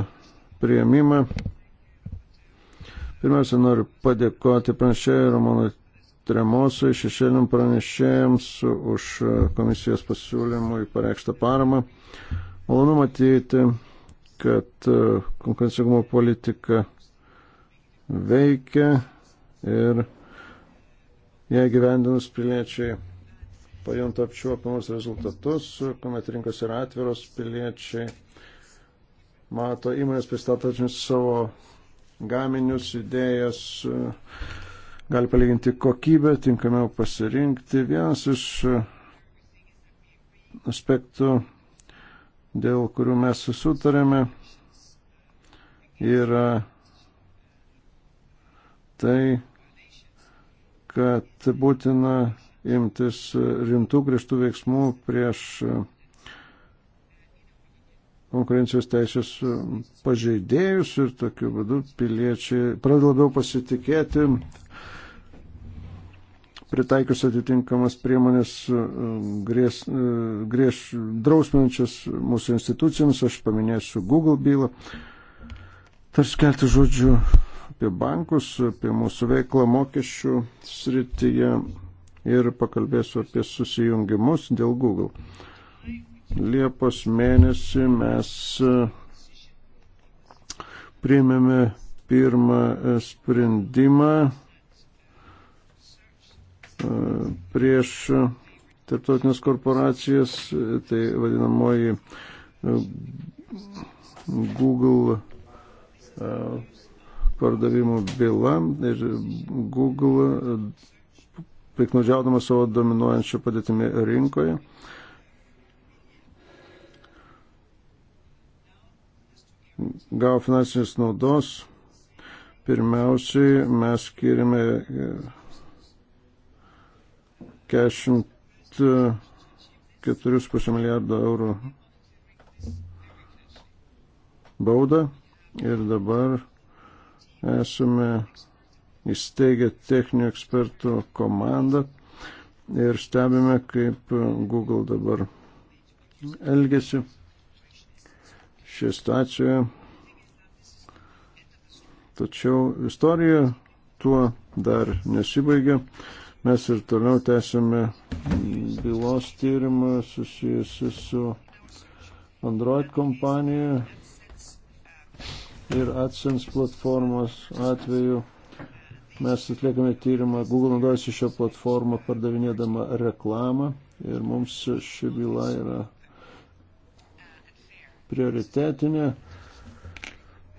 prieimimą. Pirmiausia, noriu padėkoti pranešėjai Romanui Tremosui, šešėliam pranešėjams už komisijos pasiūlymų į pareikštą paramą. Malonu matyti, kad e, konkurencingumo politika veikia ir jei gyvendinus piliečiai pajunta apčiuopiamus rezultatus, kuomet rinkos yra atviros, piliečiai mato įmonės pristatočius savo gaminius, idėjas, gali palyginti kokybę, tinkamiau pasirinkti. Vienas iš aspektų dėl kurių mes susutarėme, yra tai, kad būtina imtis rimtų grįžtų veiksmų prieš konkurencijos teisės pažeidėjus ir tokiu būdu piliečiai pradeda labiau pasitikėti pritaikius atitinkamas priemonės e, grės, e, grės drausminančias mūsų institucijoms, aš paminėsiu Google bylą. Tarsi kelti žodžių apie bankus, apie mūsų veiklą mokesčių srityje ir pakalbėsiu apie susijungimus dėl Google. Liepos mėnesį mes e, priėmėme pirmą sprendimą prieš tarptautinės korporacijas, tai vadinamoji e, Google e, pardavimų byla ir Google e, piknaudžiaudama savo dominuojančią padėtimį rinkoje. Gavo finansinės naudos. Pirmiausiai mes skirime 44,5 milijardo eurų baudą ir dabar esame įsteigę techninių ekspertų komandą ir stebime, kaip Google dabar elgesi šioje stacijoje. Tačiau istorija tuo dar nesibaigia. Mes ir toliau tęsime bylos tyrimą susijusi su Android kompanija ir AdSense platformos atveju. Mes atliekame tyrimą, Google naudojasi šią platformą pardavinėdama reklamą ir mums ši byla yra prioritetinė.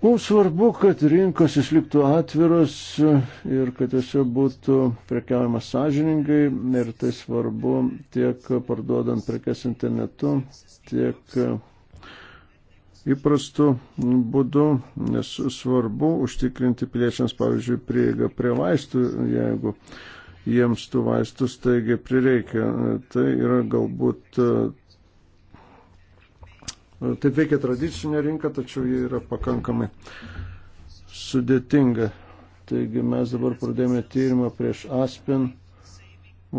Mums svarbu, kad rinkos išliktų atviros ir kad jose būtų prekiaujama sąžiningai ir tai svarbu tiek parduodant prekes internetu, tiek įprastu būdu, nes svarbu užtikrinti piliečiams, pavyzdžiui, prieigą prie vaistų, jeigu jiems tų vaistų staigiai prireikia. Tai yra galbūt Taip veikia tradicinė rinka, tačiau ji yra pakankamai sudėtinga. Taigi mes dabar pradėjome tyrimą prieš Aspen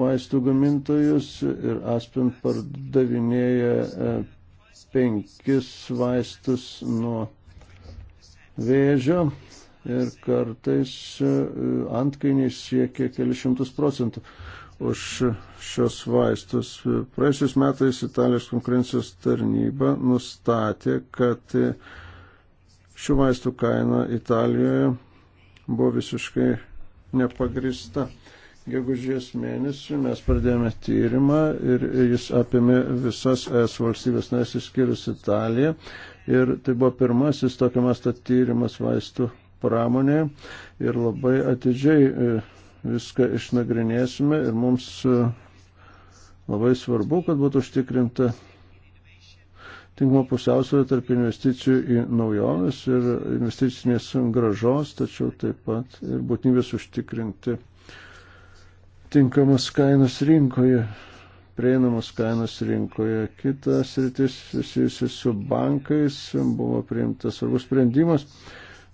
vaistų gamintojus ir Aspen pardavinėja e, penkis vaistus nuo vėžio ir kartais e, antkainiai siekia kelišimtus procentų už šios vaistus. Praėjusiais metais Italijos konkurencijos tarnyba nustatė, kad šių vaistų kaina Italijoje buvo visiškai nepagrista. Gegužės mėnesį mes pradėjome tyrimą ir jis apėmė visas es valstybės narės išskyrus Italiją. Ir tai buvo pirmasis tokio masto tyrimas vaistų pramonėje ir labai atidžiai e, viską išnagrinėsime ir mums e, labai svarbu, kad būtų užtikrinta tinkama pusiausvėra tarp investicijų į naujoves ir investicinės gražos, tačiau taip pat ir būtinybės užtikrinti tinkamas kainas rinkoje, prieinamos kainas rinkoje. Kitas rytis susijusi su bankais buvo priimtas svarbus sprendimas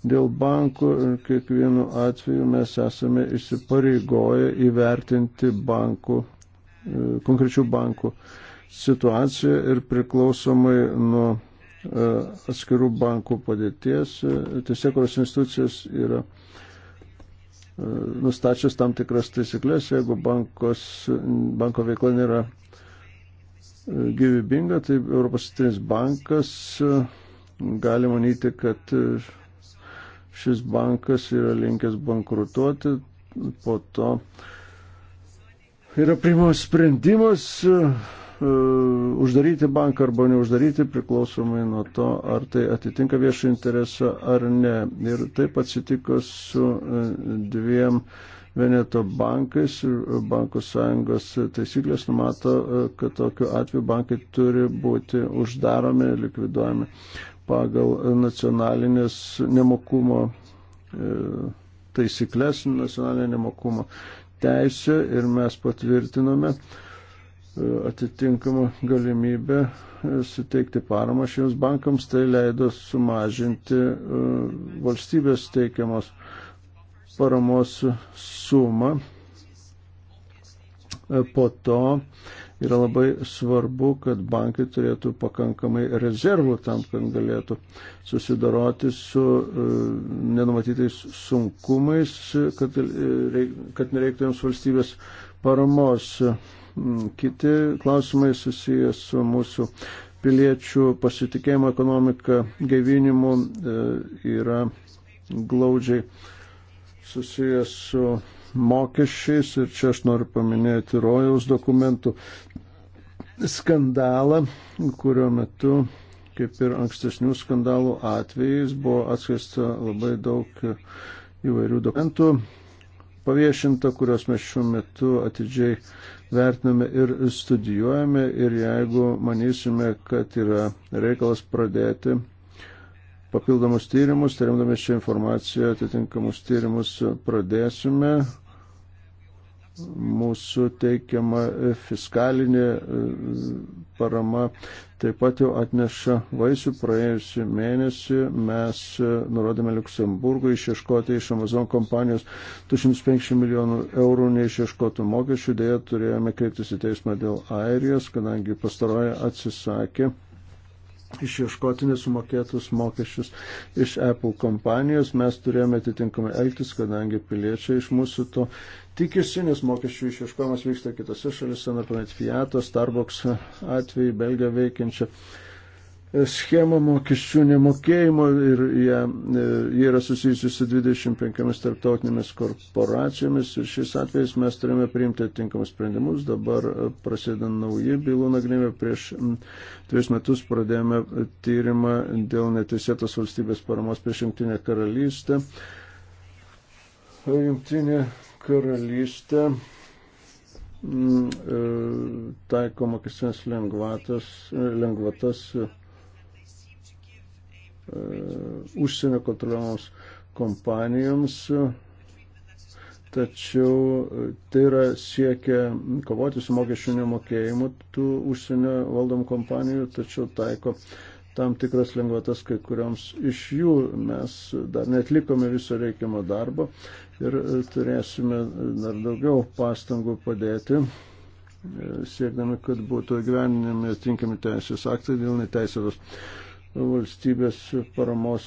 Dėl bankų e, kiekvienu atveju mes esame įsipareigoję įvertinti bankų, e, konkrečių bankų situaciją ir priklausomai nuo e, atskirų bankų padėties. Tiesiekos institucijos yra nustačius tam tikras taisyklės, jeigu bankos, banko veikla nėra gyvybinga, tai Europos Centrinis bankas gali manyti, kad šis bankas yra linkęs bankrutuoti, po to yra priimamas sprendimas e, uždaryti banką arba neuždaryti priklausomai nuo to, ar tai atitinka viešo interesą ar ne. Ir taip atsitiko su e, dviem Veneto bankais ir bankų sąjungos taisyklės numato, e, kad tokiu atveju bankai turi būti uždaromi, likviduojami pagal nacionalinės nemokumo e, taisyklės, nacionalinė nemokumo teisė ir mes patvirtinome e, atitinkamą galimybę e, suteikti paramą šiems bankams, tai leido sumažinti valstybės teikiamos paramos sumą. Po to yra labai svarbu, kad bankai turėtų pakankamai rezervų tam, kad galėtų susidoroti su e, nenumatytais sunkumais, kad, e, reik, kad nereiktų jiems valstybės paramos. Mm, kiti klausimai susijęs su mūsų piliečių pasitikėjimo ekonomika gaivinimu e, yra glaudžiai susijęs su mokesčiais ir čia aš noriu paminėti rojaus dokumentų skandalą, kurio metu, kaip ir ankstesnių skandalų atvejais, buvo atskleista labai daug įvairių dokumentų paviešinta, kuriuos mes šiuo metu atidžiai vertiname ir studijuojame ir jeigu manysime, kad yra reikalas pradėti papildomus tyrimus, tai remdami šią informaciją, atitinkamus tyrimus pradėsime, mūsų teikiama fiskalinė e, parama taip pat jau atneša vaisių. Praėjusiu mėnesį mes e, nurodėme Luksemburgui išieškoti iš Amazon kompanijos 250 milijonų eurų neišieškotų mokesčių. Dėja turėjome kreiptis į teismą dėl Airijos, kadangi pastaroje atsisakė išieškoti nesumokėtus mokesčius iš Apple kompanijos. Mes turėjome atitinkamai elgtis, kadangi piliečiai iš mūsų to tikisi, nes mokesčių išieškojimas vyksta kitose šalise, nepanaip Fiato, Starbucks atveju, Belgija veikiančia schemą mokesčių nemokėjimo ir jie, jie yra susijusi su 25 tarptautinėmis korporacijomis ir šiais atvejais mes turime priimti atitinkamus sprendimus. Dabar prasideda nauji bylų nagrinėjimai. Prieš dviejus metus pradėjome tyrimą dėl neteisėtos valstybės paramos prieš Jungtinę karalystę. Jungtinė karalystė mm, e, taiko mokestinės lengvatas, e, lengvatas e, užsienio kontroliuojamoms kompanijoms, tačiau tai yra siekia kovoti su mokesčių nemokėjimu tų užsienio valdomų kompanijų, tačiau taiko tam tikras lengvatas kai kurioms iš jų. Mes dar netlikome viso reikiamo darbo ir turėsime dar daugiau pastangų padėti, e, siekdami, kad būtų gyveninami atinkami teisės aktai dėl neteisėtos valstybės paramos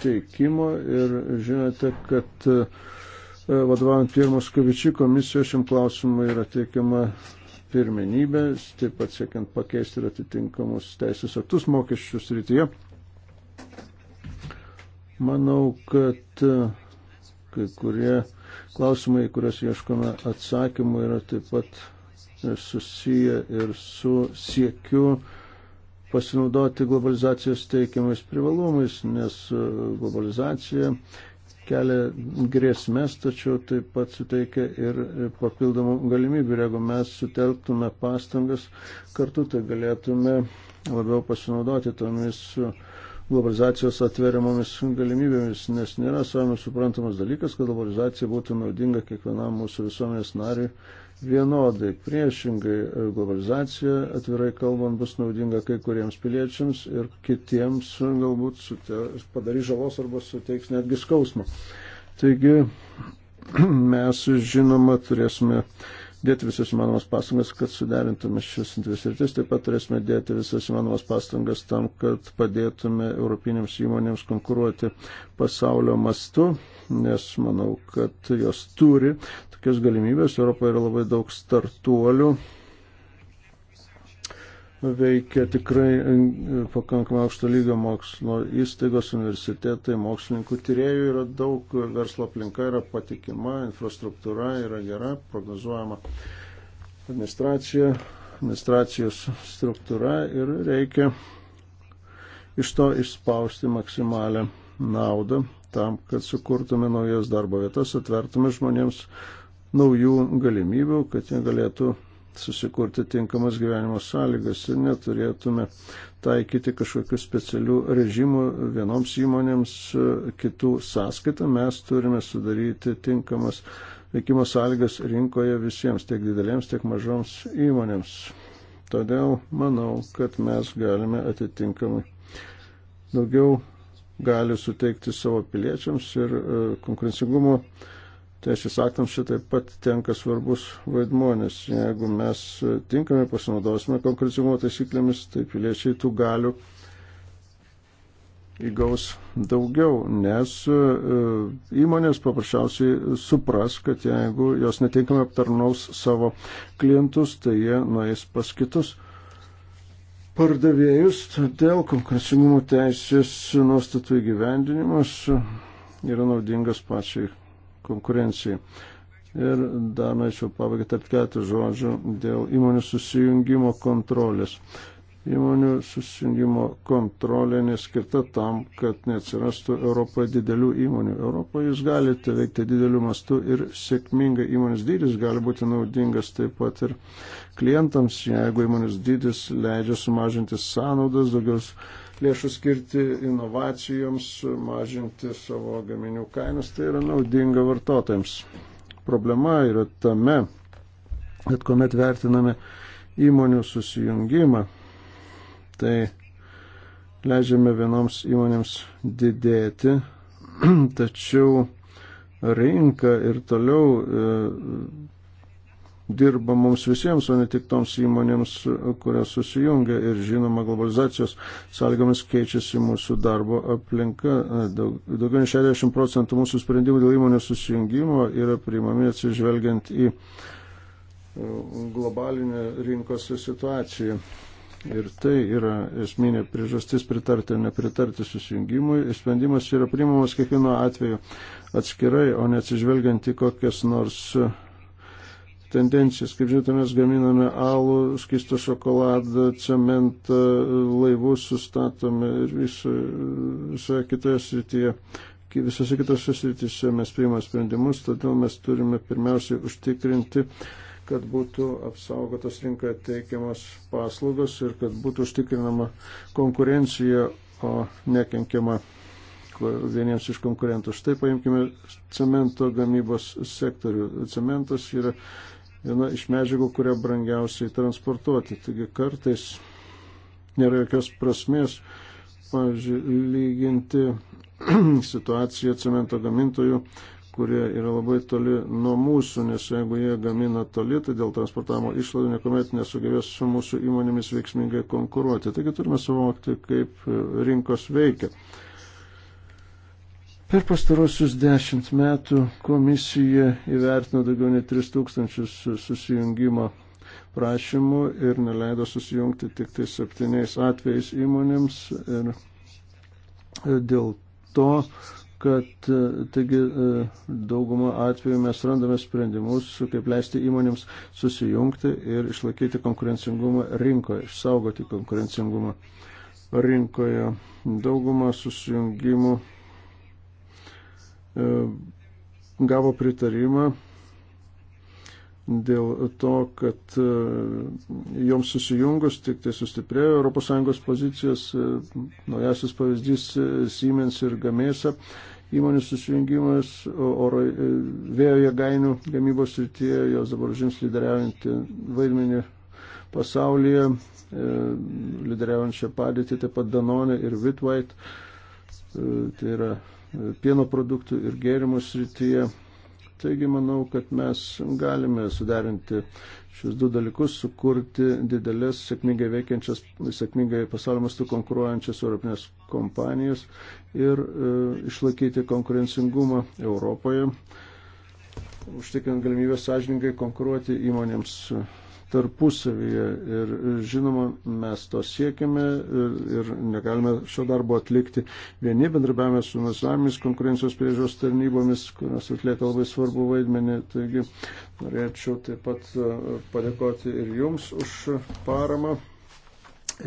teikimo ir žinote, kad e, vadovaujant pirmos kavičių komisijos šiam klausimui yra teikiama pirmenybė, taip pat siekiant pakeisti ir atitinkamus teisės aktus mokesčių srityje. Manau, kad uh, Kai kurie klausimai, kuriuos ieškome atsakymų, yra taip pat susiję ir su siekiu pasinaudoti globalizacijos teikiamais privalumais, nes e, globalizacija kelia grėsmės, tačiau taip pat suteikia ir papildomų galimybių. Ir jeigu mes sutelktume pastangas, kartu tai galėtume labiau pasinaudoti tomis globalizacijos atveriamomis galimybėmis, nes nėra savame suprantamas dalykas, kad globalizacija būtų naudinga kiekvienam mūsų visuomenės nariui vienodai. Priešingai, globalizacija, atvirai kalbant, bus naudinga kai kuriems piliečiams ir kitiems galbūt sute, padarys žalos arba suteiks netgi skausmą. Taigi *clears throat* mes žinoma turėsime dėti visas įmanomas pastangas, kad suderintume šias dvi sritis. Taip pat turėsime dėti visas įmanomas pastangas tam, kad padėtume europinėms įmonėms konkuruoti pasaulio mastu, nes manau, kad jos turi tokias galimybės. Europoje yra labai daug startuolių veikia tikrai e, pakankamai aukšto lygio mokslo įstaigos, universitetai, mokslininkų tyriejų yra daug, verslo aplinka yra patikima, infrastruktūra yra gera, prognozuojama administracija, administracijos struktūra ir reikia iš to išspausti maksimalę naudą tam, kad sukurtume naujas darbo vietas, atvertume žmonėms naujų galimybių, kad jie galėtų susikurti tinkamas gyvenimo sąlygas ir neturėtume taikyti kažkokių specialių režimų vienoms įmonėms kitų sąskaitą. Mes turime sudaryti tinkamas veikimo sąlygas rinkoje visiems, tiek didelėms, tiek mažoms įmonėms. Todėl manau, kad mes galime atitinkamai daugiau gali suteikti savo piliečiams ir e, konkurencingumo uh, teisės aktams čia taip pat tenka svarbus vaidmuo, nes jeigu mes tinkamai pasinaudosime konkurencingumo taisyklėmis, tai piliečiai tų galių įgaus daugiau, nes e, įmonės paprasčiausiai supras, kad jeigu jos netinkamai aptarnaus savo klientus, tai jie nueis pas kitus pardavėjus, todėl konkurencingumo teisės nuostatų įgyvendinimas yra naudingas pačiai konkurencijai. Ir dar norėčiau pabaigai tarp ketų žodžių dėl įmonių susijungimo kontrolės. Įmonių susijungimo kontrolė neskirta tam, kad neatsirastų Europoje didelių įmonių. Europoje jūs galite veikti dideliu mastu ir sėkmingai įmonės dydis gali būti naudingas taip pat ir klientams, jeigu įmonės dydis leidžia sumažinti sąnaudas, daugiau lėšų skirti inovacijoms, mažinti savo gaminių kainas, tai yra naudinga vartotojams. Problema yra tame, kad kuomet vertiname įmonių susijungimą, tai leidžiame vienoms įmonėms didėti, *clears throat* tačiau rinka ir toliau e, dirba mums visiems, o ne tik toms įmonėms, kurios susijungia. Ir žinoma, globalizacijos sąlygomis keičiasi mūsų darbo aplinka. Daug, daugiau nei 60 procentų mūsų sprendimų dėl įmonių susijungimo yra priimami atsižvelgiant į e, globalinę rinkos situaciją. Ir tai yra esminė priežastis pritarti ar nepritarti susijungimui. Sprendimas yra priimamas kiekvieno atveju atskirai, o neatsižvelgiant į kokias nors tendencijas. Kaip žinote, mes gaminame alų, skistą šokoladą, cementą, laivus sustatome ir viso, visoje kitoje srityje. Visose kitose srityse mes priimame sprendimus, todėl mes turime pirmiausiai užtikrinti, kad būtų apsaugotas rinkoje teikiamas paslaugos ir kad būtų užtikrinama konkurencija, o nekenkiama vieniems iš konkurentų. Štai paimkime cemento gamybos sektorių. Cementas yra viena iš medžiagų, kurią brangiausiai transportuoti. Taigi kartais nėra jokios prasmės, pavyzdžiui, lyginti *clears throat* situaciją cemento gamintojų, kurie yra labai toli nuo mūsų, nes jeigu jie gamina toli, tai dėl transportavimo išlaidų niekuomet nesugebės su mūsų įmonėmis veiksmingai konkuruoti. Taigi turime suvokti, kaip rinkos veikia. Per pastarosius dešimt metų komisija įvertino daugiau nei 3000 susijungimo prašymų ir neleido susijungti tik tai septyniais atvejais įmonėms. Ir e, dėl to, kad e, taigi, e, daugumą atvejų mes randame sprendimus, kaip leisti įmonėms susijungti ir išlaikyti konkurencingumą rinkoje, išsaugoti konkurencingumą rinkoje. Daugumą susijungimų E, gavo pritarimą dėl to, kad e, joms susijungus tik tai sustiprėjo ES pozicijos, e, naujasis pavyzdys Siemens ir Gamesa įmonių susijungimas oro vėjo jėgainių gamybos srityje, jos dabar užims lyderiaujantį vaidmenį pasaulyje, lyderiaujančią padėtį, taip pat Danone ir Vitwhite. Tai yra pieno produktų ir gėrimų srityje. Taigi manau, kad mes galime suderinti šius du dalykus, sukurti didelės, sėkmingai veikiančias, sėkmingai pasaulio mastu konkuruojančias europinės kompanijas ir e, išlaikyti konkurencingumą Europoje, užtikrint galimybę sąžiningai konkuruoti įmonėms tarpusavyje. Ir žinoma, mes to siekime ir, ir negalime šio darbo atlikti vieni, bendrabiavame su nacionalinėmis konkurencijos priežiūros tarnybomis, kurios atlieka labai svarbu vaidmenį. Taigi norėčiau taip pat e, padėkoti ir jums už paramą.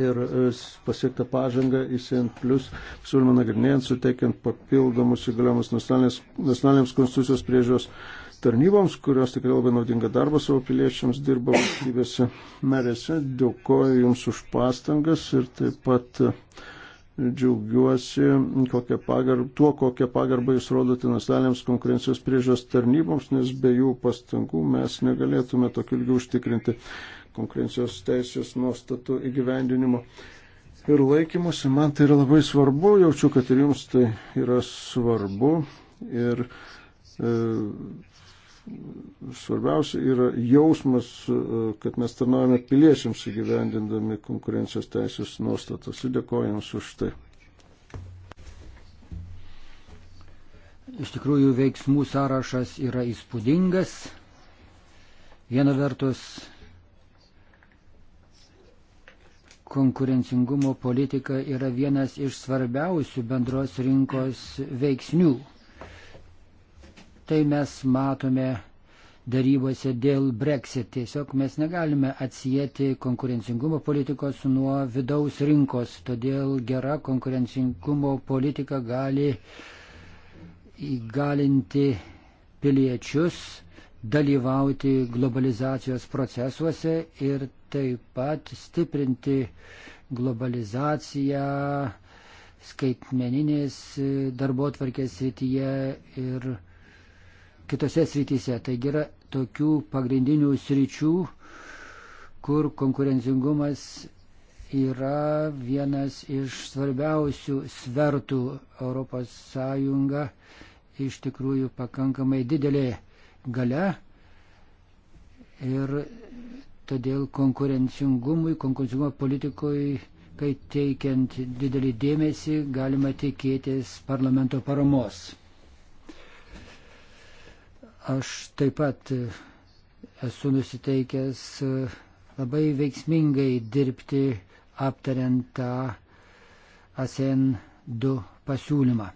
Ir e, pasiektą pažangą įsijant plus, siūlymą nagrinėjant, suteikiant papildomus įgaliojimus nacionalinėms konstitucijos priežiūros tarnyboms, kurios tikrai labai naudinga darbą savo piliečiams dirba valstybėse narėse. Dėkoju Jums už pastangas ir taip pat džiaugiuosi kokią pagarb, tuo, kokią pagarbą Jūs rodote nacionalinėms konkurencijos priežios tarnyboms, nes be jų pastangų mes negalėtume tokiu ilgiu užtikrinti konkurencijos teisės nuostatų įgyvendinimo. Ir laikymusi, man tai yra labai svarbu, jaučiu, kad ir jums tai yra svarbu. Ir e, svarbiausia yra jausmas, e, kad mes tarnaujame piliečiams įgyvendindami konkurencijos teisės nuostatas. Ir dėkoju Jums už tai. Iš tikrųjų, veiksmų sąrašas yra įspūdingas. Viena vertus, konkurencingumo politika yra vienas iš svarbiausių bendros rinkos veiksnių Tai mes matome darybose dėl Brexit. Tiesiog mes negalime atsijėti konkurencingumo politikos nuo vidaus rinkos, todėl gera konkurencingumo politika gali įgalinti piliečius dalyvauti globalizacijos procesuose ir taip pat stiprinti globalizaciją skaitmeninės darbo tvarkės srityje ir kitose srityse. Taigi yra tokių pagrindinių sričių, kur konkurencingumas yra vienas iš svarbiausių svertų Europos Sąjunga, iš tikrųjų pakankamai didelė gale ir todėl konkurencingumui, konkurencingumo politikui, kai teikiant didelį dėmesį, galima tikėtis parlamento paramos. Aš taip pat e, esu nusiteikęs e, labai veiksmingai dirbti aptariant tą ASEN 2 pasiūlymą.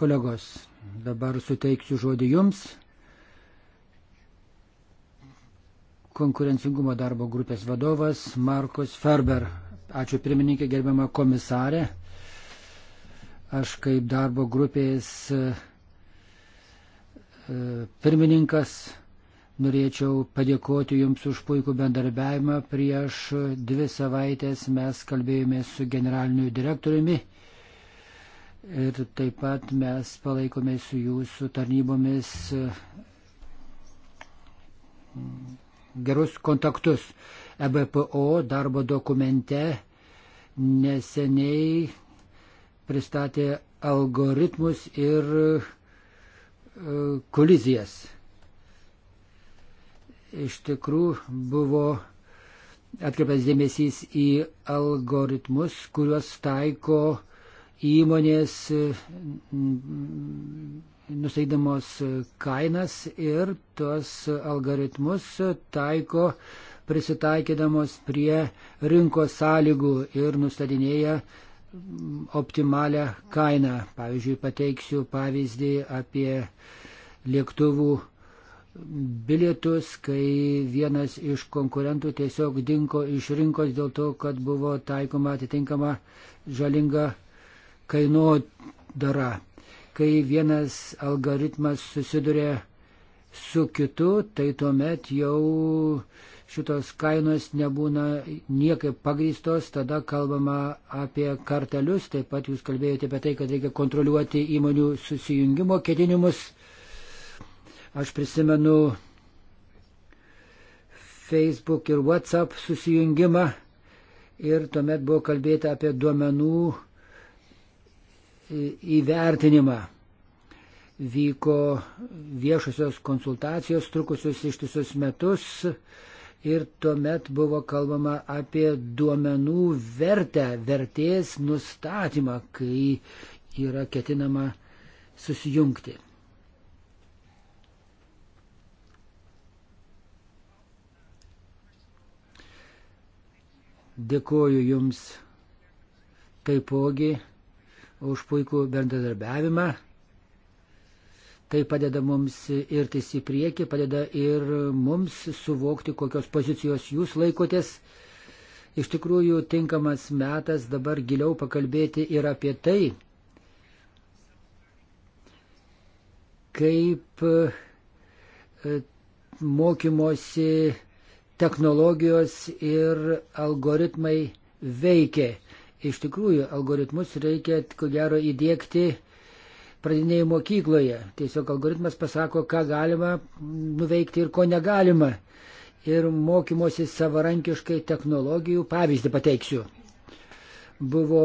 Kolegos, dabar suteiksiu žodį jums. Konkurencingumo darbo grupės vadovas Markus Ferber. Ačiū pirmininkė, gerbiama komisarė. Aš kaip darbo grupės e, e, pirmininkas norėčiau padėkoti Jums už puikų bendarbiavimą. Prieš dvi savaitės mes kalbėjome su generaliniu direktoriumi ir taip pat mes palaikome su Jūsų tarnybomis e, gerus kontaktus. EBPO darbo dokumente neseniai pristatė algoritmus ir e, kolizijas. Iš tikrųjų buvo atkreipęs dėmesys į algoritmus, kuriuos taiko įmonės e, nusaidamos kainas ir tuos algoritmus taiko prisitaikydamos prie rinkos sąlygų ir nustatinėja optimalią kainą. Pavyzdžiui, pateiksiu pavyzdį apie lėktuvų bilietus, kai vienas iš konkurentų tiesiog dinko iš rinkos dėl to, kad buvo taikoma atitinkama žalinga kainodara. Kai vienas algoritmas susiduria su kitu, tai tuomet jau uh, šitos kainos nebūna niekaip pagrįstos, tada kalbama apie kartelius, taip pat jūs kalbėjote apie tai, kad reikia kontroliuoti įmonių susijungimo ketinimus. Aš prisimenu Facebook ir WhatsApp susijungimą ir tuomet buvo kalbėta apie duomenų įvertinimą. Vyko viešosios konsultacijos trukusios ištisus metus, ir tuomet buvo kalbama apie duomenų vertę, vertės nustatymą, kai yra ketinama susijungti. Dėkuoju Jums taipogi už puikų bendradarbiavimą. Tai padeda mums irtis į priekį, padeda ir mums suvokti, kokios pozicijos jūs laikotės. Iš tikrųjų, tinkamas metas dabar giliau pakalbėti ir apie tai, kaip e, mokymosi technologijos ir algoritmai veikia. Iš tikrųjų, algoritmus reikia, ko gero, įdėkti pradinėje mokykloje. Tiesiog algoritmas pasako, ką galima nuveikti ir ko negalima. Ir mokymosi savarankiškai technologijų pavyzdį pateiksiu. Buvo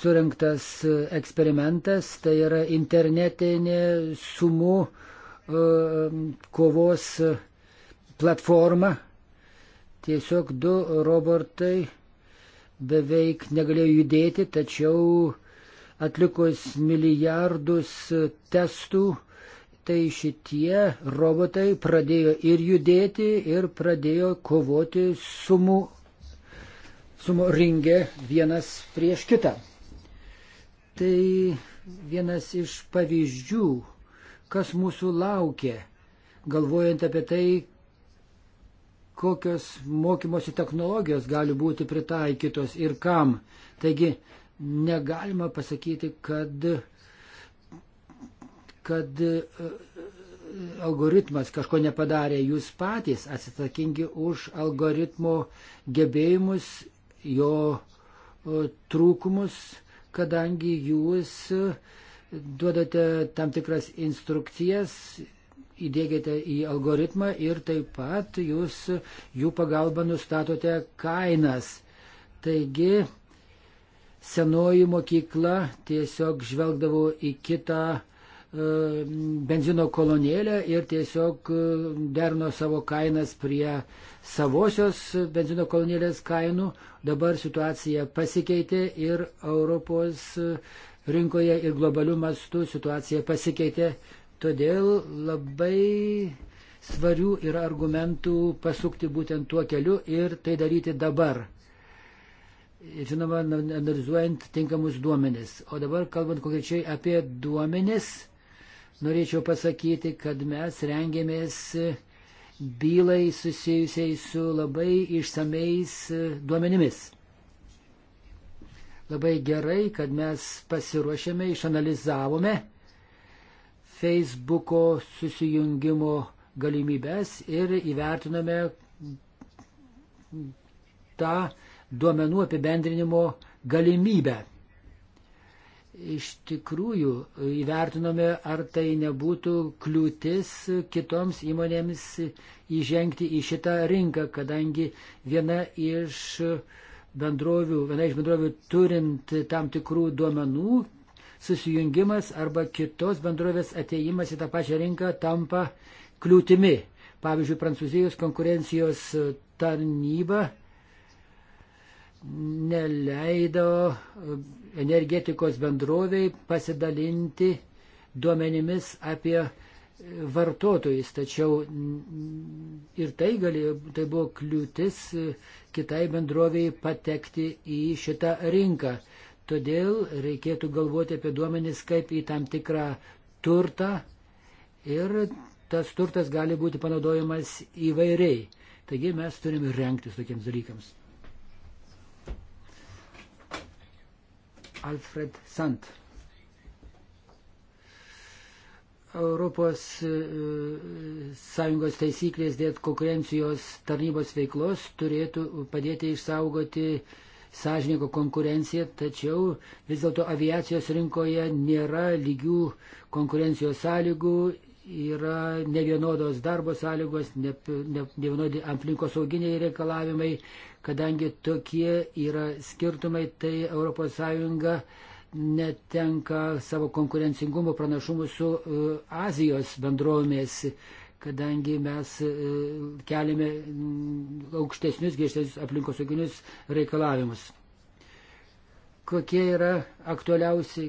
surinktas eksperimentas, tai yra internetinė sumų e, kovos platforma. Tiesiog du robotai beveik negalėjo judėti, tačiau Atlikus milijardus testų, tai šitie robotai pradėjo ir judėti, ir pradėjo kovoti sumu, sumu ringė vienas prieš kitą. Tai vienas iš pavyzdžių, kas mūsų laukia, galvojant apie tai, kokios mokymosi technologijos gali būti pritaikytos ir kam. Taigi negalima pasakyti, kad, kad e, algoritmas kažko nepadarė, jūs patys atsitakingi už algoritmo gebėjimus, jo e, trūkumus, kadangi jūs duodate tam tikras instrukcijas, įdėgiate į algoritmą ir taip pat jūs jų pagalba nustatote kainas. Taigi senoji mokykla tiesiog žvelgdavo į kitą e, benzino kolonėlę ir tiesiog e, derno savo kainas prie savosios benzino kolonėlės kainų. Dabar situacija pasikeitė ir Europos e, rinkoje ir globalių mastų situacija pasikeitė. Todėl labai svarių yra argumentų pasukti būtent tuo keliu ir tai daryti dabar žinoma, analizuojant tinkamus duomenis. O dabar, kalbant konkrečiai apie duomenis, norėčiau pasakyti, kad mes rengėmės bylai susijusiai su labai išsameis e, duomenimis. Labai gerai, kad mes pasiruošėme, išanalizavome Facebook'o susijungimo galimybės ir įvertinome tą duomenų apibendrinimo galimybę. Iš tikrųjų įvertinome, ar tai nebūtų kliūtis kitoms įmonėms įžengti į šitą rinką, kadangi viena iš bendrovių, viena iš bendrovių turint tam tikrų duomenų, susijungimas arba kitos bendrovės ateimas į tą pačią rinką tampa kliūtimi. Pavyzdžiui, Prancūzijos konkurencijos tarnyba neleido e, energetikos bendroviai pasidalinti duomenimis apie e, vartotojus, tačiau mm, ir tai, galėjo, tai buvo kliūtis e, kitai bendroviai patekti į šitą rinką. Todėl reikėtų galvoti apie duomenis kaip į tam tikrą turtą ir tas turtas gali būti panaudojamas įvairiai. Taigi mes turime renktis tokiems dalykams. Alfred Sant. Europos e, Sąjungos taisyklės dėl konkurencijos tarnybos veiklos turėtų padėti išsaugoti sąžininko konkurenciją, tačiau vis dėlto aviacijos rinkoje nėra lygių konkurencijos sąlygų, yra nevienodos darbo sąlygos, nevienodi ne, ne aplinkos sauginiai reikalavimai, Kadangi tokie yra skirtumai, tai ES netenka savo konkurencingumo pranašumų su e, Azijos bendrovėmis, kadangi mes e, keliame mm, aukštesnius, griežtesnius aplinkosauginius reikalavimus. Kokie yra aktualiausi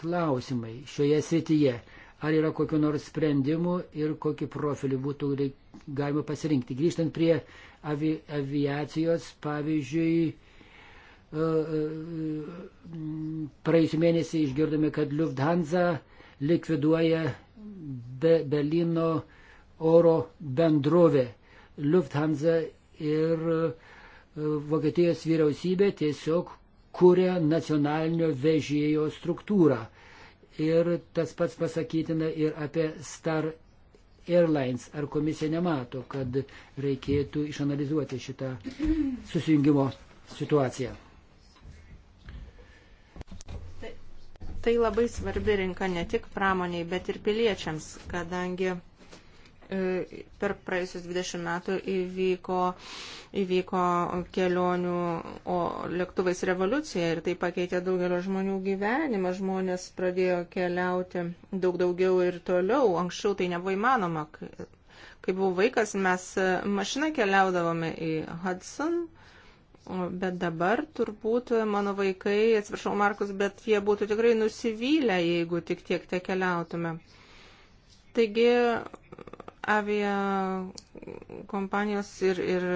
klausimai šioje srityje? ar yra kokiu nors sprendimu ir kokį profilį būtų galima pasirinkti. Grįžtant prie avi, aviacijos, pavyzdžiui, e, e, praėjusį mėnesį išgirdome, kad Lufthansa likviduoja Be Berlyno oro bendrovę. Lufthansa ir e, Vokietijos vyriausybė tiesiog kuria nacionalinio vežėjo struktūrą. Ir tas pats pasakytina ir apie Star Airlines. Ar komisija nemato, kad reikėtų išanalizuoti šitą susijungimo situaciją? Tai, tai labai svarbi rinka ne tik pramoniai, bet ir piliečiams, kadangi E, per praėjusius 20 metų įvyko, įvyko kelionių o lėktuvais revoliucija ir tai pakeitė daugelio žmonių gyvenimą. Žmonės pradėjo keliauti daug daugiau ir toliau. Anksčiau tai nebuvo įmanoma. Kai buvau vaikas, mes mašiną keliaudavome į Hudson. Bet dabar turbūt mano vaikai, atsiprašau Markus, bet jie būtų tikrai nusivylę, jeigu tik tiek te keliautume. Taigi avia kompanijos ir, ir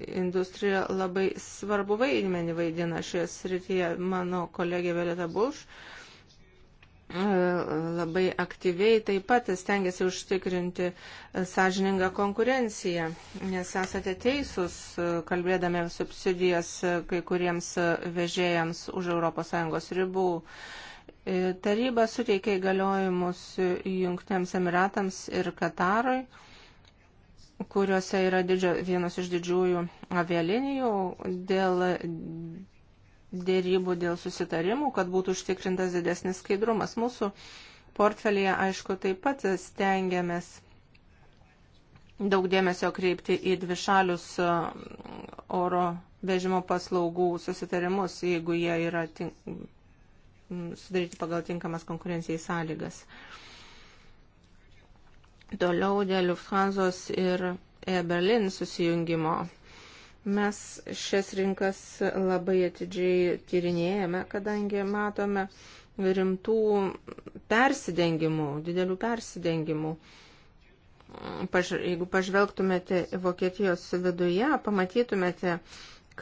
industrija labai svarbu vaidmenį vaidina šioje srityje. Mano kolegė Violeta Bulš e, labai aktyviai taip pat stengiasi užtikrinti sąžiningą konkurenciją, nes esate teisūs, e, kalbėdami subsidijas e, kai kuriems vežėjams už ES ribų. E, taryba suteikė įgaliojimus Jungtiniams Emiratams ir Katarui, kuriuose yra didžio, vienas iš didžiųjų avialinijų dėl dėrybų, dėl susitarimų, kad būtų užtikrintas didesnis skaidrumas. Mūsų portfelėje, aišku, taip pat stengiamės daug dėmesio kreipti į dvišalius e, oro vežimo paslaugų susitarimus, jeigu jie yra tinkamai sudaryti pagal tinkamas konkurencijai sąlygas. Toliau dėl Lufthansos ir Air Berlin susijungimo. Mes šias rinkas labai atidžiai tyrinėjame, kadangi matome rimtų persidengimų, didelių persidengimų. Paž, jeigu pažvelgtumėte Vokietijos viduje, pamatytumėte,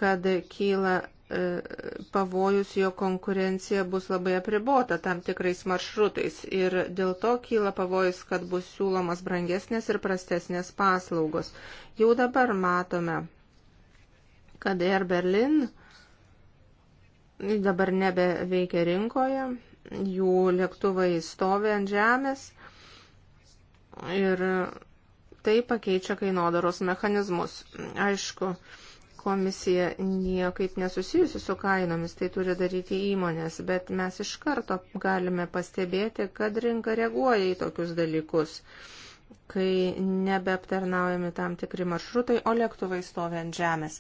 kad kyla E, pavojus, jo konkurencija bus labai apribota tam tikrais maršrutais ir dėl to kyla pavojus, kad bus siūlomas brangesnės ir prastesnės paslaugos. Jau dabar matome, kad Air Berlin dabar nebeveikia rinkoje, jų lėktuvai stovi ant žemės ir tai pakeičia kainodaros mechanizmus. Aišku, komisija niekaip nesusijusi su kainomis, tai turi daryti įmonės, bet mes iš karto galime pastebėti, kad rinka reaguoja į tokius dalykus, kai nebeaptarnaujami tam tikri maršrutai, o lėktuvai stovi ant žemės.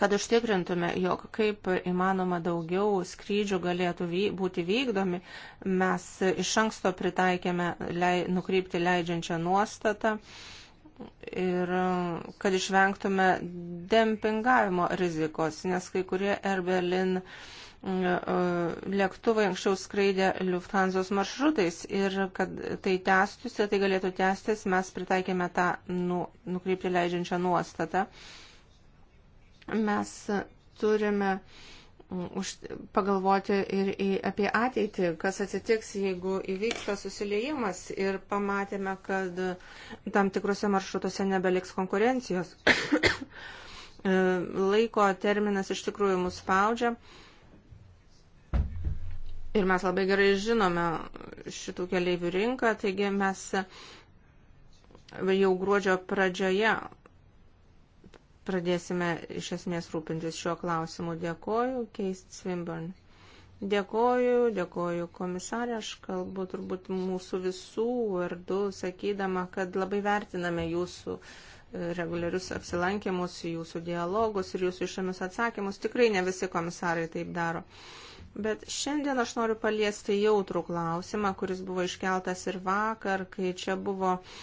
Kad užtikrintume, jog kaip įmanoma daugiau skrydžių galėtų vy, būti vykdomi, mes iš anksto pritaikėme lei, nukrypti leidžiančią nuostatą. Uh, ir um, kad išvengtume dempingavimo rizikos, nes kai kurie Air Berlin mm, e, e, lėktuvai anksčiau skraidė Lufthansos maršrutais ir kad tai tęstųsi, tai galėtų tęstis, mes pritaikėme tą nu, nukreipti leidžiančią nuostatą. Mes turime uh, už, pagalvoti ir į, apie ateitį, kas atsitiks, jeigu įvyksta susiliejimas ir pamatėme, kad tam tikrose maršrutuose nebeliks konkurencijos. *coughs* Laiko terminas iš tikrųjų mus spaudžia. Ir mes labai gerai žinome šitų keliaivių rinką, taigi mes jau gruodžio pradžioje pradėsime iš esmės rūpintis šiuo klausimu. Dėkoju, Keist Swinburne. Dėkoju, dėkoju komisarė, aš kalbu turbūt mūsų visų vardu, sakydama, kad labai vertiname jūsų e, reguliarius apsilankimus, jūsų dialogus ir jūsų išsamius atsakymus. Tikrai ne visi komisarai taip daro. Bet šiandien aš noriu paliesti jautrų klausimą, kuris buvo iškeltas ir vakar, kai čia buvo uh,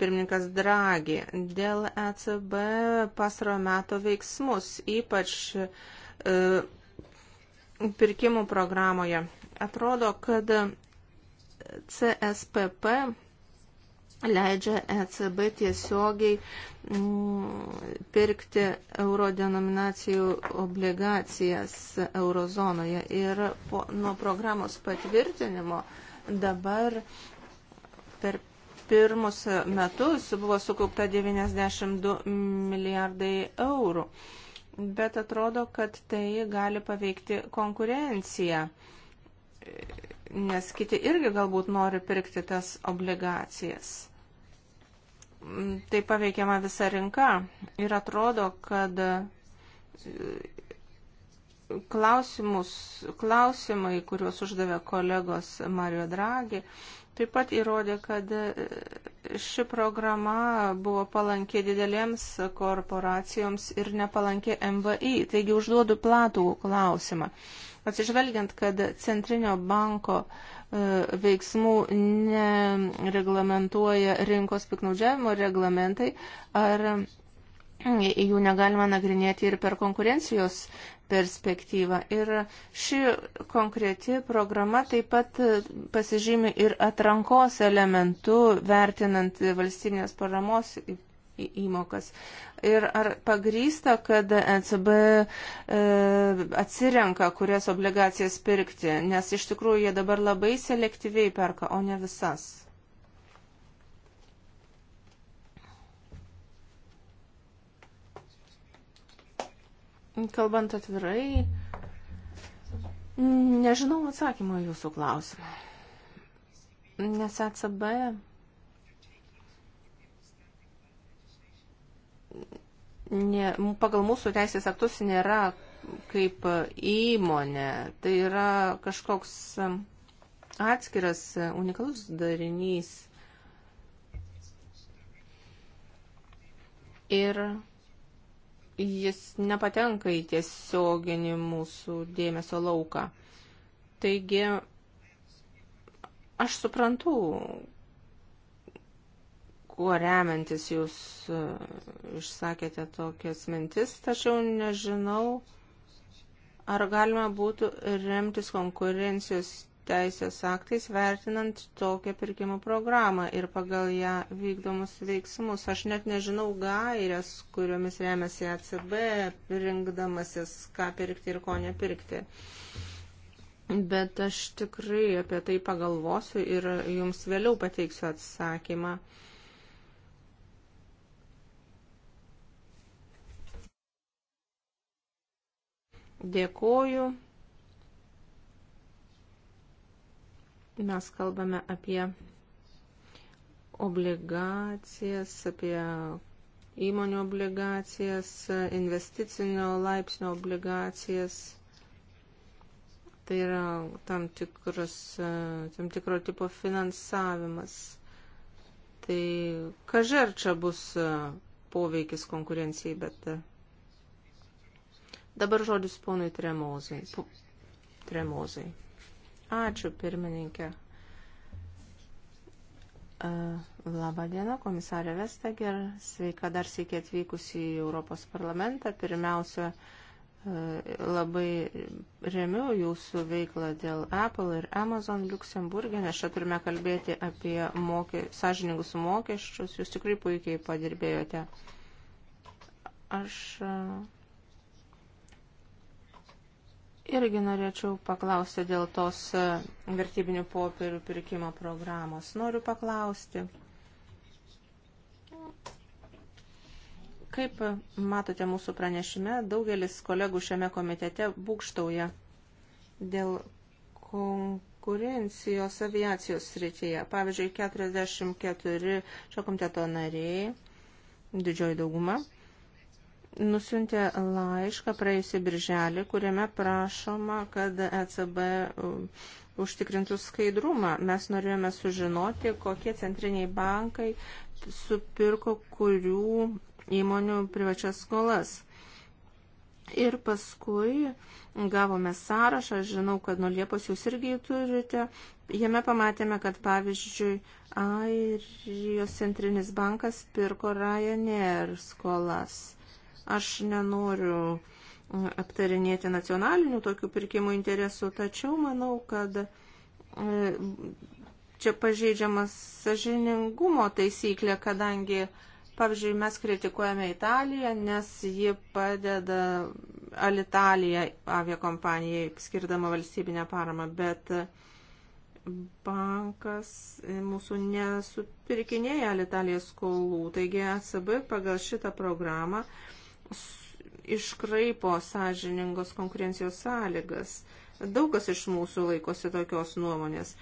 pirmininkas Dragi dėl ECB pasaro meto veiksmus, ypač e, pirkimų programoje. Atrodo, kad CSPP leidžia ECB tiesiogiai mm, pirkti euro denominacijų obligacijas eurozonoje. Ir po, nuo programos patvirtinimo dabar per pirmus metus buvo sukaupta 92 milijardai eurų. Bet atrodo, kad tai gali paveikti konkurenciją, nes kiti irgi galbūt nori pirkti tas obligacijas. Tai paveikiama visa rinka ir atrodo, kad e, klausimus, klausimai, kuriuos uždavė kolegos Mario Draghi, taip pat įrodė, kad e, ši programa buvo palankė didelėms korporacijoms ir nepalankė MVI. Taigi užduodu platų klausimą. Atsižvelgiant, kad Centrinio banko e, veiksmų nereglamentuoja rinkos piknaudžiavimo reglamentai, ar jų negalima nagrinėti ir per konkurencijos perspektyvą. Ir ši konkreti programa taip pat pasižymi ir atrankos elementu, vertinant valstybinės paramos įmokas. Ir ar pagrysta, kad ECB e, atsirenka, kurias obligacijas pirkti, nes iš tikrųjų jie dabar labai selektyviai perka, o ne visas. Kalbant atvirai, nežinau atsakymo jūsų klausimą. Nes ECB ne, pagal mūsų teisės aktus nėra kaip įmonė. Tai yra kažkoks atskiras unikalus darinys. Ir jis nepatenka į tiesioginį mūsų dėmesio lauką. Taigi, aš suprantu, kuo remiantis jūs e, išsakėte tokias mintis, tačiau nežinau, ar galima būtų remtis konkurencijos teisės aktais vertinant tokią pirkimų programą ir pagal ją vykdomus veiksmus. Aš net nežinau gairias, kuriomis remiasi ECB, rinkdamasis, ką pirkti ir ko nepirkti. Bet aš tikrai apie tai pagalvosiu ir jums vėliau pateiksiu atsakymą. Dėkoju. mes kalbame apie obligacijas, apie įmonių obligacijas, investicinio laipsnio obligacijas. Tai yra tam, tikras, tam tikro tipo finansavimas. Tai kažer čia bus poveikis konkurencijai, bet dabar žodis ponui Tremozai. Tremozai. Ačiū, pirmininkė. E, Labą dieną, komisarė Vestager. Sveika dar sėkiai atvykus į Europos parlamentą. Pirmiausia, e, labai remiu jūsų veiklą dėl Apple ir Amazon Luxemburgė, nes čia turime kalbėti apie mokė, sąžiningus mokesčius. Jūs tikrai puikiai padirbėjote. Aš e, Irgi norėčiau paklausti dėl tos e, vertybinių popierių pirkimo programos. Noriu paklausti, kaip matote mūsų pranešime, daugelis kolegų šiame komitete būkštauja dėl konkurencijos aviacijos srityje. Pavyzdžiui, 44 šio komiteto nariai, didžioji dauguma, nusintė laišką praėjusį birželį, kuriame prašoma, kad ECB um, užtikrintų skaidrumą. Mes norėjome sužinoti, kokie centriniai bankai supirko kurių įmonių privačias skolas. Ir paskui gavome sąrašą, žinau, kad nuo Liepos jūs irgi jį turite. Jame pamatėme, kad pavyzdžiui, Airijos centrinis bankas pirko Ryanair skolas. Aš nenoriu e, aptarinėti nacionalinių tokių pirkimų interesų, tačiau manau, kad e, čia pažeidžiamas sažiningumo taisyklė, kadangi Pavyzdžiui, mes kritikuojame Italiją, nes ji padeda Alitalija aviakompanijai skirdama valstybinę paramą, bet bankas mūsų nesupirkinėja Alitalijos skolų. Taigi ACB pagal šitą programą uh, iškraipo sąžiningos konkurencijos sąlygas. Daug kas iš mūsų laikosi tokios nuomonės.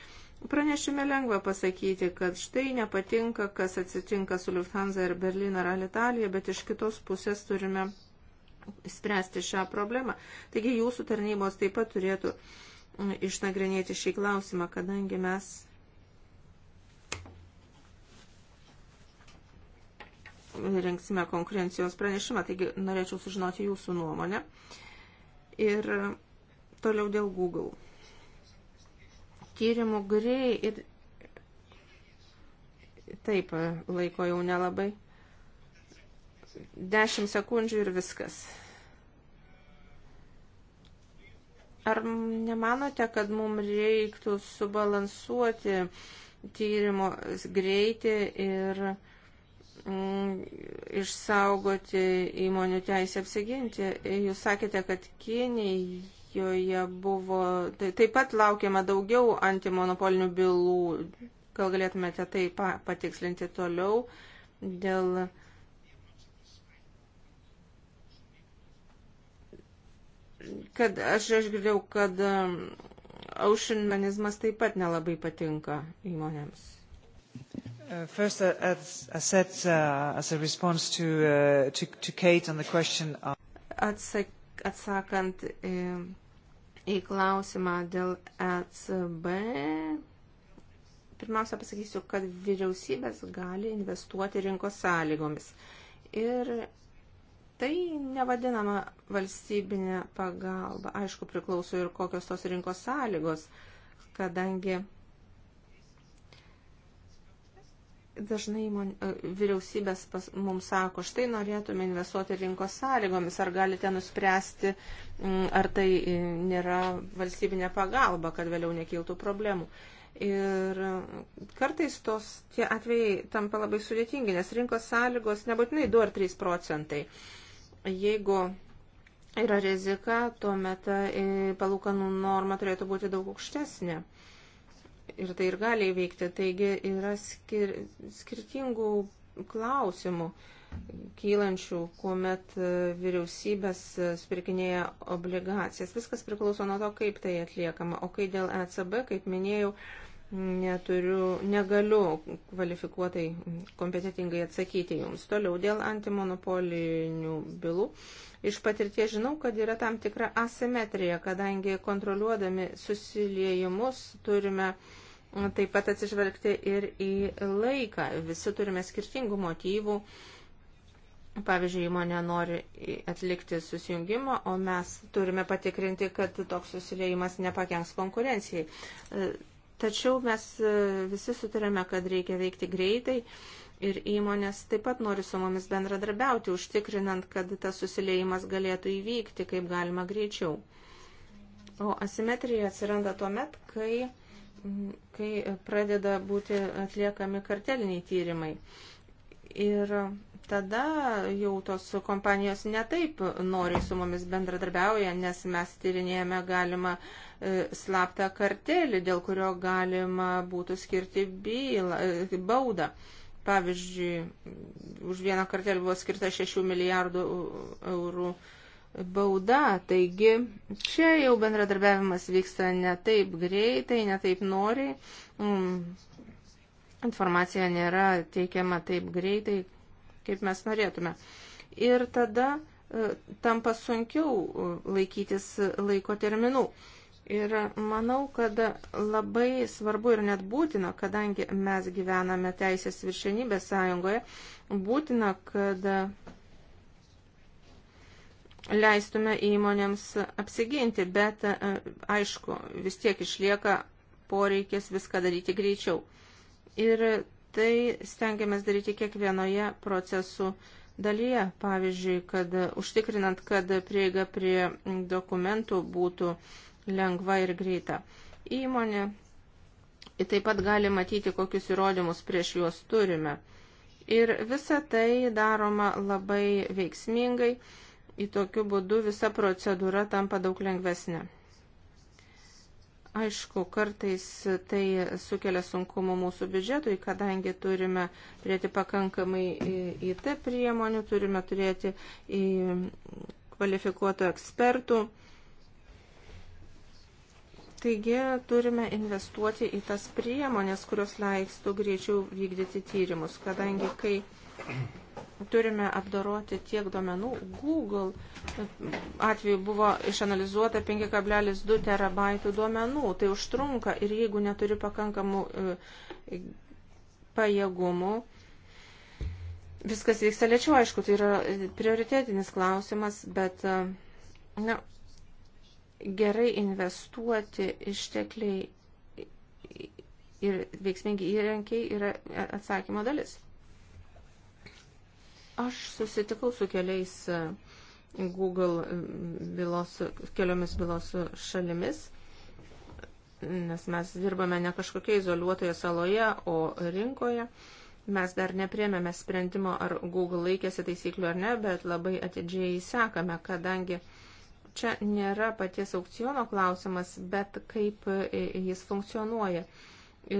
Pranešime lengva pasakyti, kad štai nepatinka, kas atsitinka su Lufthansa ir Berlin ar Alitalija, bet iš kitos pusės turime spręsti šią problemą. Taigi jūsų tarnybos taip pat turėtų išnagrinėti šį klausimą, kadangi mes rengsime konkurencijos pranešimą, taigi norėčiau sužinoti jūsų nuomonę. Ir toliau dėl Google. Tyrimų grei ir taip laiko jau nelabai. Dešimt sekundžių ir viskas. Ar nemanote, kad mums reiktų subalansuoti tyrimo greitį ir uh, Mm, išsaugoti įmonių teisę apsiginti. Jūs sakėte, kad Kinijoje buvo tai taip pat laukiama daugiau antimonopolinių bylų. Gal galėtumėte tai patikslinti toliau dėl. Kad aš išgirdau, kad um, aušinmanizmas taip pat nelabai patinka įmonėms. Uh, first, uh, as I said, uh, as a response to, uh, to, to Kate on the question of... Atsak, atsakant į, į klausimą dėl ECB, pirmiausia pasakysiu, kad vyriausybės gali investuoti rinkos sąlygomis. Ir tai nevadinama valstybinė pagalba. Aišku, priklauso ir kokios tos rinkos sąlygos, kadangi Dažnai įmon, e, vyriausybės pas, mums sako, štai norėtume investuoti rinkos sąlygomis, ar galite nuspręsti, ar tai e, nėra valstybinė pagalba, kad vėliau nekiltų problemų. Ir e, kartais tos tie atvejai tampa labai sudėtingi, nes rinkos sąlygos nebūtinai 2 ar 3 procentai. Jeigu yra rizika, tuomet palūkanų norma turėtų būti daug aukštesnė ir tai ir gali įveikti. Taigi yra skir skirtingų klausimų kylančių, kuomet e, vyriausybės e, spirkinėja obligacijas. Viskas priklauso nuo to, kaip tai atliekama. O kai dėl ECB, kaip minėjau, neturiu, negaliu kvalifikuotai kompetitingai atsakyti jums. Toliau dėl antimonopolinių bylų. Iš patirties žinau, kad yra tam tikra asimetrija, kadangi kontroliuodami susiliejimus turime uh, taip pat atsižvelgti ir į laiką. Visi turime skirtingų motyvų. Pavyzdžiui, įmonė nori atlikti susijungimą, o mes turime patikrinti, kad toks susiliejimas nepakenks konkurencijai. Tačiau mes visi sutarėme, kad reikia veikti greitai ir įmonės taip pat nori su mumis bendradarbiauti, užtikrinant, kad tas susiliejimas galėtų įvykti kaip galima greičiau. O asimetrija atsiranda tuo met, kai kai pradeda būti atliekami karteliniai tyrimai. Ir tada jau tos kompanijos netaip noriai su mumis bendradarbiauja, nes mes tyrinėjame galima e, slaptą kartelį, dėl kurio galima būtų skirti bylą, e, baudą. Pavyzdžiui, už vieną kartelį buvo skirta 6 milijardų eurų bauda. Taigi čia jau bendradarbiavimas vyksta ne taip greitai, ne taip noriai. Mm, informacija nėra teikiama taip greitai, kaip mes norėtume. Ir tada e, tampa sunkiau e, laikytis laiko terminų. Ir manau, kad labai svarbu ir net būtina, kadangi mes gyvename teisės viršenybės sąjungoje, būtina, kad leistume įmonėms apsiginti, bet e, aišku, vis tiek išlieka poreikis viską daryti greičiau. Ir tai stengiamės daryti kiekvienoje procesų dalyje, pavyzdžiui, kad užtikrinant, kad prieiga prie dokumentų būtų lengva ir greita. Įmonė taip pat gali matyti, kokius įrodymus prieš juos turime. Ir visa tai daroma labai veiksmingai į tokiu būdu visa procedūra tampa daug lengvesnė. Aišku, kartais tai sukelia sunkumų mūsų biudžetui, kadangi turime turėti pakankamai IT priemonių, turime turėti kvalifikuotų ekspertų. Taigi turime investuoti į tas priemonės, kurios leistų greičiau vykdyti tyrimus, kadangi kai turime apdoroti tiek duomenų. Google atveju buvo išanalizuota 5,2 terabaitų duomenų. Tai užtrunka ir jeigu neturi pakankamų e, pajėgumų, viskas vyksta lėčiau, aišku, tai yra prioritėtinis klausimas, bet e, na, gerai investuoti ištekliai ir veiksmingi įrankiai yra atsakymo dalis. Aš susitikau su keliais e, Google bylos, keliomis bylos šalimis, nes mes dirbame ne kažkokia izoliuotoje saloje, o rinkoje. Mes dar nepriemėme sprendimo, ar Google laikėsi taisyklių ar ne, bet labai atidžiai sekame, kadangi čia nėra paties aukciono klausimas, bet kaip e, jis funkcionuoja.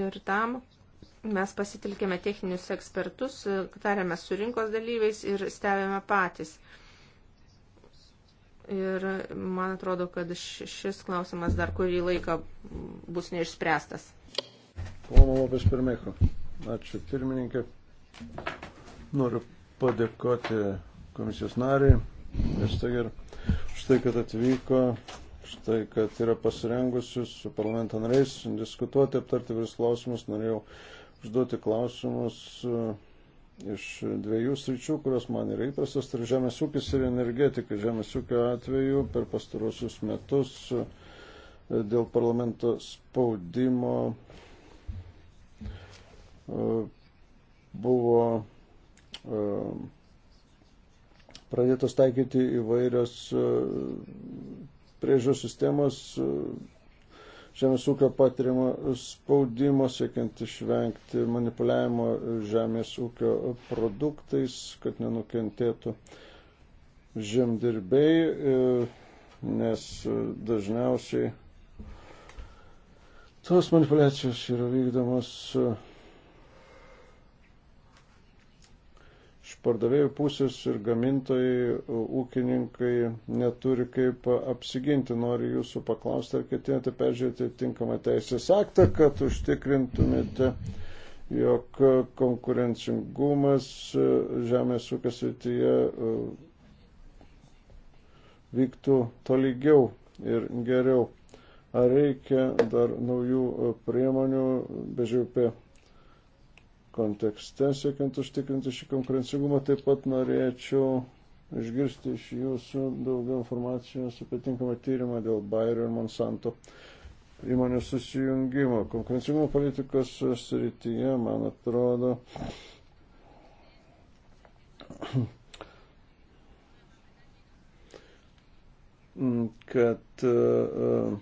Ir tam Mes pasitelkėme techninius ekspertus, tarėme su rinkos dalyviais ir stebėme patys. Ir man atrodo, kad šis klausimas dar kurį laiką bus neišspręstas. Pono Lopes Pirmeko, ačiū pirmininkė. Noriu padėkoti komisijos nariai ir staigir už tai, kad atvyko, už tai, kad yra pasirengusius su parlamento nariais diskutuoti, aptarti vis klausimus. Norėjau užduoti klausimus e, iš dviejų sričių, kurios man yra įprastos, tai žemės ūkis ir energetika. Žemės ūkio atveju per pastarosius metus e, dėl parlamento spaudimo e, buvo pradėtos taikyti įvairios priežiūros sistemos žemės ūkio patiriamo spaudimo, siekiant išvengti manipuliavimo žemės ūkio produktais, kad nenukentėtų žemdirbiai, e, nes dažniausiai tos manipulacijos yra vykdomos e, pardavėjų pusės ir gamintojai, ūkininkai neturi kaip apsiginti. Noriu jūsų paklausti, ar ketinate peržiūrėti tinkamą teisės aktą, kad užtikrintumėte, jog konkurencingumas e, žemės ūkio srityje e, vyktų tolygiau ir geriau. Ar reikia dar naujų e, priemonių, bežiūrėjau, kontekste, siekiant užtikrinti šį konkurencingumą, taip pat norėčiau išgirsti iš jūsų daugiau informacijos apie tinkamą tyrimą dėl Bayerio ir Monsanto įmonių susijungimo. Konkurencingumo politikos srityje, man atrodo, kad uh,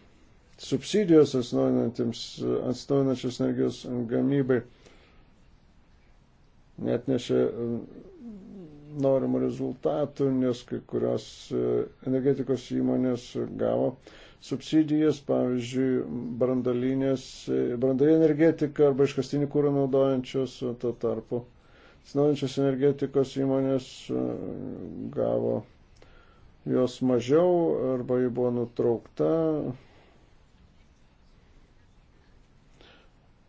subsidijos atsinaujinančios energijos gamybai netnešė e, norimų rezultatų, nes kai kurios e, energetikos įmonės gavo subsidijas, pavyzdžiui, brandalinė e, energetika arba iškastinį kūrą naudojančios, tuo tarpu atsinaujančios energetikos įmonės gavo jos mažiau arba ji buvo nutraukta,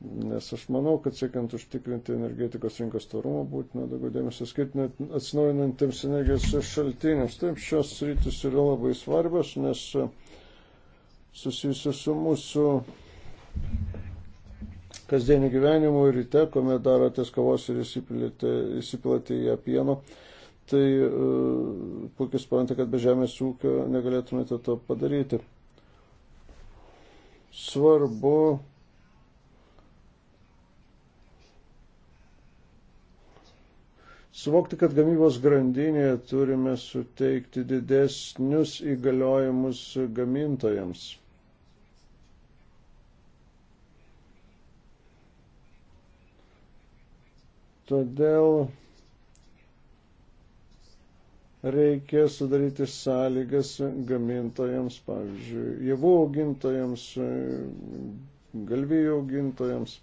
Nes aš manau, kad siekiant užtikrinti energetikos rinkos tvarumą būtina daugiau dėmesio skirti atsinaujinantiems energijos šaltiniams. Taip, šios rytis yra labai svarbios, nes e, susijusios su mūsų kasdieniu gyvenimu ryte, kuomet darotės kavos ir įsipilate į ją pieno, tai uh, puikiai suprantate, kad be žemės ūkio negalėtumėte to padaryti. Svarbu suvokti, kad gamybos grandinėje turime suteikti didesnius įgaliojimus gamintojams. Todėl reikia sudaryti sąlygas gamintojams, pavyzdžiui, javų augintojams, galvijų augintojams.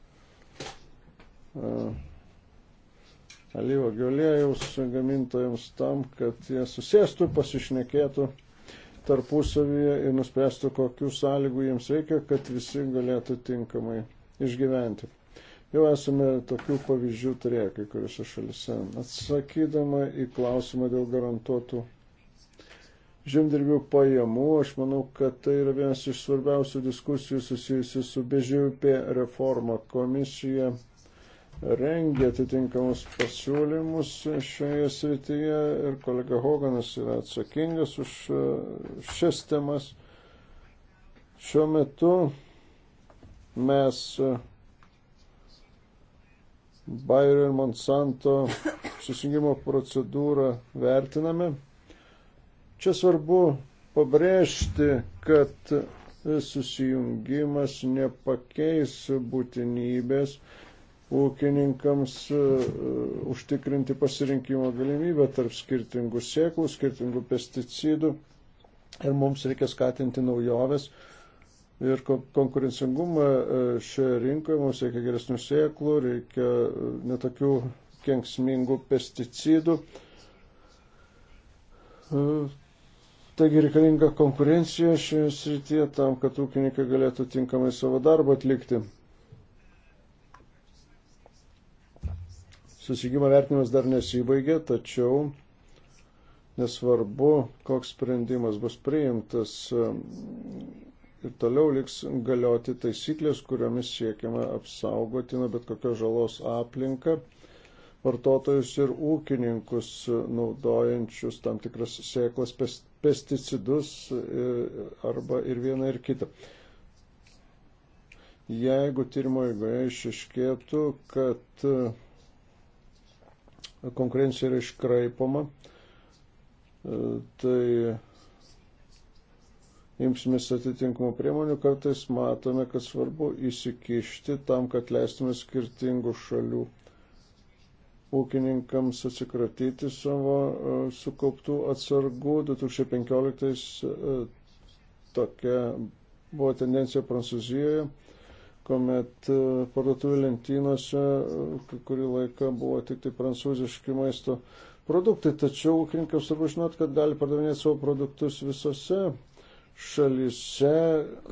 Uh alyvogių aliejaus gamintojams tam, kad jie susėstų, pasišnekėtų tarpusavyje ir nuspręstų, kokių sąlygų jiems reikia, kad visi galėtų tinkamai išgyventi. Jau esame tokių pavyzdžių turėję kai kuriuose šalise. Atsakydama į klausimą dėl garantuotų žemdirbių pajamų, aš manau, kad tai yra vienas iš svarbiausių diskusijų susijusių su BŽUP reforma. Komisija rengia atitinkamus pasiūlymus šioje srityje ir kolega Hoganas yra atsakingas už e, šias temas. Šiuo metu mes e, Bayerio ir Monsanto susijungimo procedūrą vertiname. Čia svarbu pabrėžti, kad susijungimas nepakeis būtinybės ūkininkams e, e, užtikrinti pasirinkimo galimybę tarp skirtingų sėklų, skirtingų pesticidų ir mums reikia skatinti naujoves ir konkurencingumą e, šioje rinkoje, mums reikia geresnių sėklų, reikia netokių kenksmingų pesticidų. Taigi reikalinga konkurencija šioje srityje tam, kad ūkininkai galėtų tinkamai savo darbą atlikti. Susigimo vertinimas dar nesibaigė, tačiau nesvarbu, koks sprendimas bus priimtas e, ir toliau liks galioti taisyklės, kuriomis siekiama apsaugoti nuo bet kokios žalos aplinką vartotojus ir ūkininkus e, naudojančius tam tikras sėklas pesticidus e, arba ir vieną ir kitą. Jeigu tyrimo eigoje išaiškėtų, kad konkurencija yra iškraipoma, e, tai imsimės atitinkamų priemonių, kartais matome, kad svarbu įsikišti tam, kad leistume skirtingų šalių ūkininkams atsikratyti savo e, sukauptų atsargų. 2015 e, tokia buvo tendencija Prancūzijoje kuomet e, parduotuvė lentynose e, kurį laiką buvo tik tai prancūziški maisto produktai, tačiau ūkininkams svarbu žinot, kad gali pardavinėti savo produktus visose šalyse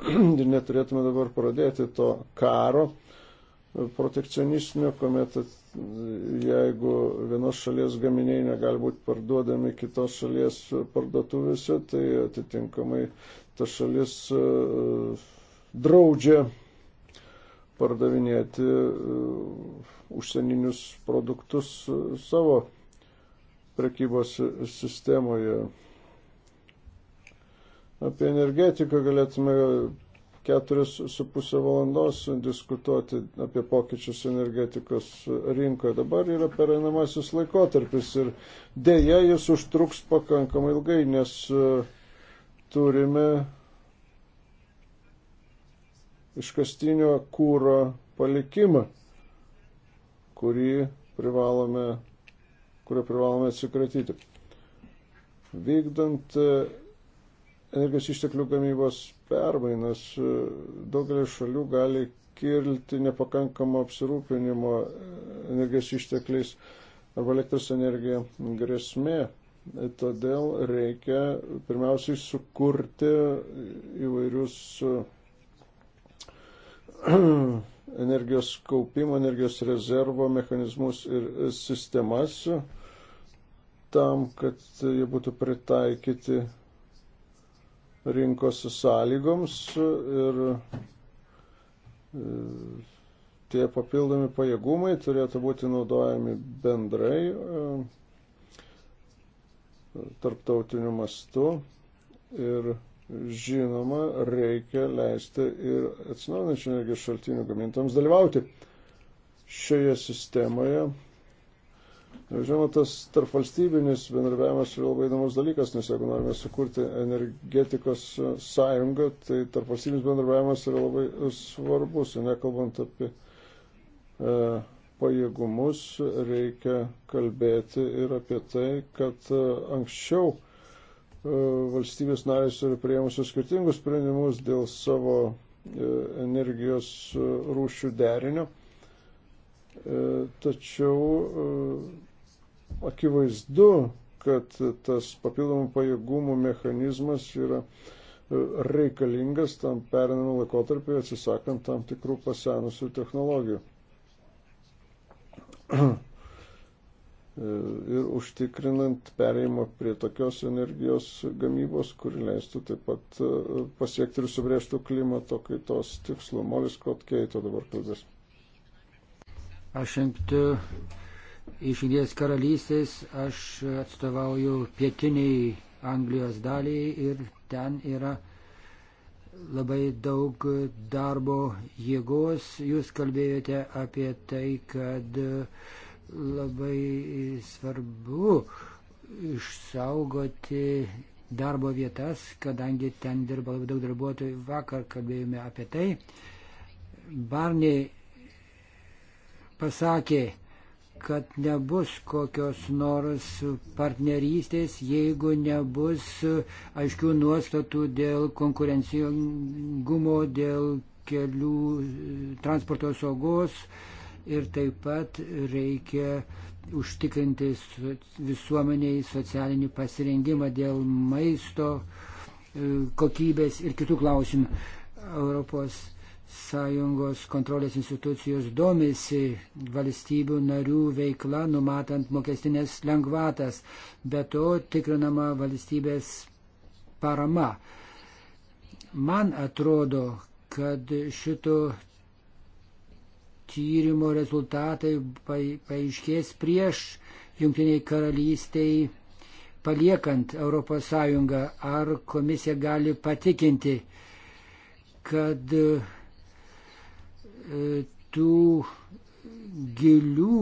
*clears throat* ir neturėtume dabar pradėti to karo e, protekcionistinio, kuomet jeigu vienos šalies gaminiai negali būti parduodami kitos šalies parduotuvėse, tai atitinkamai ta šalis draudžia pardavinėti e, užsieninius produktus e, savo prekybos sistemoje. Apie energetiką galėtume keturias su pusę valandos diskutuoti apie pokyčius energetikos rinkoje. Dabar yra pereinamasis laikotarpis ir dėja jis užtruks pakankamai ilgai, nes e, turime iškastinio kūro palikimą, kurį privalome, kurio privalome atsikratyti. Vykdant e, energijos išteklių gamybos permainas, e, daugelis šalių gali kilti nepakankamo apsirūpinimo e, energijos ištekliais arba elektros energija grėsmė. Todėl reikia pirmiausiai sukurti įvairius *clears throat* energijos kaupimo, energijos rezervo mechanizmus ir sistemas tam, kad jie būtų pritaikyti rinkos sąlygoms ir e, tie papildomi pajėgumai turėtų būti naudojami bendrai e, tarptautiniu mastu ir žinoma, reikia leisti ir atsinaujinančių energijos šaltinių gamintams dalyvauti šioje sistemoje. Žinoma, tas tarpvalstybinis bendravimas yra labai įdomus dalykas, nes jeigu norime sukurti energetikos sąjungą, tai tarpvalstybinis bendravimas yra labai svarbus. Ir nekalbant apie e, pajėgumus, reikia kalbėti ir apie tai, kad e, anksčiau E, valstybės narės yra prieimusios skirtingus sprendimus dėl savo e, energijos e, rūšių derinio. Tačiau akivaizdu, kad tas papildomų pajėgumų mechanizmas yra reikalingas tam perinamą laikotarpį atsisakant tam tikrų pasenusių technologijų. *clears throat* ir užtikrinant perėjimą prie tokios energijos gamybos, kuri leistų taip pat e, pasiekti ir subrėžtų klimato kaitos tikslų. Molis Kotkeito dabar kalbės. Aš imtu iš Indijos karalystės, aš atstovauju pietiniai Anglijos daliai ir ten yra labai daug darbo jėgos. Jūs kalbėjote apie tai, kad uh, labai svarbu išsaugoti darbo vietas, kadangi ten dirba labai daug darbuotojų. Vakar kalbėjome apie tai. Barniai pasakė, kad nebus kokios nors partnerystės, jeigu nebus aiškių nuostatų dėl konkurencingumo, dėl kelių transporto saugos, uh, ir taip pat reikia užtikrinti visuomeniai socialinį pasirengimą dėl maisto e, kokybės ir kitų klausimų. Europos Sąjungos kontrolės institucijos domisi valstybių narių veikla, numatant mokestinės lengvatas, bet to tikrinama valstybės parama. Man atrodo, kad šito tyrimo rezultatai paaiškės prieš Junktiniai karalystiai paliekant ES, ar komisija gali patikinti, kad e, tų gilių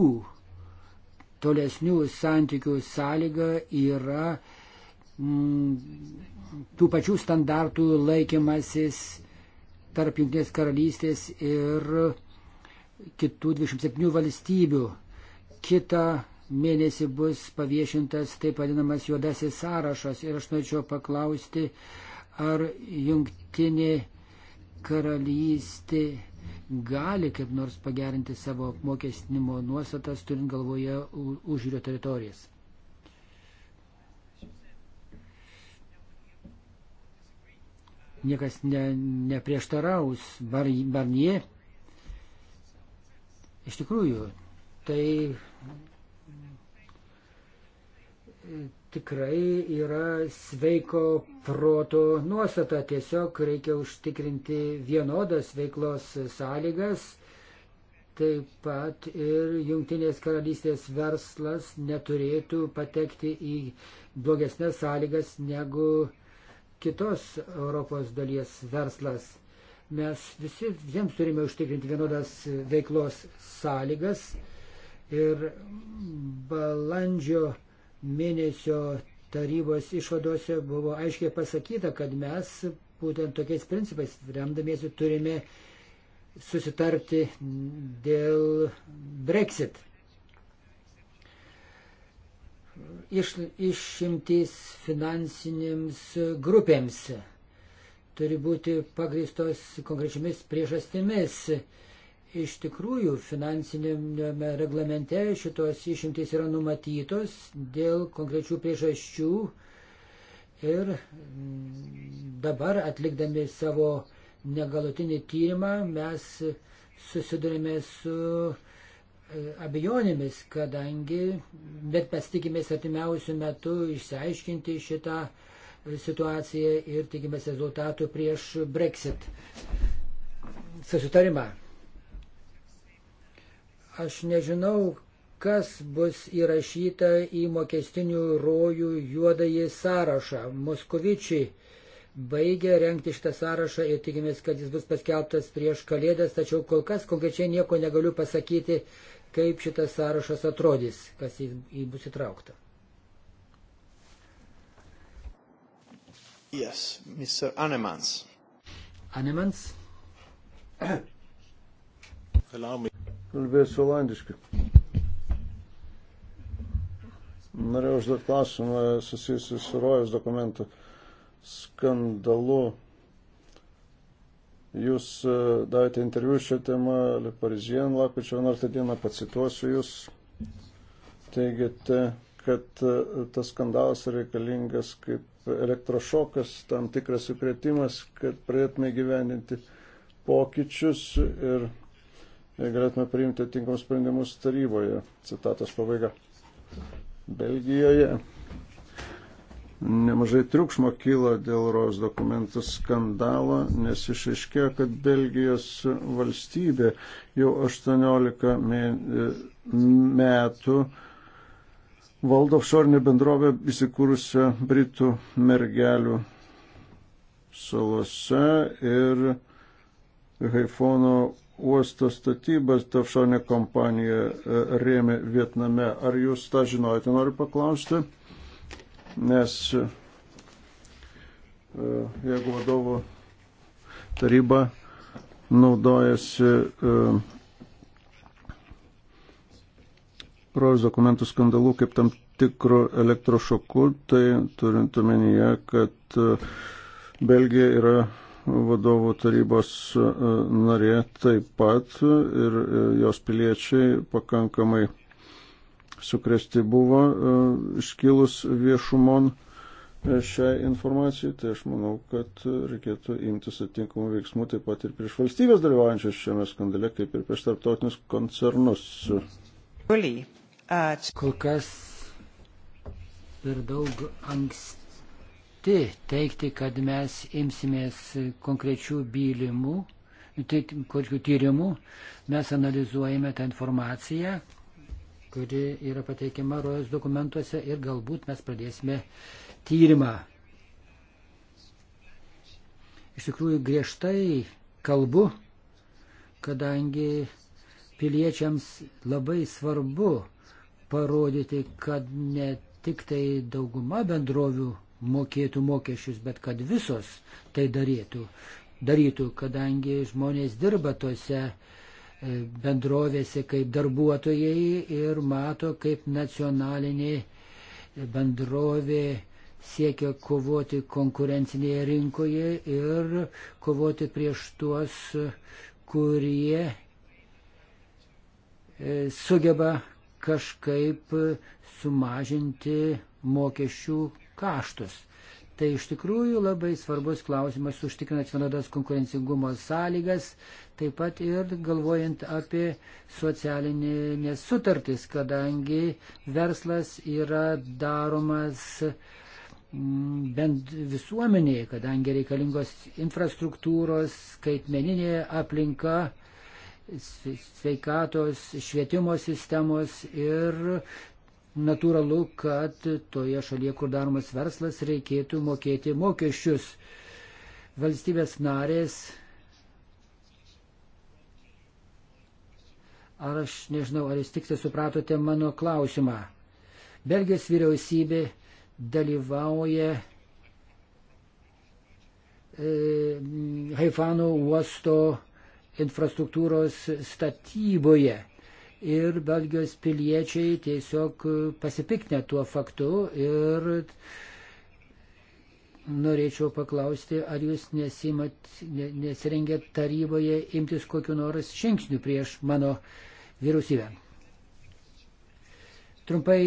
tolesnių santykių sąlyga yra mm, tų pačių standartų laikymasis tarp Junktinės karalystės ir kitų 27 valstybių. Kita mėnesį bus paviešintas taip vadinamas juodasis sąrašas ir aš norėčiau paklausti, ar jungtinė karalystė gali kaip nors pagerinti savo apmokestinimo nuostatas, turint galvoje užžiūrio teritorijas. Niekas ne, neprieštaraus, bar, barnie Iš tikrųjų, tai e, tikrai yra sveiko proto nuostata. Tiesiog reikia užtikrinti vienodas veiklos sąlygas. Taip pat ir Junktinės karalystės verslas neturėtų patekti į blogesnės sąlygas negu kitos Europos dalies verslas. Mes visi jiems turime užtikrinti vienodas veiklos sąlygas ir balandžio mėnesio tarybos išvadose buvo aiškiai pasakyta, kad mes būtent tokiais principais remdamiesi turime susitarti dėl Brexit. Iš, išimtys finansinėms grupėms turi būti pagristos konkrečiamis priežastimis. Iš tikrųjų, finansinėme reglamente šitos išimtys yra numatytos dėl konkrečių priežasčių ir mm, dabar atlikdami savo negalutinį tyrimą mes susidurime su e, abejonėmis, kadangi, bet pasitikimės artimiausių metų išsiaiškinti šitą uh, situaciją ir tikimės rezultatų prieš Brexit susitarimą. Aš nežinau, kas bus įrašyta į mokestinių rojų juodąjį sąrašą. Moskovičiai baigė renkti šitą sąrašą ir tikimės, kad jis bus paskelbtas prieš kalėdas, tačiau kol kas konkrečiai nieko negaliu pasakyti, kaip šitas sąrašas atrodys, kas į jį bus įtraukta. Yes, Mr. Anemans. Anemans. Kalbėsiu olandiškai. Norėjau užduoti klausimą susijusiu su rojus dokumentų skandalu. Jūs e, davėte interviu šią temą Le Parisien, lapkričio 11 dieną, pacituosiu jūs. Teigiate, kad e, tas skandalas reikalingas kaip elektrošokas, tam tikras sukretimas, kad pradėtume gyveninti pokyčius ir galėtume priimti tinkamus sprendimus taryboje. Citatos pabaiga. Belgijoje nemažai triukšmo kyla dėl ROS dokumentų skandalo, nes išaiškėjo, kad Belgijos valstybė jau 18 metų valdo offshore bendrovė įsikūrusią Britų mergelių salose ir Haifono uosto statybas ta offshore kompanija e, rėmė Vietname. Ar jūs tą žinojate, noriu paklausti, nes e, jeigu vadovo taryba naudojasi uh, Rolls dokumentų skandalų kaip tam tikru elektrošoku, tai turint omenyje, kad e, Belgija yra vadovų tarybos e, narė taip pat ir e, jos piliečiai pakankamai sukresti buvo iškilus viešumon šią informaciją, tai aš manau, kad reikėtų imtis atitinkamų veiksmų taip pat ir prieš valstybės dalyvaujančias šiame skandale, kaip ir prieš tarptautinius koncernus. Bully. Kol kas per daug anksti teikti, kad mes imsimės konkrečių bylimų, tai kokių tyrimų, mes analizuojame tą informaciją, kuri yra pateikiama rojos dokumentuose ir galbūt mes pradėsime tyrimą. Iš tikrųjų griežtai kalbu, kadangi piliečiams labai svarbu parodyti, kad ne tik tai dauguma bendrovių mokėtų mokesčius, bet kad visos tai darytų, darytų kadangi žmonės dirba tose e, bendrovėse kaip darbuotojai ir mato, kaip nacionalinė bendrovė siekia kovoti konkurencinėje rinkoje ir kovoti prieš tuos, kurie e, sugeba kažkaip sumažinti mokesčių kaštus. Tai iš tikrųjų labai svarbus klausimas užtikrinant vienodas konkurencingumo sąlygas, taip pat ir galvojant apie socialinės sutartis, kadangi verslas yra daromas mm, bent visuomenėje, kadangi reikalingos infrastruktūros, skaitmeninė aplinka, sveikatos, švietimo sistemos ir natūralu, kad toje šalyje, kur daromas verslas, reikėtų mokėti mokesčius. Valstybės narės ar aš nežinau, ar jūs tiksliai supratote mano klausimą. Belgijos vyriausybė dalyvauja e, Haifano uosto infrastruktūros statyboje. Ir Belgijos piliečiai tiesiog pasipiknė tuo faktu ir norėčiau paklausti, ar jūs nesimat, nesirengėt taryboje imtis kokiu nors žingsniu prieš mano vyriausybę. Trumpai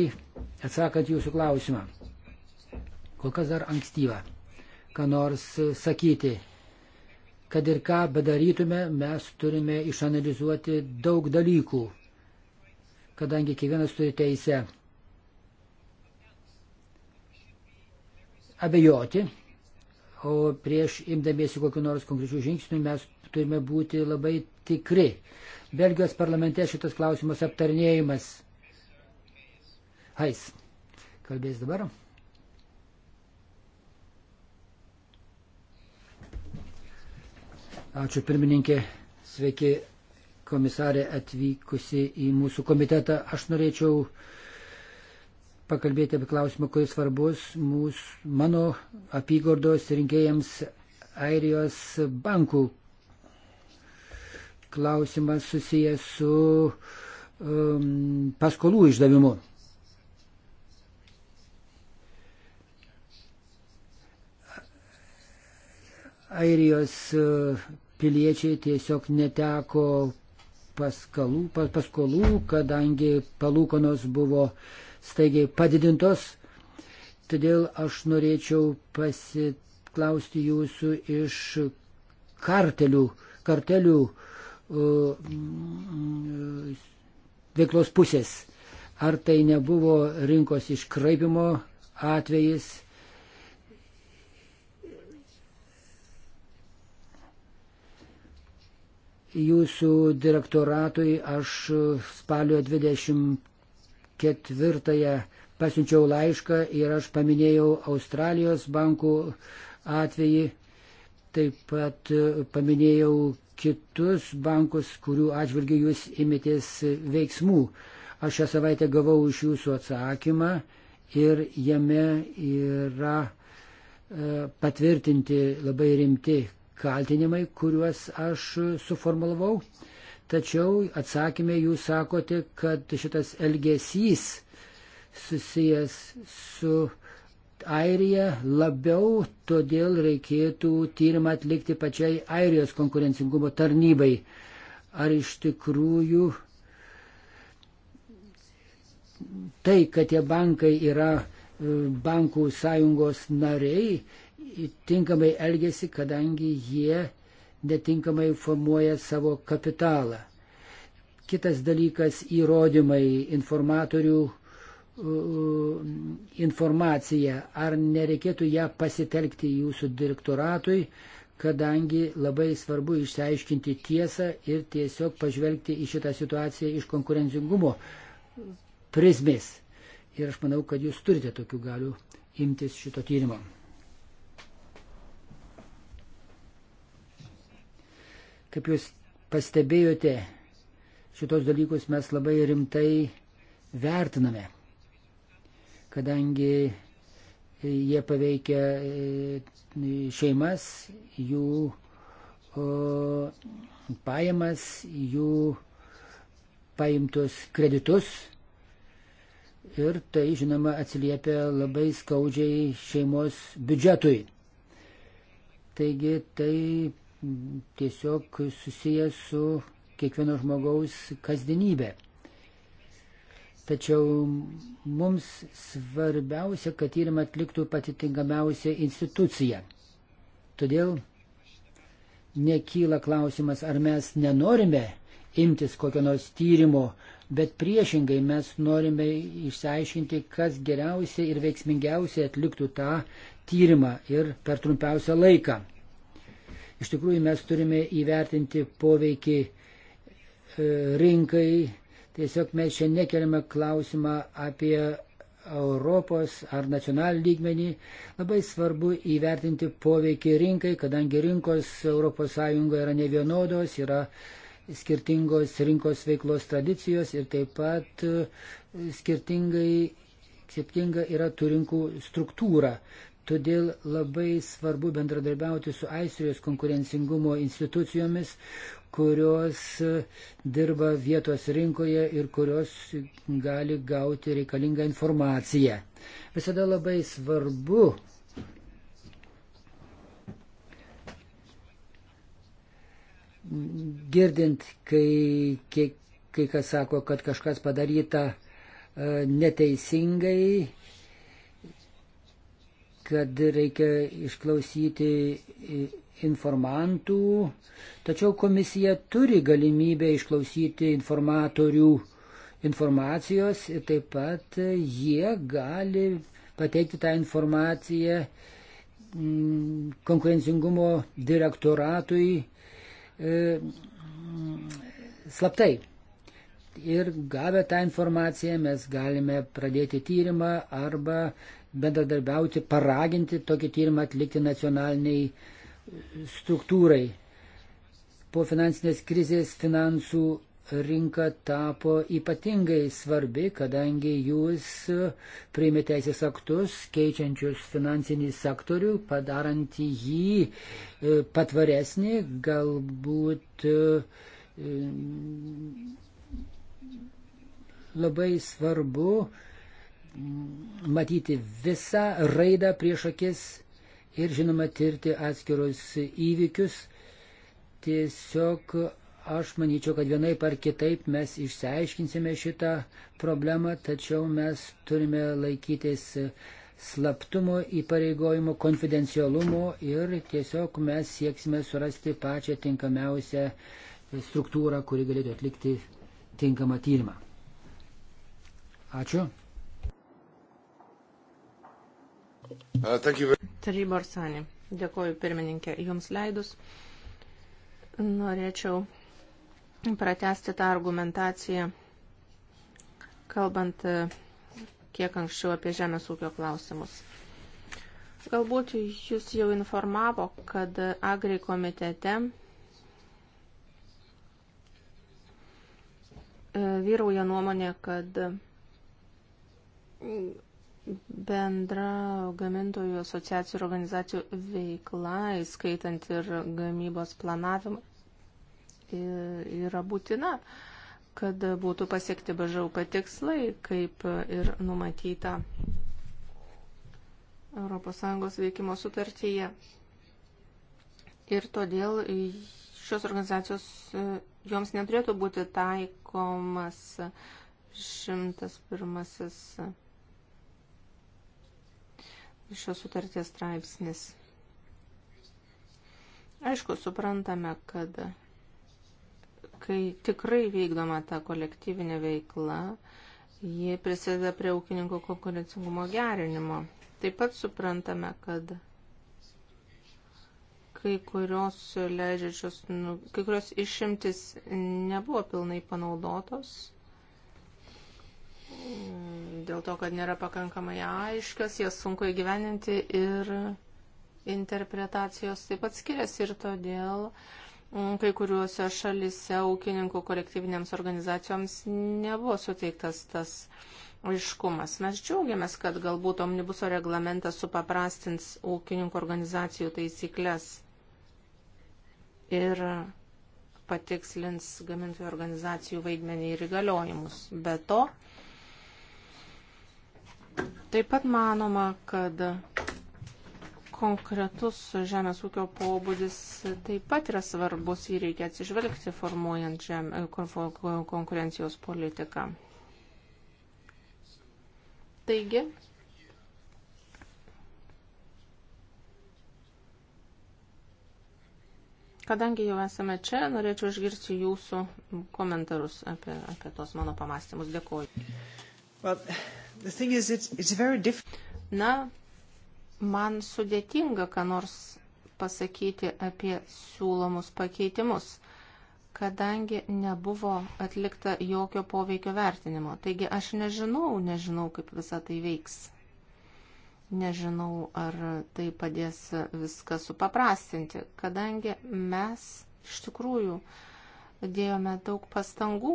atsakant jūsų klausimą, kol kas dar ankstyva, ką nors sakyti kad ir ką bedarytume, mes turime išanalizuoti daug dalykų, kadangi kiekvienas turi teisę abejoti, o prieš imdamiesi kokiu nors konkrečiu žingsniu mes turime būti labai tikri. Belgijos parlamente šitas klausimas aptarnėjimas. Hais, kalbės dabar. Ačiū pirmininkė, sveiki komisarė atvykusi į mūsų komitetą. Aš norėčiau pakalbėti apie klausimą, kuris svarbus mūsų, mano apygardos rinkėjams Airijos bankų klausimas susijęs su um, paskolų išdavimu. Airijos e, piliečiai tiesiog neteko paskalų, pas, paskolų, kadangi palūkanos buvo staigiai padidintos. Todėl aš norėčiau pasiklausti jūsų iš kartelių, kartelių uh, veiklos pusės. Ar tai nebuvo rinkos iškraipimo atvejis, jūsų direktoratui aš spalio 24-ąją pasiunčiau laišką ir aš paminėjau Australijos bankų atvejį, taip pat paminėjau kitus bankus, kurių atžvilgių jūs imitės veiksmų. Aš šią savaitę gavau iš jūsų atsakymą ir jame yra e, patvirtinti labai rimti kaltinimai, kuriuos aš suformulavau. Tačiau atsakymė jūs sakote, kad šitas elgesys susijęs su Airija labiau, todėl reikėtų tyrimą atlikti pačiai Airijos konkurencingumo tarnybai. Ar iš tikrųjų tai, kad tie bankai yra e, bankų sąjungos nariai, tinkamai elgesi, kadangi jie netinkamai formuoja savo kapitalą. Kitas dalykas - įrodymai, informatorių informacija, ar nereikėtų ją pasitelkti jūsų direktoratui, kadangi labai svarbu išsiaiškinti tiesą ir tiesiog pažvelgti į šitą situaciją iš konkurencingumo prizmės. Ir aš manau, kad jūs turite tokių galių imtis šito tyrimo. Kaip jūs pastebėjote, šitos dalykus mes labai rimtai vertiname, kadangi jie paveikia e, šeimas, jų pajamas, jų paimtus kreditus. Ir tai, žinoma, atsiliepia labai skaudžiai šeimos biudžetui. Taigi tai tiesiog susijęs su kiekvieno žmogaus kasdienybė. Tačiau mums svarbiausia, kad tyrimą atliktų pati tinkamiausia institucija. Todėl nekyla klausimas, ar mes nenorime imtis kokio nors tyrimo, bet priešingai mes norime išsiaiškinti, kas geriausiai ir veiksmingiausiai atliktų tą tyrimą ir per trumpiausią laiką. Iš tikrųjų mes turime įvertinti poveikį e, rinkai. Tiesiog mes šiandien keliame klausimą apie Europos ar nacionalinį lygmenį. Labai svarbu įvertinti poveikį rinkai, kadangi rinkos ES yra nevienodos, yra skirtingos rinkos veiklos tradicijos ir taip pat e, skirtingai skirtinga yra tų rinkų struktūra. Todėl labai svarbu bendradarbiauti su Aistrijos konkurencingumo institucijomis, kurios e, dirba vietos rinkoje ir kurios gali gauti reikalingą informaciją. Visada labai svarbu girdint, kai, kai, kai kas sako, kad kažkas padaryta e, neteisingai, kad reikia išklausyti informantų, tačiau komisija turi galimybę išklausyti informatorių informacijos ir taip pat jie gali pateikti tą informaciją mm, konkurencingumo direktoratui e, slaptai. Ir gavę tą informaciją mes galime pradėti tyrimą arba bendradarbiauti, paraginti tokį tyrimą atlikti nacionaliniai struktūrai. Po finansinės krizės finansų rinka tapo ypatingai svarbi, kadangi jūs priimė teisės aktus, keičiančius finansinį sektorių, padarant jį e, patvaresnį, galbūt e, e, labai svarbu matyti visą raidą prieš akis ir žinoma tirti atskirus įvykius. Tiesiog aš manyčiau, kad vienai par kitaip mes išsiaiškinsime šitą problemą, tačiau mes turime laikytis slaptumo įpareigojimo, konfidencialumo ir tiesiog mes sieksime surasti pačią tinkamiausią struktūrą, kuri galėtų atlikti tinkamą tyrimą. Ačiū. Uh, Tarybor Sanė. Dėkoju pirmininkė. Jums leidus. Norėčiau pratesti tą argumentaciją, kalbant uh, kiek anksčiau apie žemės ūkio klausimus. Galbūt jūs jau informavo, kad Agri komitete uh, vyrauja nuomonė, kad Bendra gamintojų asociacijų ir organizacijų veikla, įskaitant ir gamybos planavimą, yra būtina, kad būtų pasiekti BŽUP tikslai, kaip ir numatyta ES veikimo sutartyje. Ir todėl šios organizacijos, e, joms neturėtų būti taikomas 101 šios sutarties straipsnis. Aišku, suprantame, kad kai tikrai vykdoma ta kolektyvinė veikla, ji prisideda prie ūkininko konkurencingumo gerinimo. Taip pat suprantame, kad kai kurios leidžiačios, nu, kai kurios išimtis nebuvo pilnai panaudotos dėl to, kad nėra pakankamai aiškios, jas sunku įgyveninti ir interpretacijos taip pat skiriasi ir todėl mm, kai kuriuose šalise ūkininkų kolektyvinėms organizacijoms nebuvo suteiktas tas aiškumas. Mes džiaugiamės, kad galbūt omnibuso reglamentas supaprastins ūkininkų organizacijų taisyklės ir patikslins gamintojų organizacijų vaidmenį ir įgaliojimus. Be to, Taip pat manoma, kad konkretus žemės ūkio pobūdis taip pat yra svarbus, jį reikia atsižvelgti formuojant žem, konkurencijos politiką. Taigi, kadangi jau esame čia, norėčiau išgirsti jūsų komentarus apie, apie tos mano pamastymus. Dėkuoju. But... Is, it's, it's Na, man sudėtinga, ką nors pasakyti apie siūlomus pakeitimus, kadangi nebuvo atlikta jokio poveikio vertinimo. Taigi aš nežinau, nežinau, kaip visa tai veiks. Nežinau, ar tai padės viską supaprastinti, kadangi mes iš tikrųjų uh, dėjome daug pastangų,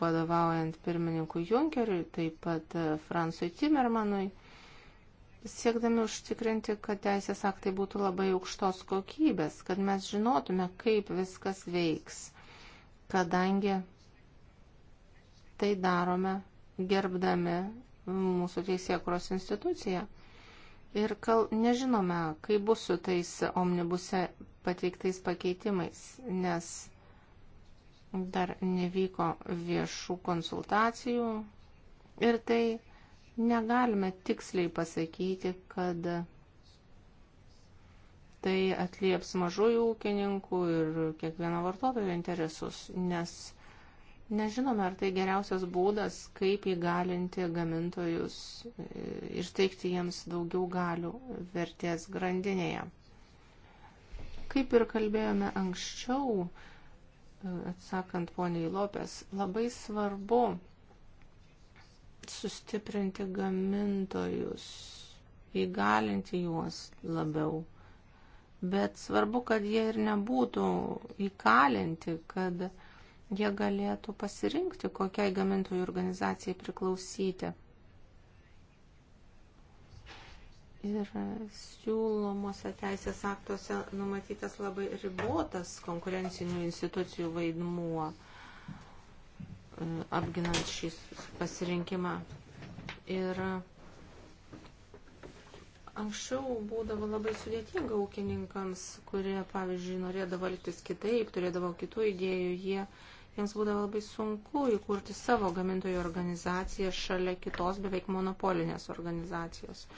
vadovaujant pirmininkui Junkeriui, taip pat e, Fransui Timermanui, siekdami užtikrinti, kad teisės aktai būtų labai aukštos kokybės, kad mes žinotume, kaip viskas veiks, kadangi tai darome gerbdami mūsų teisėkuros instituciją. Ir kal nežinome, kaip bus su tais omnibuse pateiktais pakeitimais, nes dar nevyko viešų konsultacijų ir tai negalime tiksliai pasakyti, kad tai atlieps mažųjų ūkininkų ir kiekvieno vartotojo interesus, nes nežinome, ar tai geriausias būdas, kaip įgalinti gamintojus ir teikti jiems daugiau galių vertės grandinėje. Kaip ir kalbėjome anksčiau, atsakant poniai Lopės, labai svarbu sustiprinti gamintojus, įgalinti juos labiau. Bet svarbu, kad jie ir nebūtų įkalinti, kad jie galėtų pasirinkti, kokiai gamintojų organizacijai priklausyti. Ir siūlomose teisės aktuose numatytas labai ribotas konkurencinių institucijų vaidmuo e, apginant šį pasirinkimą. Ir anksčiau būdavo labai sudėtinga ūkininkams, kurie, pavyzdžiui, norėdavo elgtis kitaip, turėdavo kitų idėjų, jie, jiems būdavo labai sunku įkurti savo gamintojų organizaciją šalia kitos beveik monopolinės organizacijos. Uh,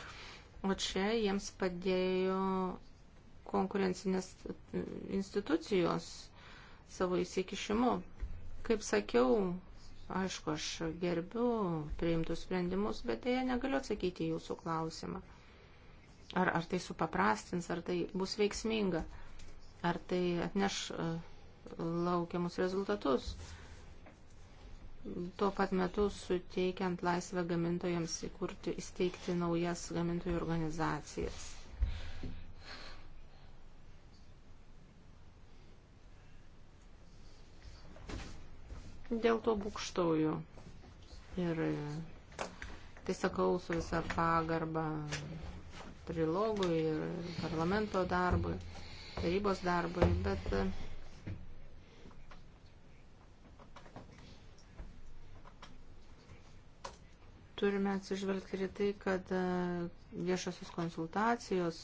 O čia jiems padėjo konkurencinės institucijos savo įsikišimu. Kaip sakiau, aišku, aš gerbiu priimtus sprendimus, bet dėja negaliu atsakyti jūsų klausimą. Ar, ar tai supaprastins, ar tai bus veiksminga, ar tai atneš e, laukiamus rezultatus. Uh, tuo pat metu suteikiant laisvę gamintojams įkurti, įsteigti naujas gamintojų organizacijas. Dėl to būkštauju ir e, tai sakau su visa pagarba trilogui ir parlamento darbui, tarybos darbui, bet e, turime atsižvelgti ir tai, kad e, viešasios konsultacijos,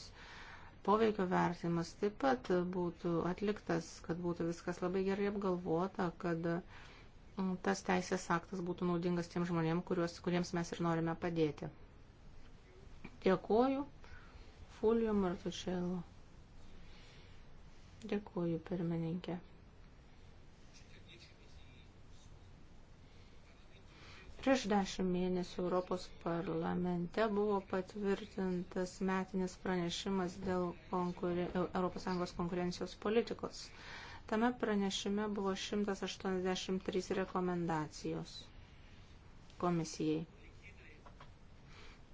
poveikio vertinimas taip pat būtų atliktas, kad būtų viskas labai gerai apgalvota, kad tas teisės aktas būtų naudingas tiem žmonėm, kuriuos, kuriems mes ir norime padėti. Dėkoju Fulio Martušėlo. Dėkoju, pirmininkė. Prieš dešimt mėnesių Europos parlamente buvo patvirtintas metinis pranešimas dėl konkure... ES konkurencijos politikos. Tame pranešime buvo 183 rekomendacijos komisijai.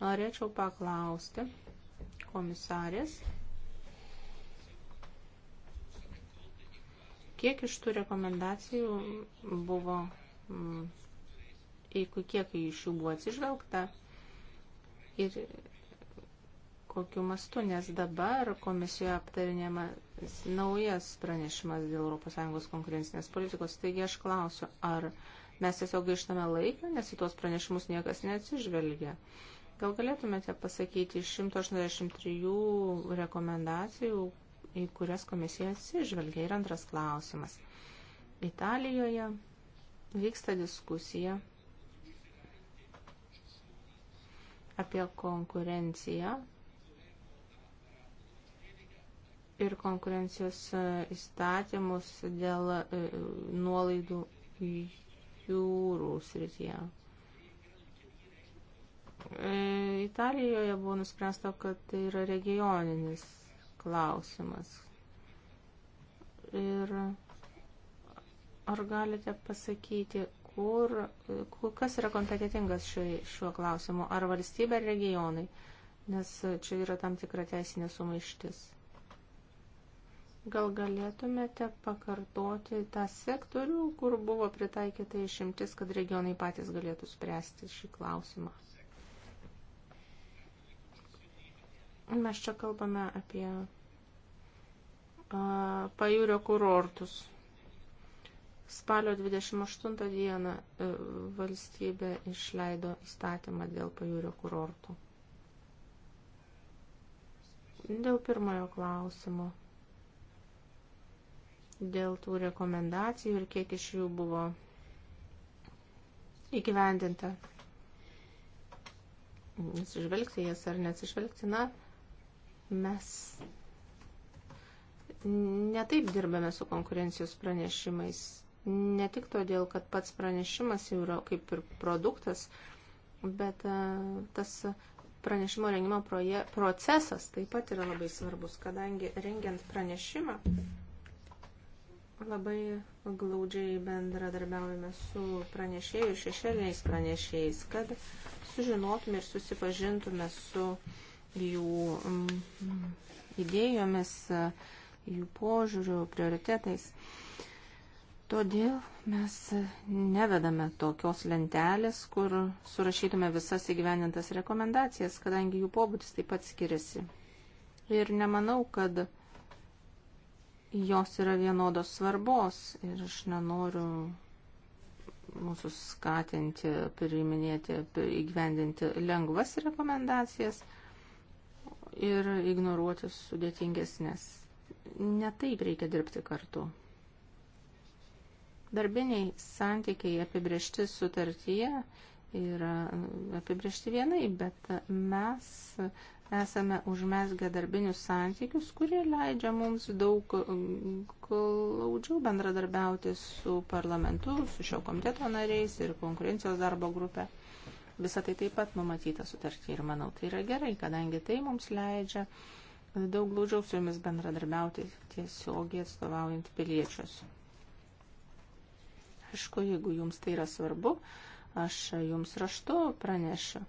Norėčiau paklausti komisarės, kiek iš tų rekomendacijų buvo mm, į kiek iš jų buvo atsižvelgta ir kokiu mastu, nes dabar komisijoje aptarinėjamas naujas pranešimas dėl ES konkurencinės politikos. Taigi aš klausiu, ar mes tiesiog gaištame laiką, nes į tuos pranešimus niekas neatsižvelgia. Gal galėtumėte pasakyti iš 183 rekomendacijų, į kurias komisija atsižvelgia. Ir antras klausimas. Italijoje vyksta diskusija apie konkurenciją ir konkurencijos e, įstatymus dėl e, nuolaidų jūrų srityje. E, Italijoje buvo nuspręsta, kad tai yra regioninis klausimas. Ir ar galite pasakyti, kur, kur kas yra kompetitingas šiuo, šiuo klausimu, ar valstybė, ar regionai, nes čia yra tam tikra teisinė sumaištis. Gal galėtumėte pakartoti tą sektorių, kur buvo pritaikyta išimtis, kad regionai patys galėtų spręsti šį klausimą? Mes čia kalbame apie a, pajūrio kurortus. Spalio 28 dieną e, valstybė išleido įstatymą dėl pajūrio kurortų. Dėl pirmojo klausimo. Dėl tų rekomendacijų ir kiek iš jų buvo įgyvendinta. Nesižvelgti jas ar nesižvelgti, na, mes netaip dirbame su konkurencijos pranešimais ne tik todėl, kad pats pranešimas jau yra kaip ir produktas, bet e, tas pranešimo rengimo proje, procesas taip pat yra labai svarbus, kadangi rengiant pranešimą labai glaudžiai bendradarbiaujame su pranešėjų ir šešėliniais pranešėjais, kad sužinotume ir susipažintume su jų idėjomis, jų požiūrių, prioritetais. Todėl mes nevedame tokios lentelės, kur surašytume visas įgyvenintas rekomendacijas, kadangi jų pobūdis taip pat skiriasi. Ir nemanau, kad jos yra vienodos svarbos ir aš nenoriu mūsų skatinti, priiminėti, įgyvendinti lengvas rekomendacijas ir ignoruoti sudėtingesnės. Netaip reikia dirbti kartu. Darbiniai santykiai apibriešti sutartyje yra e, apibriešti vienai, bet mes esame užmesgę darbinius santykius, kurie leidžia mums daug e, glaudžiau bendradarbiauti su parlamentu, su šio komiteto nariais ir konkurencijos darbo grupė. Visą tai taip pat numatyta sutartį ir manau, tai yra gerai, kadangi tai mums leidžia daug glaudžiau su jumis bendradarbiauti tiesiogiai atstovaujant piliečius. Aišku, jeigu jums tai yra svarbu, aš jums raštu pranešiu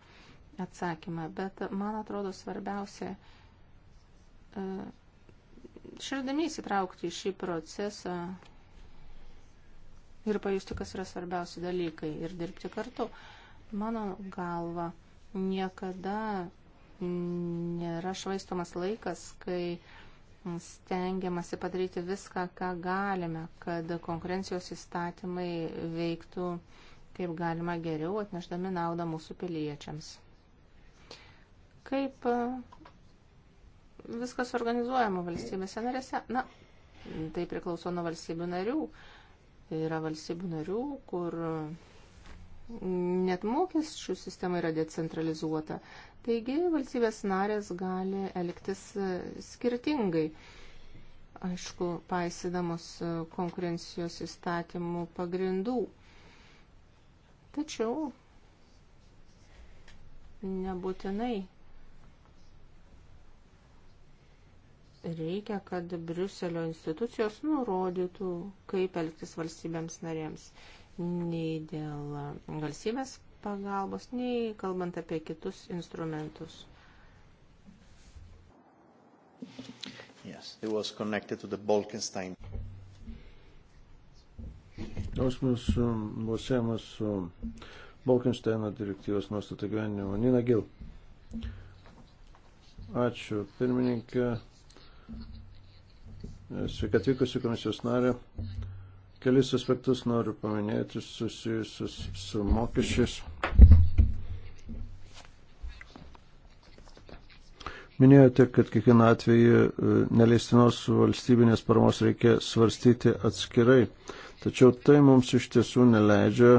atsakymą, bet man atrodo svarbiausia e, širdami įsitraukti į šį procesą ir pajusti, kas yra svarbiausi dalykai ir dirbti kartu. Mano galva, niekada nėra švaistomas laikas, kai stengiamasi padaryti viską, ką galime, kad konkurencijos įstatymai veiktų kaip galima geriau, atnešdami naudą mūsų piliečiams. Kaip e, viskas organizuojama valstybėse narėse? Na, tai priklauso nuo valstybių narių. Yra valstybių narių, kur net mokesčių sistema yra decentralizuota. Taigi valstybės narės gali elgtis e, skirtingai, aišku, paisydamos e, konkurencijos įstatymų pagrindų. Tačiau nebūtinai reikia, kad Briuselio institucijos nurodytų, kaip elgtis valstybėms narėms nei dėl valstybės pagalbos, nei kalbant apie kitus instrumentus. Yes, it was connected to the Bolkenstein. Klausimas buvo siejamas su Bolkensteino direktyvos nuostatų gyvenimu. Nina Gil. Ačiū, pirmininkė. Sveika atvykusi komisijos narė. Kelis aspektus noriu paminėti susijusius su mokesčiais. Minėjote, kad kiekvieną atvejį e, neleistinos valstybinės paramos reikia svarstyti atskirai, tačiau tai mums iš tiesų neleidžia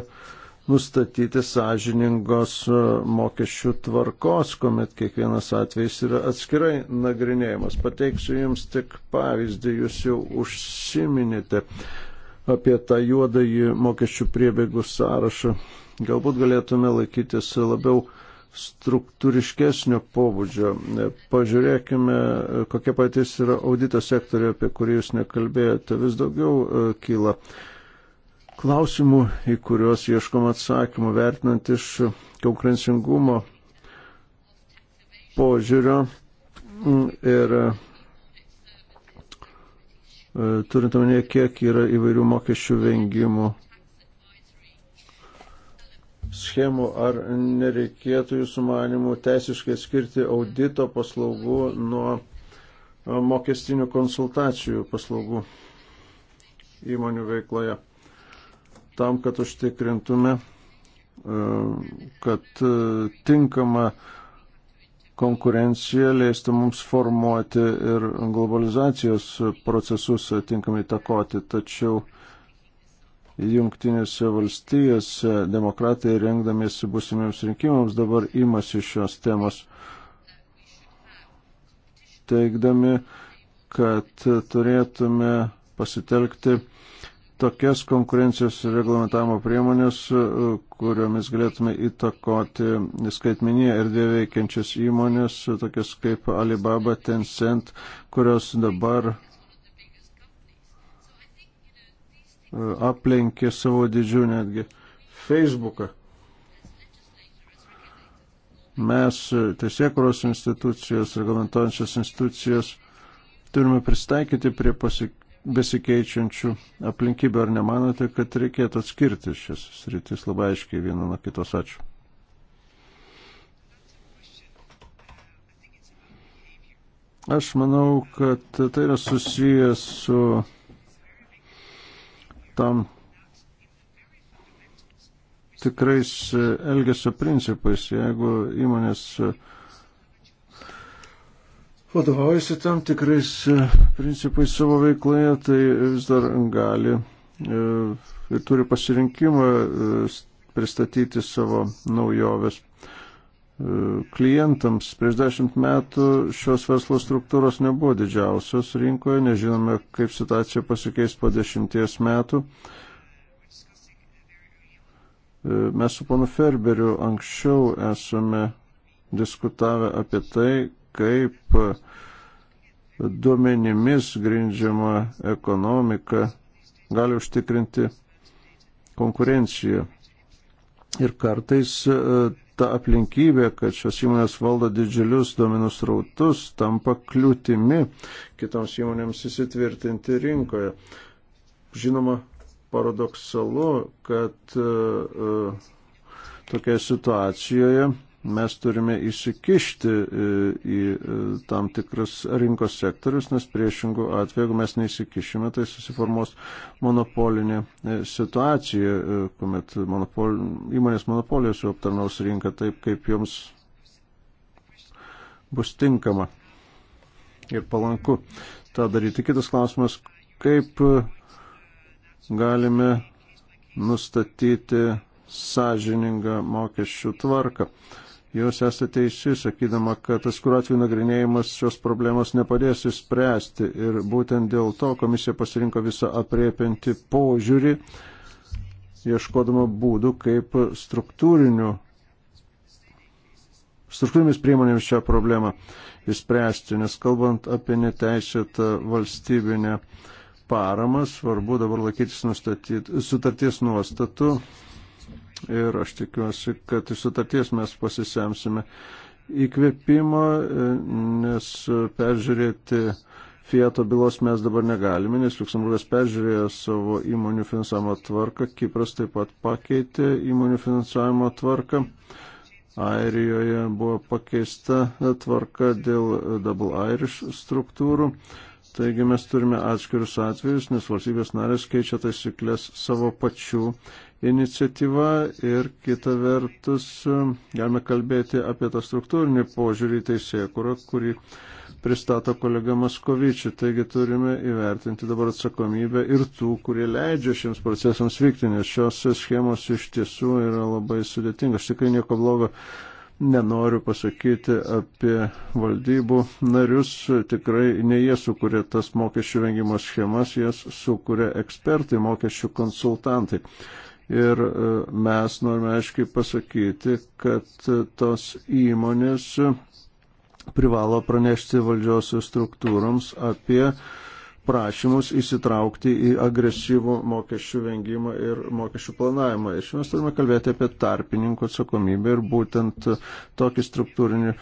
nustatyti sąžiningos e, mokesčių tvarkos, kuomet kiekvienas atvejs yra atskirai nagrinėjimas. Pateiksiu Jums tik pavyzdį, Jūs jau užsiminėte apie tą juodąjį mokesčių priebėgų sąrašą. Galbūt galėtume laikytis labiau struktūriškesnio pobūdžio. Pažiūrėkime, kokia patys yra audito sektorija, apie kurį jūs nekalbėjote. Vis daugiau e, kyla klausimų, į kuriuos ieškom atsakymų, vertinant iš konkurencingumo požiūrio mm, ir E, turint omenyje, kiek yra įvairių mokesčių vengimų schemų, ar nereikėtų jūsų manimų teisiškai skirti audito paslaugų nuo e, mokestinių konsultacijų paslaugų įmonių veikloje, tam, kad užtikrintume, e, kad tinkama konkurencija leistų mums formuoti ir globalizacijos procesus tinkamai takoti, tačiau jungtinėse valstijose demokratai rengdamiesi būsimiems rinkimams dabar imasi šios temos, teikdami, kad turėtume pasitelkti tokias konkurencijos reglamentavimo priemonės, e, kuriomis galėtume įtakoti skaitmenyje ir veikiančias įmonės, e, tokias kaip Alibaba, Tencent, kurios dabar e, aplenkė savo didžių netgi Facebooką. Mes, teisėkuros institucijos, reglamentuojančios institucijos, turime pristaikyti prie pasik besikeičiančių aplinkybių. Ar nemanote, kad reikėtų atskirti šias sritis labai aiškiai vieną nuo kitos? Ačiū. Aš manau, kad tai yra susijęs su tam tikrais e, elgesio principais. Jeigu įmonės uh, vadovaujasi tam tikrais e, principais savo veikloje, tai vis dar gali e, ir turi pasirinkimą e, pristatyti savo naujoves klientams. Prieš dešimt metų šios verslo struktūros nebuvo didžiausios rinkoje, nežinome, kaip situacija pasikeis po dešimties metų. Mes su ponu Ferberiu anksčiau esame diskutavę apie tai, kaip duomenimis grindžiama ekonomika gali užtikrinti konkurenciją. Ir kartais e, ta aplinkybė, kad šios įmonės valdo didžiulius duomenų srautus, tampa kliūtimi kitoms įmonėms įsitvirtinti rinkoje. Žinoma, paradoksalu, kad uh, tokioje situacijoje mes turime įsikišti e, į e, tam tikras rinkos sektorius, nes priešingų atveju, jeigu mes neįsikišime, tai susiformuos monopolinė e, situacija, kuomet monopol, įmonės monopolijos jau aptarnaus rinką taip, kaip joms bus tinkama ir palanku tą daryti. Kitas klausimas, kaip galime nustatyti sąžiningą mokesčių tvarką Jūs esate teisi, sakydama, kad atskirų atvejų nagrinėjimas šios problemos nepadės įspręsti ir būtent dėl to komisija pasirinko visą apriepinti požiūrį, ieškodama būdų, kaip struktūrinių, struktūrinėmis priemonėmis šią problemą įspręsti, nes kalbant apie neteisėtą valstybinę paramą, svarbu dabar laikytis nustatyt, sutarties nuostatų ir aš tikiuosi, kad iš sutarties mes pasisemsime įkvėpimo, e, nes peržiūrėti Fieto bylos mes dabar negalime, nes Luksemburgas peržiūrėjo savo įmonių finansavimo tvarką, Kipras taip pat pakeitė įmonių finansavimo tvarką. Airijoje buvo pakeista tvarka dėl Double Irish struktūrų. Taigi mes turime atskirius atvejus, nes valstybės narės keičia taisyklės savo pačių iniciatyva ir kita vertus e, galime kalbėti apie tą struktūrinį požiūrį į teisėkurą, kurį pristato kolega Maskovičių. Taigi turime įvertinti dabar atsakomybę ir tų, kurie leidžia šiems procesams vykti, nes šios schemos iš tiesų yra labai sudėtingos. Tikrai nieko blogo nenoriu pasakyti apie valdybų narius. Tikrai ne jie sukuria tas mokesčių vengimo schemas, jas sukuria ekspertai, mokesčių konsultantai. Ir e, mes norime aiškiai pasakyti, kad e, tos įmonės privalo pranešti valdžios struktūroms apie prašymus įsitraukti į agresyvų mokesčių vengimą ir mokesčių planavimą. Ir šiandien turime kalbėti apie tarpininkų atsakomybę ir būtent tokį struktūrinį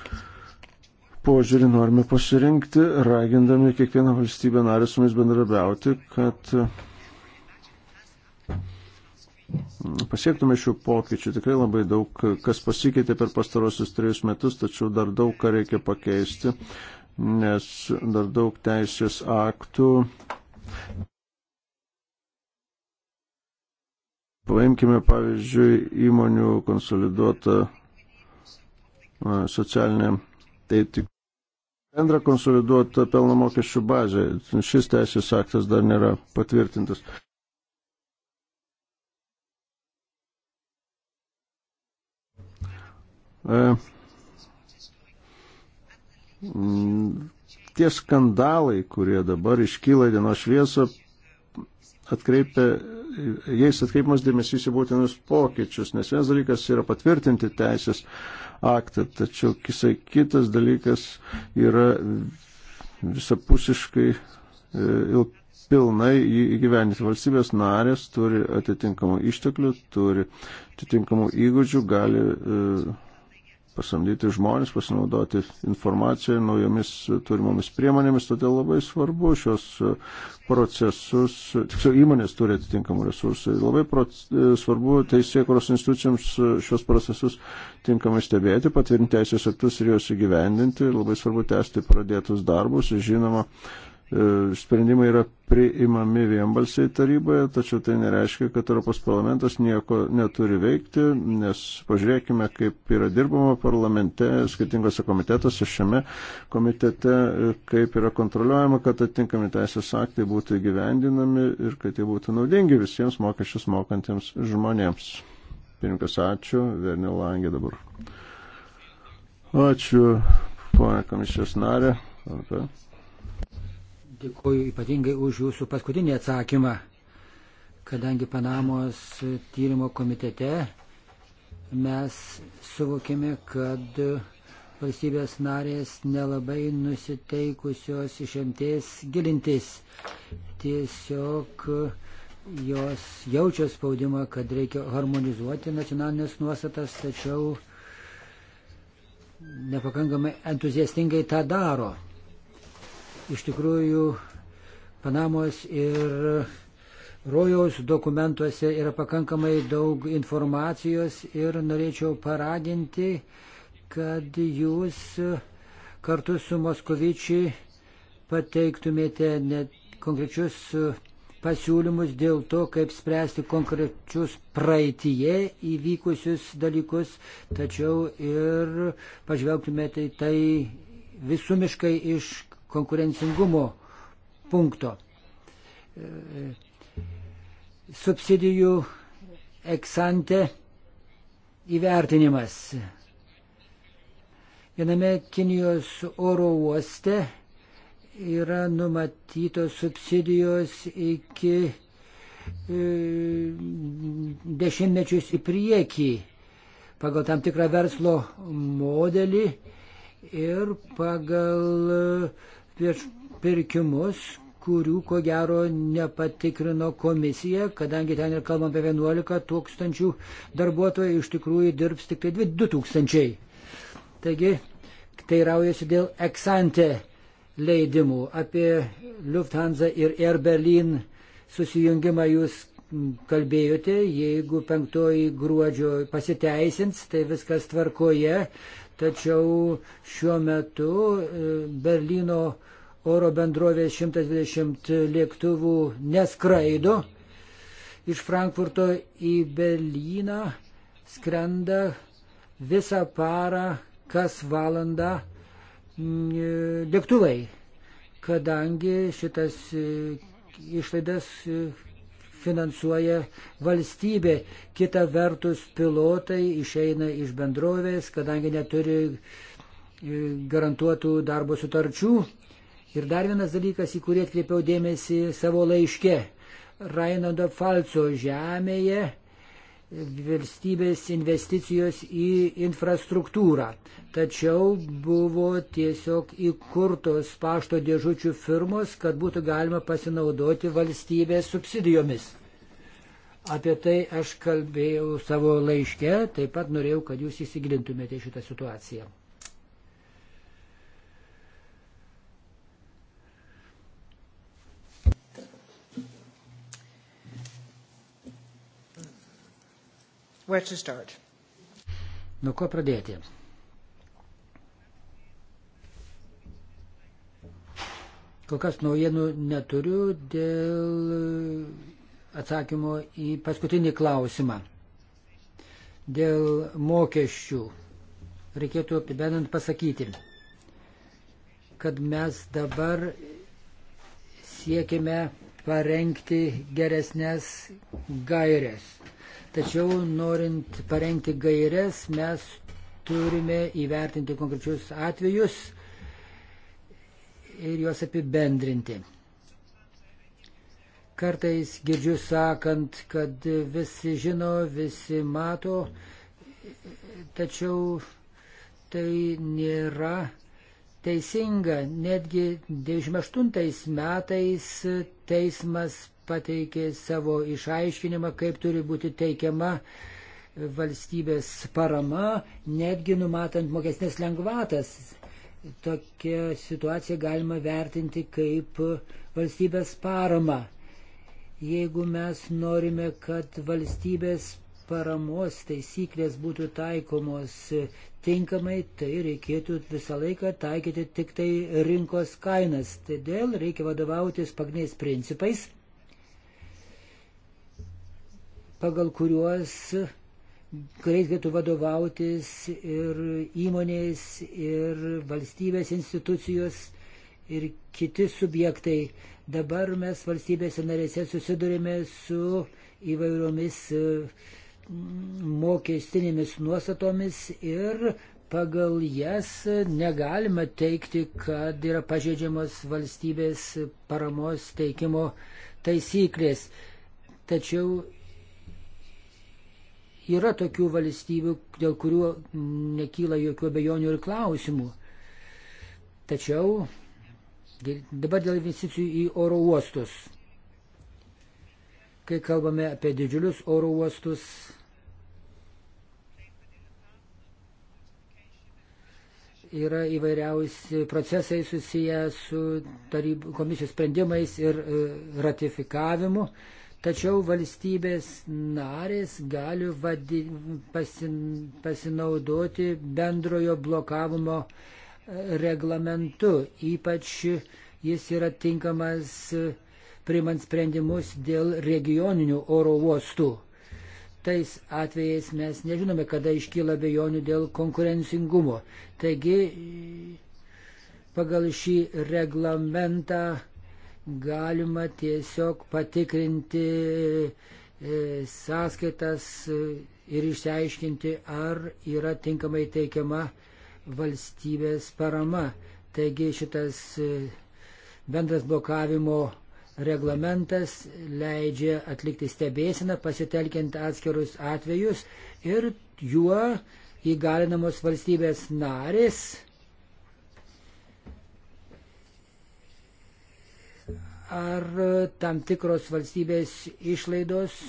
požiūrį norime pasirinkti, ragindami kiekvieną valstybę narį su mumis bendrabiauti, kad pasiektume šių pokyčių. Tikrai labai daug kas pasikeitė per pastarosius trejus metus, tačiau dar daug ką reikia pakeisti, nes dar daug teisės aktų. Paimkime pavyzdžiui įmonių konsoliduotą socialinę, tai tik bendrą konsoliduotą pelno mokesčių bazę. Šis teisės aktas dar nėra patvirtintas. E, tie skandalai, kurie dabar iškyla dienos šviesą, atkreipia, jais atkreipimas dėmesys į būtinus pokyčius, nes vienas dalykas yra patvirtinti teisės aktą, tačiau kisai kitas dalykas yra visapusiškai e, ir pilnai jį įgyveninti. Valstybės narės turi atitinkamų išteklių, turi atitinkamų įgūdžių, gali e, pasamdyti žmonės, pasinaudoti informaciją, naujomis turimomis priemonėmis, todėl labai svarbu šios procesus, tiksliau įmonės turi atitinkamų resursų ir labai proc, svarbu teisėkuros institucijams šios procesus tinkamai stebėti, patvirtinti teisės aktus ir juos įgyvendinti ir labai svarbu tęsti pradėtus darbus, žinoma, E, sprendimai yra priimami vienbalsiai taryboje, tačiau tai nereiškia, kad Europos parlamentas nieko neturi veikti, nes pažiūrėkime, kaip yra dirbama parlamente, skirtingose komitetuose, šiame komitete, e, kaip yra kontroliuojama, kad atitinkami teisės aktai būtų įgyvendinami ir kad jie būtų naudingi visiems mokesčius mokantiems žmonėms. Pirinkas, ačiū, Vernė Langė dabar. Ačiū, ponia komisijos narė. Okay. Dėkuoju ypatingai už jūsų paskutinį atsakymą, kadangi Panamos tyrimo komitete mes suvokėme, kad valstybės narės nelabai nusiteikusios išimties gilintis. Tiesiog jos jaučia spaudimą, kad reikia harmonizuoti nacionalinės nuostatas, tačiau nepakankamai entuziastingai tą daro. Iš tikrųjų, Panamos ir Rojaus dokumentuose yra pakankamai daug informacijos ir norėčiau paraginti, kad jūs kartu su Moskovičiai pateiktumėte net konkrečius pasiūlymus dėl to, kaip spręsti konkrečius praeitie įvykusius dalykus, tačiau ir pažvelgtumėte į tai visumiškai iš konkurencingumo punkto. Subsidijų eksante įvertinimas. Viename Kinijos oro uoste yra numatytos subsidijos iki e, dešimtmečius į priekį pagal tam tikrą verslo modelį ir pagal uh, prieš pirkimus, kurių ko gero nepatikrino komisija, kadangi ten ir kalbam apie 11 tūkstančių darbuotojų, iš tikrųjų dirbs tik tai 2 tūkstančiai. Taigi, tai raujasi dėl eksante leidimų apie Lufthansa ir Air Berlin susijungimą jūs kalbėjote, jeigu penktoji gruodžio pasiteisins, tai viskas tvarkoje, tačiau šiuo metu e, Berlyno oro bendrovės 120 lėktuvų neskraido. Iš Frankfurto į Berlyną skrenda visą parą, kas valandą mm, e, lėktuvai, kadangi šitas e, išlaidas finansuoja valstybė. Kita vertus, pilotai išeina iš bendrovės, kadangi neturi e, garantuotų darbo sutarčių. Ir dar vienas dalykas, į kurį atkreipiau dėmesį savo laiške. Rainando Falco žemėje valstybės investicijos į infrastruktūrą. Tačiau buvo tiesiog įkurtos pašto dėžučių firmos, kad būtų galima pasinaudoti valstybės subsidijomis. Apie tai aš kalbėjau savo laiške, taip pat norėjau, kad jūs įsigilintumėte šitą situaciją. Where to start? Nuo ko pradėti? Kol kas naujienų neturiu dėl atsakymo į paskutinį klausimą. Dėl mokesčių reikėtų apibendant pasakyti, kad mes dabar siekime parengti geresnės gairės. Tačiau norint parengti gairės, mes turime įvertinti konkrečius atvejus ir juos apibendrinti. Kartais girdžiu sakant, kad visi žino, visi mato, tačiau tai nėra teisinga. Netgi 98 metais teismas pateikė savo išaiškinimą, kaip turi būti teikiama valstybės parama, netgi numatant mokesnės lengvatas. Tokią situaciją galima vertinti kaip valstybės parama. Jeigu mes norime, kad valstybės paramos taisyklės būtų taikomos tinkamai, tai reikėtų visą laiką taikyti tik tai rinkos kainas. Todėl reikia vadovautis pagrindiniais principais, pagal kuriuos kuriais galėtų vadovautis ir įmonės, ir valstybės institucijos, ir kiti subjektai. Dabar mes valstybėse narėse susidurime su įvairiomis e, mokestinėmis nuostatomis ir pagal jas negalima teikti, kad yra pažeidžiamos valstybės paramos teikimo taisyklės. Tačiau yra tokių valstybių, dėl kurių nekyla jokių abejonių ir klausimų. Tačiau Dabar dėl investicijų į oro uostus. Kai kalbame apie didžiulius oro uostus, yra įvairiausi procesai susiję su tarybų, komisijos sprendimais ir e, ratifikavimu, tačiau valstybės narės gali vadin, pasin, pasinaudoti bendrojo blokavimo uh, reglamentu, ypač jis yra tinkamas priimant sprendimus dėl regioninių oro uostų. Tais atvejais mes nežinome, kada iškyla bejonių dėl konkurencingumo. Taigi pagal šį reglamentą galima tiesiog patikrinti e, sąskaitas ir išsiaiškinti, ar yra tinkamai teikiama valstybės parama. Taigi šitas e, bendras blokavimo reglamentas leidžia atlikti stebėsiną, pasitelkiant atskirus atvejus ir juo įgalinamos valstybės narės ar tam tikros valstybės išlaidos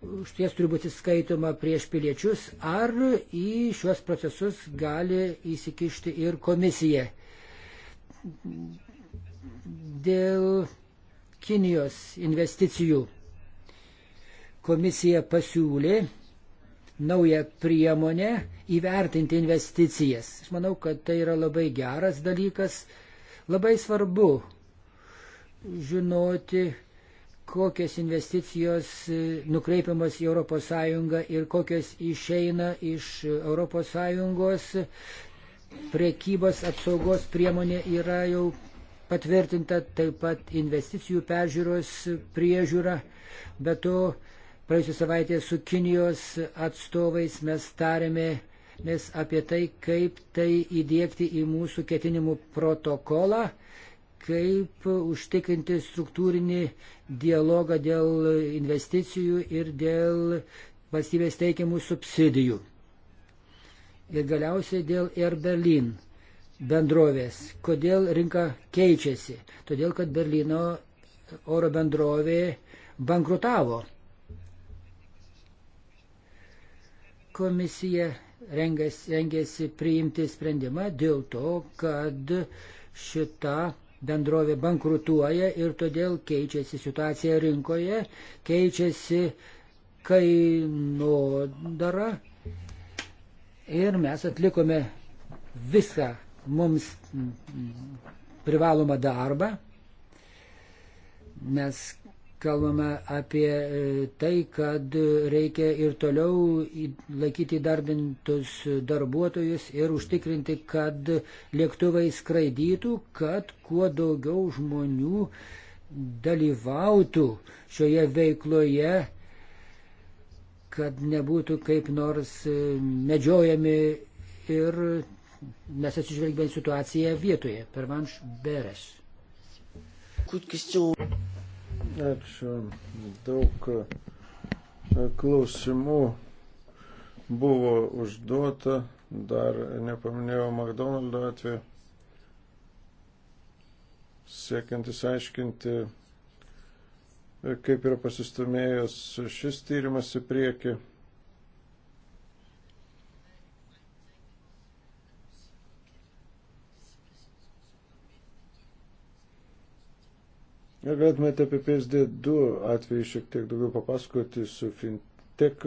už ties turi būti skaitoma prieš piliečius, ar į šiuos procesus gali įsikišti ir komisija. Dėl Kinijos investicijų komisija pasiūlė naują priemonę įvertinti investicijas. Aš manau, kad tai yra labai geras dalykas. Labai svarbu žinoti, kokios investicijos e, nukreipiamas į ES ir kokios išeina iš ES. Prekybos apsaugos priemonė yra jau patvirtinta, taip pat investicijų peržiūros priežiūra. Be to, praėjusią savaitę su Kinijos atstovais mes tarėme mes apie tai, kaip tai įdėkti į mūsų ketinimų protokolą kaip užtikrinti struktūrinį dialogą dėl investicijų ir dėl valstybės teikiamų subsidijų. Ir galiausiai dėl Air Berlin bendrovės. Kodėl rinka keičiasi? Todėl, kad Berlyno oro bendrovė bankrutavo. Komisija rengėsi priimti sprendimą dėl to, kad šita bendrovė bankrutuoja ir todėl keičiasi situacija rinkoje, keičiasi kainodara. Ir mes atlikome visą mums privalomą darbą. Mes kalbame apie e, tai, kad reikia ir toliau laikyti darbintus darbuotojus ir užtikrinti, kad lėktuvai skraidytų, kad kuo daugiau žmonių dalyvautų šioje veikloje, kad nebūtų kaip nors e, medžiojami ir mes atsižvelgėme situaciją vietoje per manš beres. Coup de question. Ačiū. Daug e, klausimų buvo užduota. Dar nepaminėjau McDonald'o atveju. Siekiantis aiškinti, e, kaip yra pasistumėjęs šis tyrimas į priekį. Ar galėtumėte apie PSD2 atvejį šiek tiek daugiau papasakoti su fintech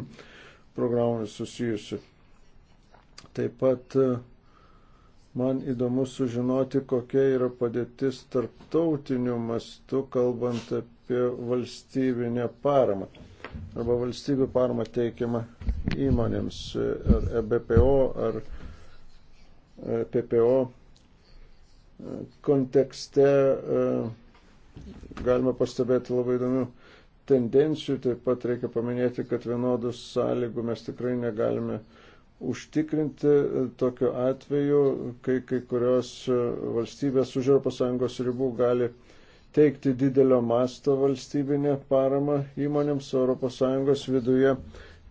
*clears throat* programomis susijusiu? Taip pat e, man įdomu sužinoti, kokia yra padėtis tarptautiniu mastu, kalbant apie valstybinę paramą arba valstybių paramą teikiamą įmonėms e, ar EBPO ar e, PPO kontekste. Uh, galima pastebėti labai įdomių tendencijų. Taip pat reikia paminėti, kad vienodus sąlygų mes tikrai negalime užtikrinti tokiu atveju, kai kai kurios valstybės už ES ribų gali teikti didelio masto valstybinę paramą įmonėms ES viduje,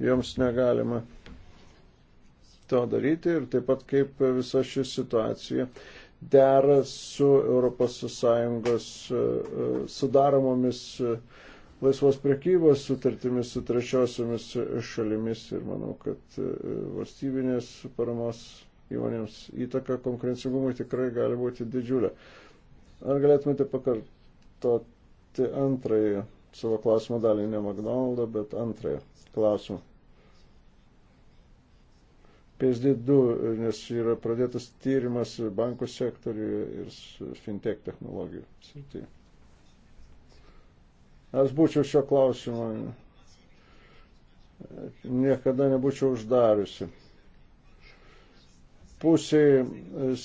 joms negalima to daryti ir taip pat kaip visa ši situacija dera su ES e, e, sudaromomis e, laisvos prekybos sutartimis su trečiosiomis šalimis ir manau, kad valstybinės paramos įmonėms įtaka konkurencingumui tikrai gali būti didžiulė. Ar galėtumėte pakartoti antrąją savo klausimo dalį, ne McDonald'o, bet antrąją klausimą? PSD2, nes yra pradėtas tyrimas bankų sektoriuje ir fintech technologijų srityje. Aš būčiau šio klausimo niekada nebūčiau uždariusi. Pusiai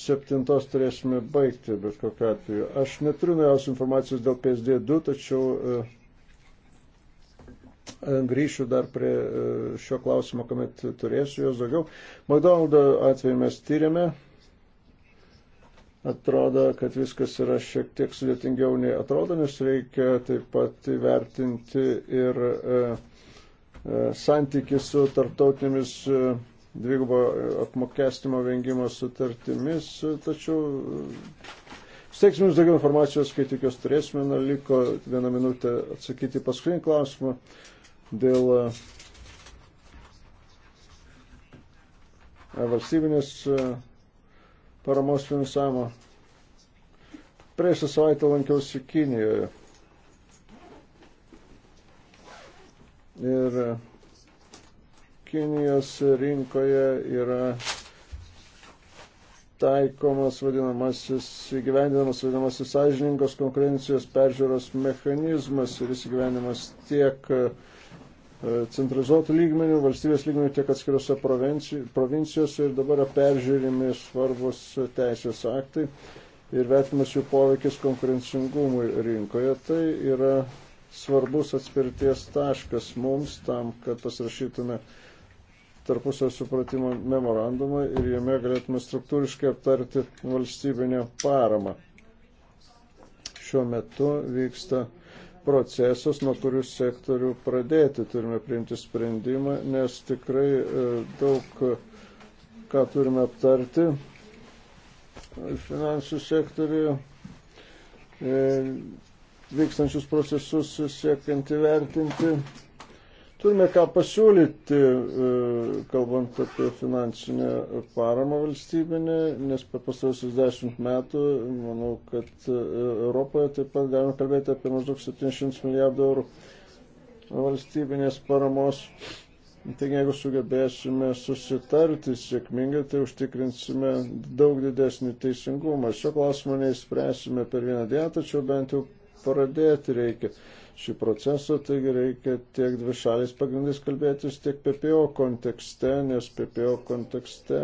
septintos turėsime baigti, bet kokiu atveju. Aš neturiu naujausios informacijos dėl PSD2, tačiau uh, grįšiu dar prie e, šio klausimo, kuomet turėsiu jos daugiau. McDonald's atveju mes tyrėme. Atrodo, kad viskas yra šiek tiek sudėtingiau nei atrodo, nes reikia taip pat įvertinti ir e, e, santyki su tarptautinėmis e, dvigubo apmokestimo vengimo sutartimis. Tačiau e, Steiksime jums daugiau informacijos, kai tik jos turėsime. Na, liko vieną minutę atsakyti paskutinį klausimą dėl e, valstybinės e, paramos finansavimo. Praėjusią savaitę lankiausi Kinijoje. Ir e, Kinijos rinkoje yra taikomas vadinamasis, įgyvendinamas vadinamasis sąžiningos konkurencijos peržiūros mechanizmas ir įsigyvenimas tiek uh, E, centralizuotų lygmenių, valstybės lygmenių tiek atskirose provincijose ir dabar yra peržiūrimi svarbus teisės aktai ir vertimas jų poveikis konkurencingumui rinkoje. Tai yra svarbus atspirties taškas mums tam, kad pasirašytume tarpusio supratimo memorandumą ir jame galėtume struktūriškai aptarti valstybinę paramą. Šiuo metu vyksta procesus, nuo kurių sektorių pradėti. Turime priimti sprendimą, nes tikrai e, daug e, ką turime aptarti finansų sektoriuje e, vykstančius procesus siekiant įvertinti Turime ką pasiūlyti, e, kalbant apie finansinę paramą valstybinę, nes per pastarosius dešimt metų, manau, kad e, Europoje taip pat galime kalbėti apie maždaug 700 milijardų eurų valstybinės paramos. Taigi, jeigu sugebėsime susitarti sėkmingai, tai užtikrinsime daug didesnį teisingumą. Šio klausimo neįspręsime per vieną dieną, tačiau bent jau pradėti reikia šį procesą, taigi reikia tiek dvi šalis pagrindais kalbėtis, tiek PPO kontekste, nes PPO kontekste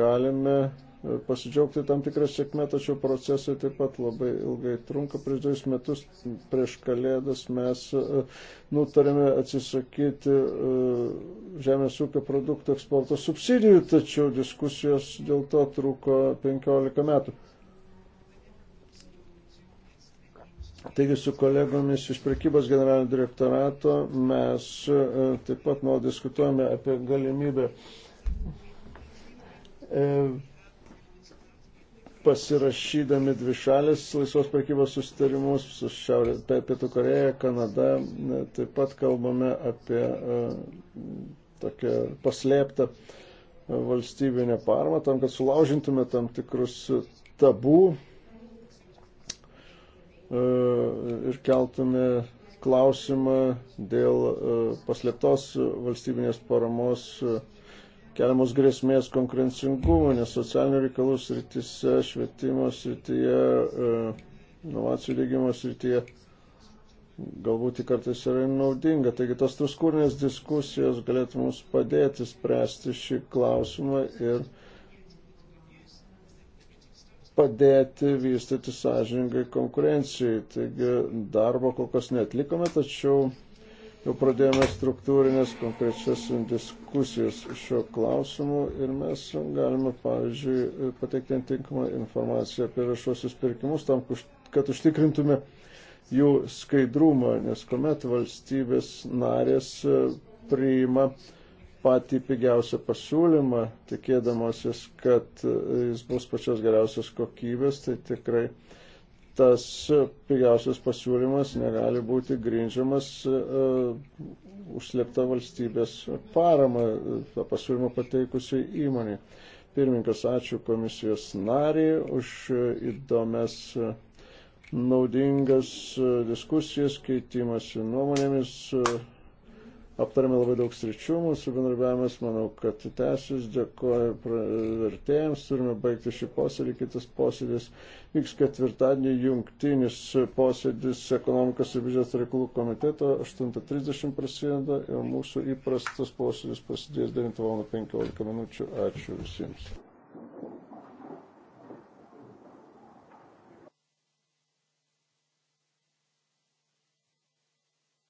galime e, pasidžiaugti tam tikrą sėkmę, tačiau procesai taip pat labai ilgai trunka. Prieš dviejus metus, prieš kalėdas mes e, nutarėme atsisakyti e, žemės ūkio produktų eksporto subsidijų, tačiau diskusijos dėl to truko 15 metų. Taigi su kolegomis iš prekybos generalinio direktorato mes e, taip pat nuolat diskutuojame apie galimybę e, pasirašydami dvišalės laisvos prekybos sustarimus su Šiaurės, Pietų Koreja, Kanada, e, taip pat kalbame apie tokią paslėptą valstybinę paramą, tam, kad sulaužintume tam tikrus tabų E, ir keltume klausimą dėl e, paslėptos valstybinės paramos e, keliamos grėsmės konkurencingumui, nes socialinių reikalų srityse, švietimo srityje, inovacijų lygimo srityje galbūt tik kartais yra naudinga. Taigi tos struskūrinės diskusijos galėtų mums padėti spręsti šį klausimą ir padėti vystyti sąžiningai konkurencijai. Taigi darbo kol kas netlikome, tačiau jau pradėjome struktūrinės konkrečias diskusijas šio klausimu ir mes galime, pavyzdžiui, pateikti tinkamą informaciją apie viešuosius pirkimus tam, kad užtikrintume jų skaidrumą, nes kuomet valstybės narės priima patį pigiausią pasiūlymą, tikėdamasis, kad jis bus pačios geriausios kokybės, tai tikrai tas pigiausias pasiūlymas negali būti grindžiamas uh, užslėpta valstybės parama uh, tą pasiūlymą pateikusiai įmonė. Pirmininkas, ačiū komisijos nariai už įdomias uh, naudingas uh, diskusijas, keitimasi nuomonėmis. Uh, Aptarėme labai daug sričių, mūsų bendradarbiavimas, manau, kad tęsis, dėkoju vertėjams, turime baigti šį posėdį, kitas posėdis vyks ketvirtadienį jungtinis posėdis ekonomikos ir biudžeto reikalų komiteto 8.30 prasideda ir mūsų įprastas posėdis prasidės 9.15 min. Ačiū visiems.